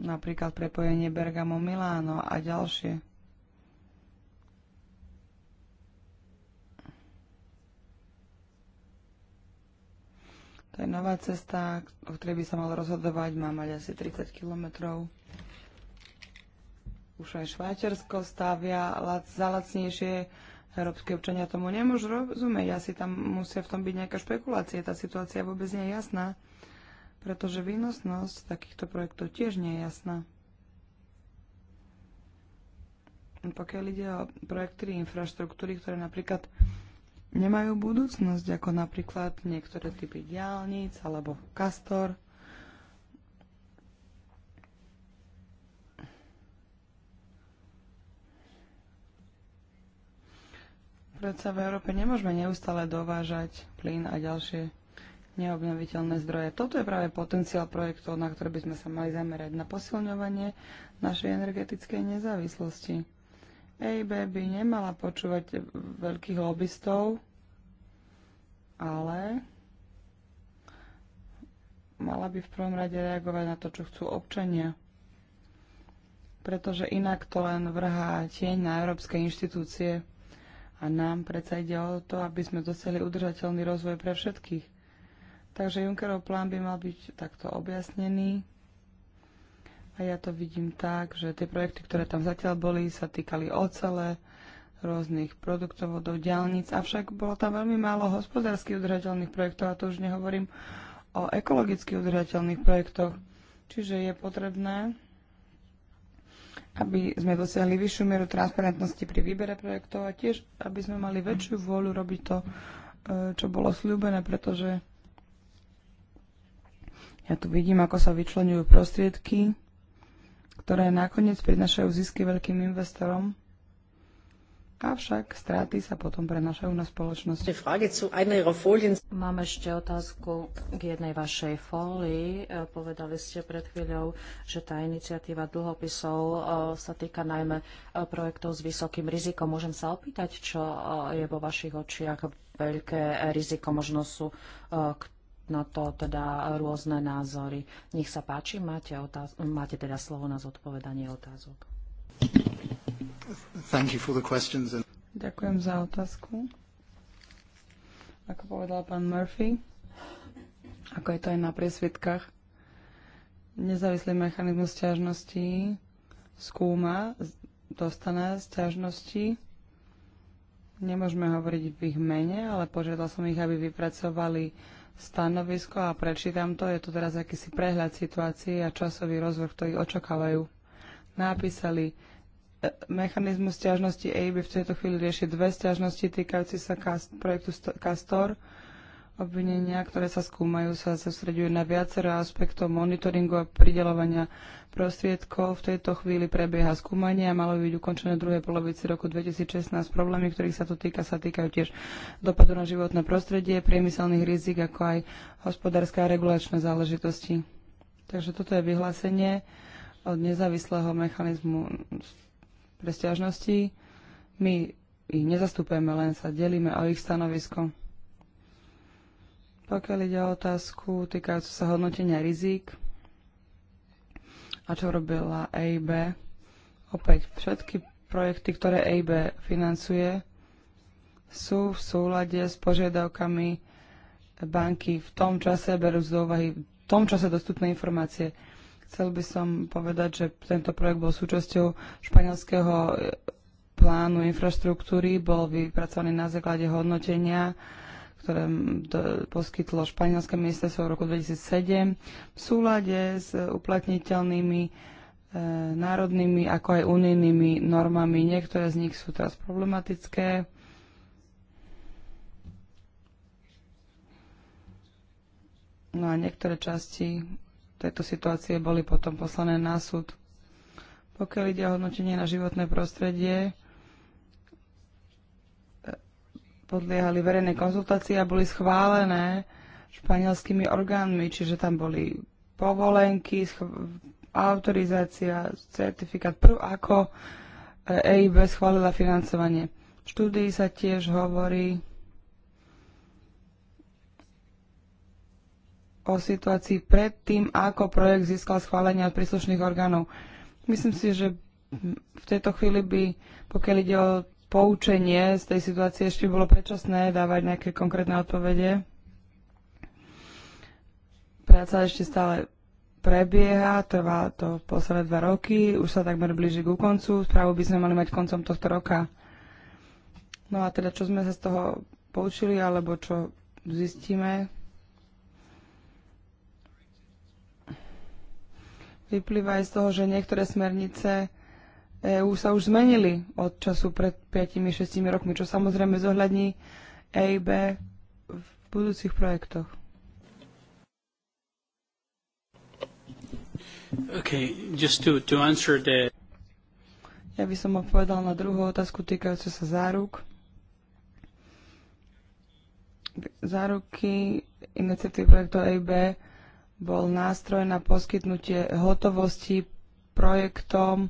Napríklad prepojenie Bergamo-Miláno a ďalšie. To je nová cesta, o ktorej by sa mal rozhodovať. Má mať asi 30 kilometrov už aj Švajčiarsko stavia lac, za lacnejšie. Európske občania tomu nemôžu rozumieť. Asi tam musia v tom byť nejaká špekulácia. Tá situácia vôbec nie je jasná, pretože výnosnosť takýchto projektov tiež nie je jasná. Pokiaľ ide o projekty infraštruktúry, ktoré napríklad nemajú budúcnosť, ako napríklad niektoré typy diálnic alebo kastor, Predsa v Európe nemôžeme neustále dovážať plyn a ďalšie neobnoviteľné zdroje. Toto je práve potenciál projektov, na ktoré by sme sa mali zamerať na posilňovanie našej energetickej nezávislosti. EIB by nemala počúvať veľkých lobbystov, ale mala by v prvom rade reagovať na to, čo chcú občania. Pretože inak to len vrhá tieň na európske inštitúcie a nám predsa ide o to, aby sme dosiahli udržateľný rozvoj pre všetkých. Takže Junckerov plán by mal byť takto objasnený. A ja to vidím tak, že tie projekty, ktoré tam zatiaľ boli, sa týkali ocele, rôznych produktov vodov, diálnic, avšak bolo tam veľmi málo hospodársky udržateľných projektov a to už nehovorím o ekologicky udržateľných projektoch. Čiže je potrebné aby sme dosiahli vyššiu mieru transparentnosti pri výbere projektov a tiež, aby sme mali väčšiu vôľu robiť to, e, čo bolo slúbené, pretože ja tu vidím, ako sa vyčlenujú prostriedky, ktoré nakoniec prinašajú zisky veľkým investorom Avšak straty sa potom prenašajú na spoločnosť.
Mám ešte otázku k jednej vašej fólii. E, povedali ste pred chvíľou, že tá iniciatíva dlhopisov e, sa týka najmä e, projektov s vysokým rizikom. Môžem sa opýtať, čo je vo vašich očiach veľké riziko? Možno sú na to teda rôzne názory. Nech sa páči, máte, otáz- máte teda slovo na zodpovedanie otázok. Thank you for the questions. Ďakujem za otázku. Ako povedal pán
Murphy, ako je to aj na priesvitkách, nezávislý mechanizmus ťažnosti skúma, dostane ťažnosti. Nemôžeme hovoriť v ich mene, ale požiadal som ich, aby vypracovali stanovisko a prečítam to. Je to teraz akýsi prehľad situácií a časový rozvrh, ktorý očakávajú. Napísali Mechanizmus stiažnosti EIB v tejto chvíli rieši dve stiažnosti týkajúci sa projektu Castor. Obvinenia, ktoré sa skúmajú, sa sústreďujú na viacero aspektov monitoringu a pridelovania prostriedkov. V tejto chvíli prebieha skúmanie a malo by byť ukončené druhej polovici roku 2016. Problémy, ktorých sa to týka, sa týkajú tiež dopadu na životné prostredie, priemyselných rizik, ako aj hospodárske a regulačné záležitosti. Takže toto je vyhlásenie od nezávislého mechanizmu pre stiažnosti. My ich nezastupujeme, len sa delíme o ich stanovisko. Pokiaľ ide o otázku týkajúcu sa hodnotenia rizík a čo robila EIB, opäť všetky projekty, ktoré EIB financuje, sú v súlade s požiadavkami banky v tom čase berú z úvahy v tom čase dostupné informácie. Chcel by som povedať, že tento projekt bol súčasťou španielského e, plánu infraštruktúry, bol vypracovaný na základe hodnotenia, ktoré poskytlo španielské ministerstvo v roku 2007 v súlade s uplatniteľnými e, národnými ako aj unijnými normami. Niektoré z nich sú teraz problematické. No a niektoré časti tejto situácie boli potom poslané na súd. Pokiaľ ide o hodnotenie na životné prostredie, podliehali verejné konzultácie a boli schválené španielskými orgánmi, čiže tam boli povolenky, autorizácia, certifikát, prv ako EIB schválila financovanie. V štúdii sa tiež hovorí o situácii pred tým, ako projekt získal schválenie od príslušných orgánov. Myslím si, že v tejto chvíli by, pokiaľ ide o poučenie z tej situácie, ešte bolo predčasné dávať nejaké konkrétne odpovede. Práca ešte stále prebieha, trvá to posledné dva roky, už sa takmer blíži k koncu, správu by sme mali mať koncom tohto roka. No a teda, čo sme sa z toho poučili, alebo čo zistíme, vyplýva aj z toho, že niektoré smernice EÚ sa už zmenili od času pred 5-6 rokmi, čo samozrejme zohľadní EIB v budúcich projektoch.
Okay, just to, to answer the...
Ja by som odpovedal na druhú otázku týkajúcu sa záruk. Záruky iniciatívy projektu EIB bol nástroj na poskytnutie hotovosti projektom,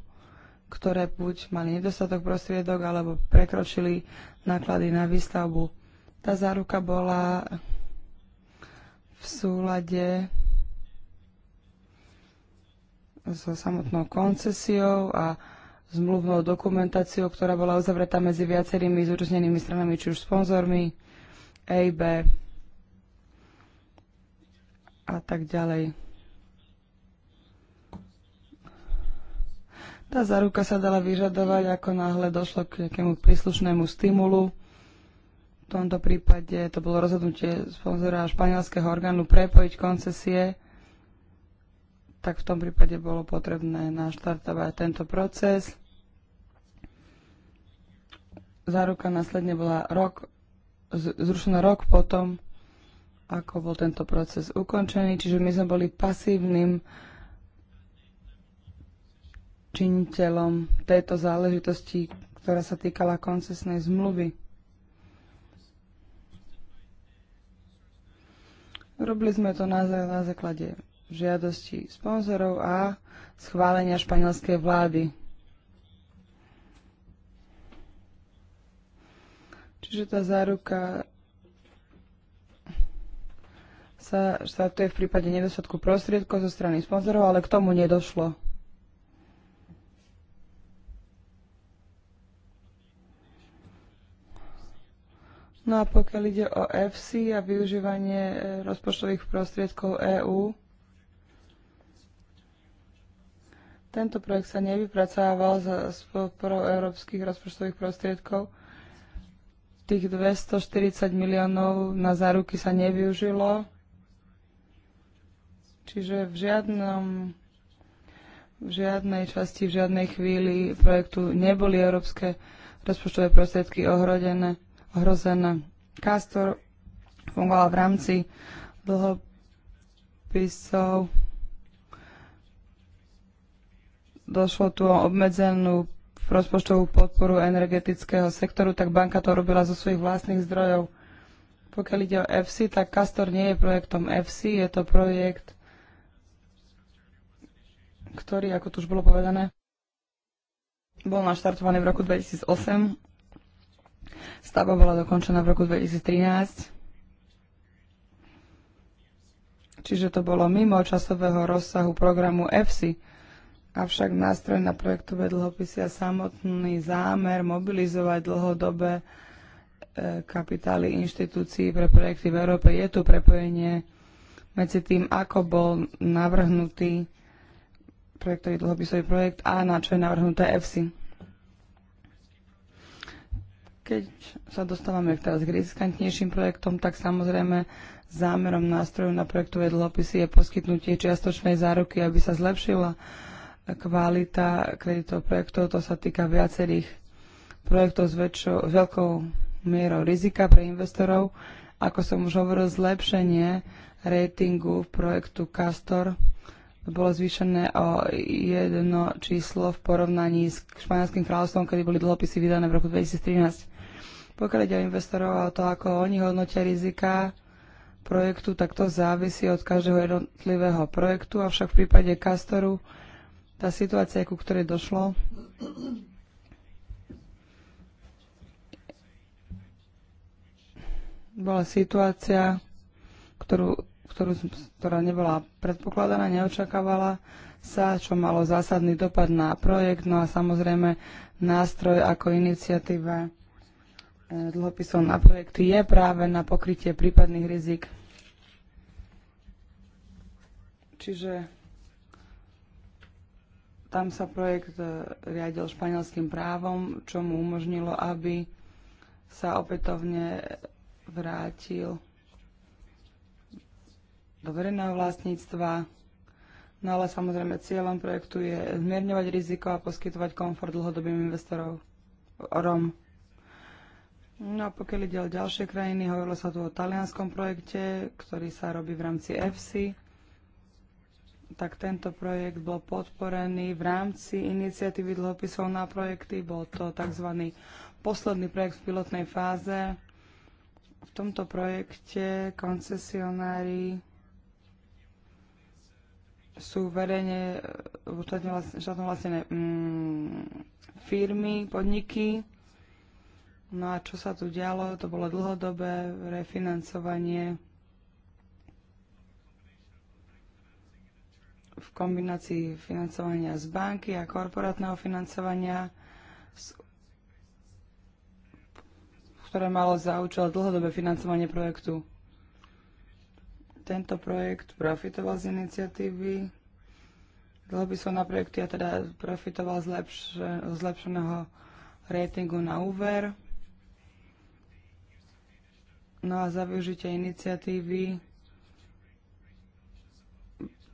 ktoré buď mali nedostatok prostriedok alebo prekročili náklady na výstavbu. Tá záruka bola v súlade so samotnou koncesiou a zmluvnou dokumentáciou, ktorá bola uzavretá medzi viacerými zúčastnenými stranami, či už sponzormi, EIB, a tak ďalej. Tá záruka sa dala vyžadovať, ako náhle došlo k nejakému príslušnému stimulu. V tomto prípade to bolo rozhodnutie sponzora španielského orgánu prepojiť koncesie, tak v tom prípade bolo potrebné naštartovať tento proces. Záruka následne bola rok, zrušená rok potom, ako bol tento proces ukončený. Čiže my sme boli pasívnym činiteľom tejto záležitosti, ktorá sa týkala koncesnej zmluvy. Robili sme to na, na základe žiadosti sponzorov a schválenia španielskej vlády. Čiže tá záruka sa štartuje v prípade nedostatku prostriedkov zo strany sponzorov, ale k tomu nedošlo. No a pokiaľ ide o FC a využívanie e, rozpočtových prostriedkov EÚ, tento projekt sa nevypracával za podporou európskych rozpočtových prostriedkov. Tých 240 miliónov na záruky sa nevyužilo. Čiže v žiadnom v žiadnej časti, v žiadnej chvíli projektu neboli európske rozpočtové prostriedky ohrodené, ohrozené. Castor fungoval v rámci dlhopisov. Došlo tu o obmedzenú rozpočtovú podporu energetického sektoru, tak banka to robila zo svojich vlastných zdrojov. Pokiaľ ide o EFSI, tak Castor nie je projektom EFSI, je to projekt ktorý, ako tu už bolo povedané, bol naštartovaný v roku 2008. Stavba bola dokončená v roku 2013. Čiže to bolo mimo časového rozsahu programu EFSI. Avšak nástroj na projektové dlhopisy a samotný zámer mobilizovať dlhodobé e, kapitály inštitúcií pre projekty v Európe je tu prepojenie medzi tým, ako bol navrhnutý projektový dlhopisový projekt a na čo je navrhnuté EFSI. Keď sa dostávame teraz k riskantnejším projektom, tak samozrejme zámerom nástroju na projektové dlhopisy je poskytnutie čiastočnej záruky, aby sa zlepšila kvalita kreditov projektov. To sa týka viacerých projektov s, väčšou, s veľkou mierou rizika pre investorov. Ako som už hovoril, zlepšenie ratingu projektu Castor bolo zvýšené o jedno číslo v porovnaní s Španielským kráľovstvom, kedy boli dlhopisy vydané v roku 2013. Pokiaľ ide o investorov a o to, ako oni hodnotia rizika projektu, tak to závisí od každého jednotlivého projektu, avšak v prípade Castoru tá situácia, ku ktorej došlo, bola situácia, ktorú ktorú, ktorá nebola predpokladaná, neočakávala sa, čo malo zásadný dopad na projekt, no a samozrejme nástroj ako iniciatíva e, dlhopisov na projekty je práve na pokrytie prípadných rizik. Čiže tam sa projekt e, riadil španielským právom, čo mu umožnilo, aby sa opätovne vrátil do verejného vlastníctva. No ale samozrejme cieľom projektu je zmierňovať riziko a poskytovať komfort dlhodobým investorom. No a pokiaľ ide o ďalšie krajiny, hovorilo sa tu o talianskom projekte, ktorý sa robí v rámci EFSI tak tento projekt bol podporený v rámci iniciatívy dlhopisov na projekty. Bol to tzv. posledný projekt v pilotnej fáze. V tomto projekte koncesionári sú verejne štátno e, vlastnené mm, firmy, podniky. No a čo sa tu dialo? To bolo dlhodobé refinancovanie v kombinácii financovania z banky a korporátneho financovania, ktoré malo za účel dlhodobé financovanie projektu tento projekt profitoval z iniciatívy. Dlho by som na projekty a teda profitoval z lepš- zlepšeného ratingu na úver. No a za využitie iniciatívy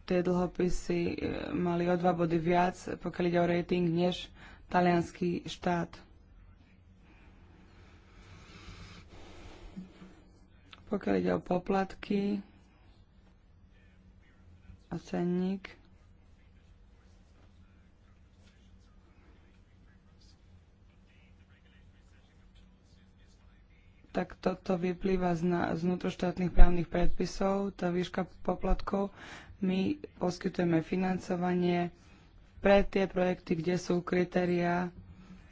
tie dlhopisy e, mali o dva body viac, pokiaľ ide o rating, než talianský štát. Pokiaľ ide o poplatky, cenník. tak toto vyplýva z, na, z vnútroštátnych právnych predpisov, tá výška poplatkov. My poskytujeme financovanie pre tie projekty, kde sú kritériá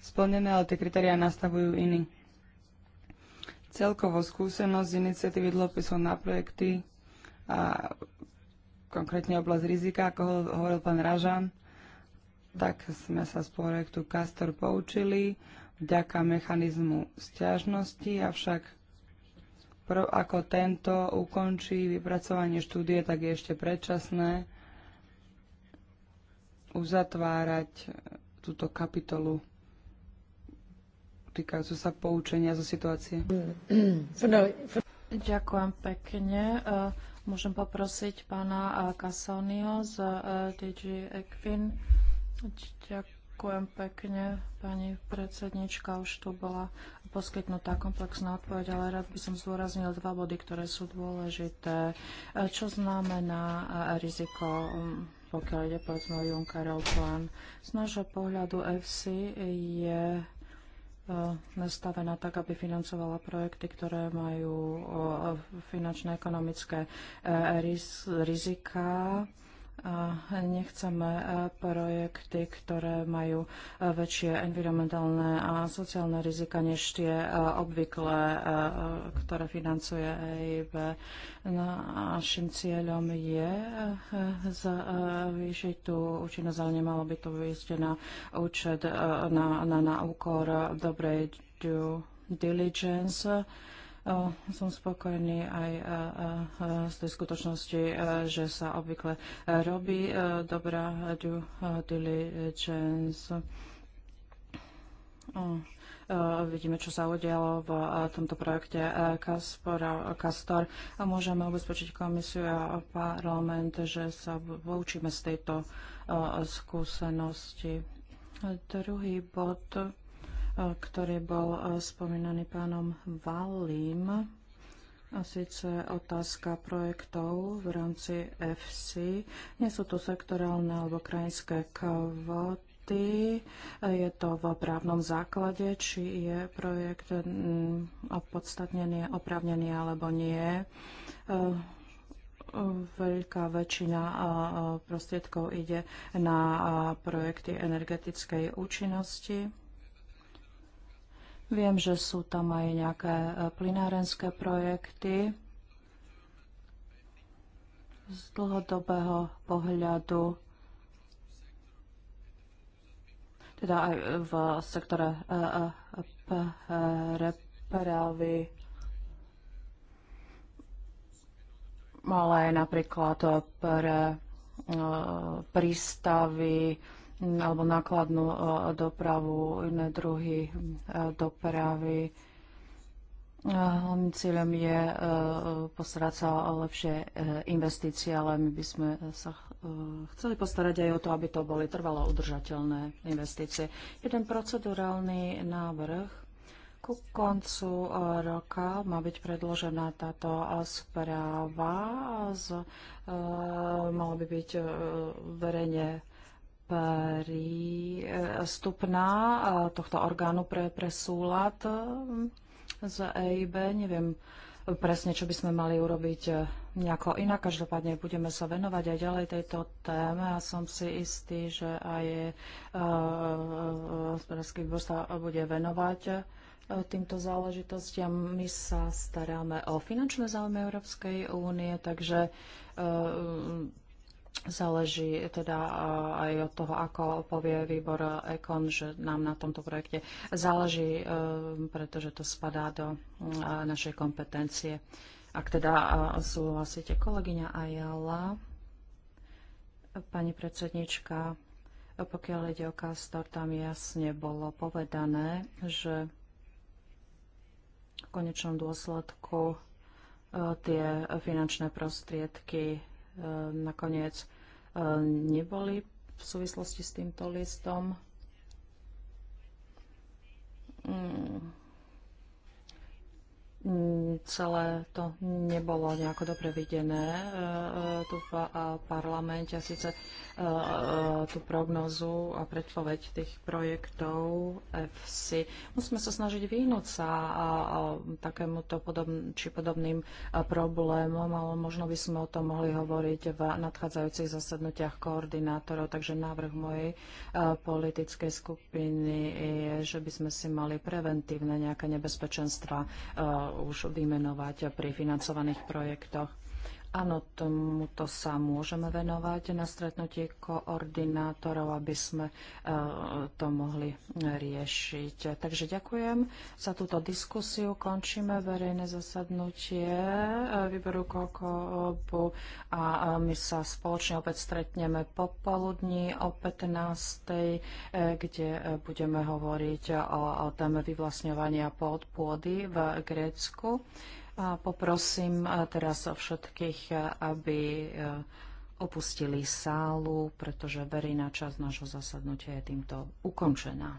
splnené, ale tie kritériá nastavujú iní. Celkovo skúsenosť z iniciatívy dlhopisov na projekty a konkrétne oblasť rizika, ako hovoril pán Ražan, tak sme sa z projektu Castor poučili vďaka mechanizmu stiažnosti, avšak pro, ako tento ukončí vypracovanie štúdie, tak je ešte predčasné uzatvárať túto kapitolu týkajúcu sa poučenia zo situácie. <clears throat>
No, no. Ďakujem pekne. Môžem poprosiť pána Kasonio z eh, DG Equin. Ďakujem pekne, pani predsednička, už tu bola poskytnutá komplexná odpoveď, ale rád by som zdôraznil dva body, ktoré sú dôležité. Eh, čo znamená eh, riziko mm, pokiaľ ide povedzme o Junckerov plán. Z nášho pohľadu FC je E, nastavená tak, aby financovala projekty, ktoré majú e, finančné ekonomické e, rizika nechceme projekty, ktoré majú e, väčšie environmentálne a sociálne rizika než tie e, obvyklé, e, ktoré financuje EIB. No, našim cieľom je zvýšiť tú účinnosť, ale nemalo by to vyjsť na účet, na, na, na úkor dobrej due diligence som spokojný aj z tej skutočnosti, že sa obvykle robí dobrá due diligence. vidíme, čo sa udialo v tomto projekte Castor. a môžeme ubezpečiť komisiu a parlament, že sa poučíme z tejto skúsenosti. Druhý bod ktorý bol e, spomínaný pánom Valím. A síce otázka projektov v rámci FC. Nie sú to sektorálne alebo krajinské kvóty. Je to v právnom základe, či je projekt opodstatnený, oprávnený alebo nie e, veľká väčšina e, prostriedkov ide na projekty energetickej účinnosti. Viem, že sú tam aj nejaké e, plinárenské projekty. Z dlhodobého pohľadu teda aj v sektore e, e, prepravy, ale aj napríklad pre prístavy, alebo nákladnú e, dopravu, iné druhy e, dopravy. E, hlavným cieľom je postarať sa o lepšie investície, ale my by sme sa chceli postarať aj o to, aby to boli trvalo udržateľné investície. Jeden procedurálny návrh ku koncu roka má byť predložená táto správa. Z, e, mala by byť verejne stupná eh, tohto orgánu pre, pre súlad z eh, EIB. Neviem presne, čo by sme mali urobiť eh, nejako inak. Každopádne budeme sa venovať aj ďalej tejto téme a som si istý, že aj hospodársky výbor sa bude venovať týmto záležitostiam. My sa staráme o finančné záujmy Európskej únie, takže Záleží teda eh, aj od toho, ako povie výbor Ekon, že nám na tomto projekte záleží, eh, pretože to spadá do eh, našej kompetencie. Ak teda súhlasíte, kolegyňa Ajala, pani predsednička, pokiaľ ide o Castor, tam jasne bolo povedané, že v konečnom dôsledku tie finančné prostriedky E, nakoniec e, neboli v súvislosti s týmto listom. Mm. Mm, celé to nebolo nejako dobre videné e, e, tu v e, parlamente. Sice tú prognozu a predpoveď tých projektov FC. Musíme sa snažiť vyhnúť sa a takémuto podob, či podobným problémom, ale možno by sme o tom mohli hovoriť v nadchádzajúcich zasadnutiach koordinátorov. Takže návrh mojej politickej skupiny je, že by sme si mali preventívne nejaké nebezpečenstva už vymenovať pri financovaných projektoch. Áno, tomuto sa môžeme venovať na stretnutie koordinátorov, aby sme e, to mohli riešiť. Takže ďakujem za túto diskusiu. Končíme verejné zasadnutie e, výboru Kokobu a e, my sa spoločne opäť stretneme popoludní o 15. kde budeme hovoriť o, o téme vyvlastňovania podpôdy v Grécku. A poprosím e, teraz o všetkých, e, aby e, opustili sálu, pretože verejná časť nášho zasadnutia je týmto ukončená.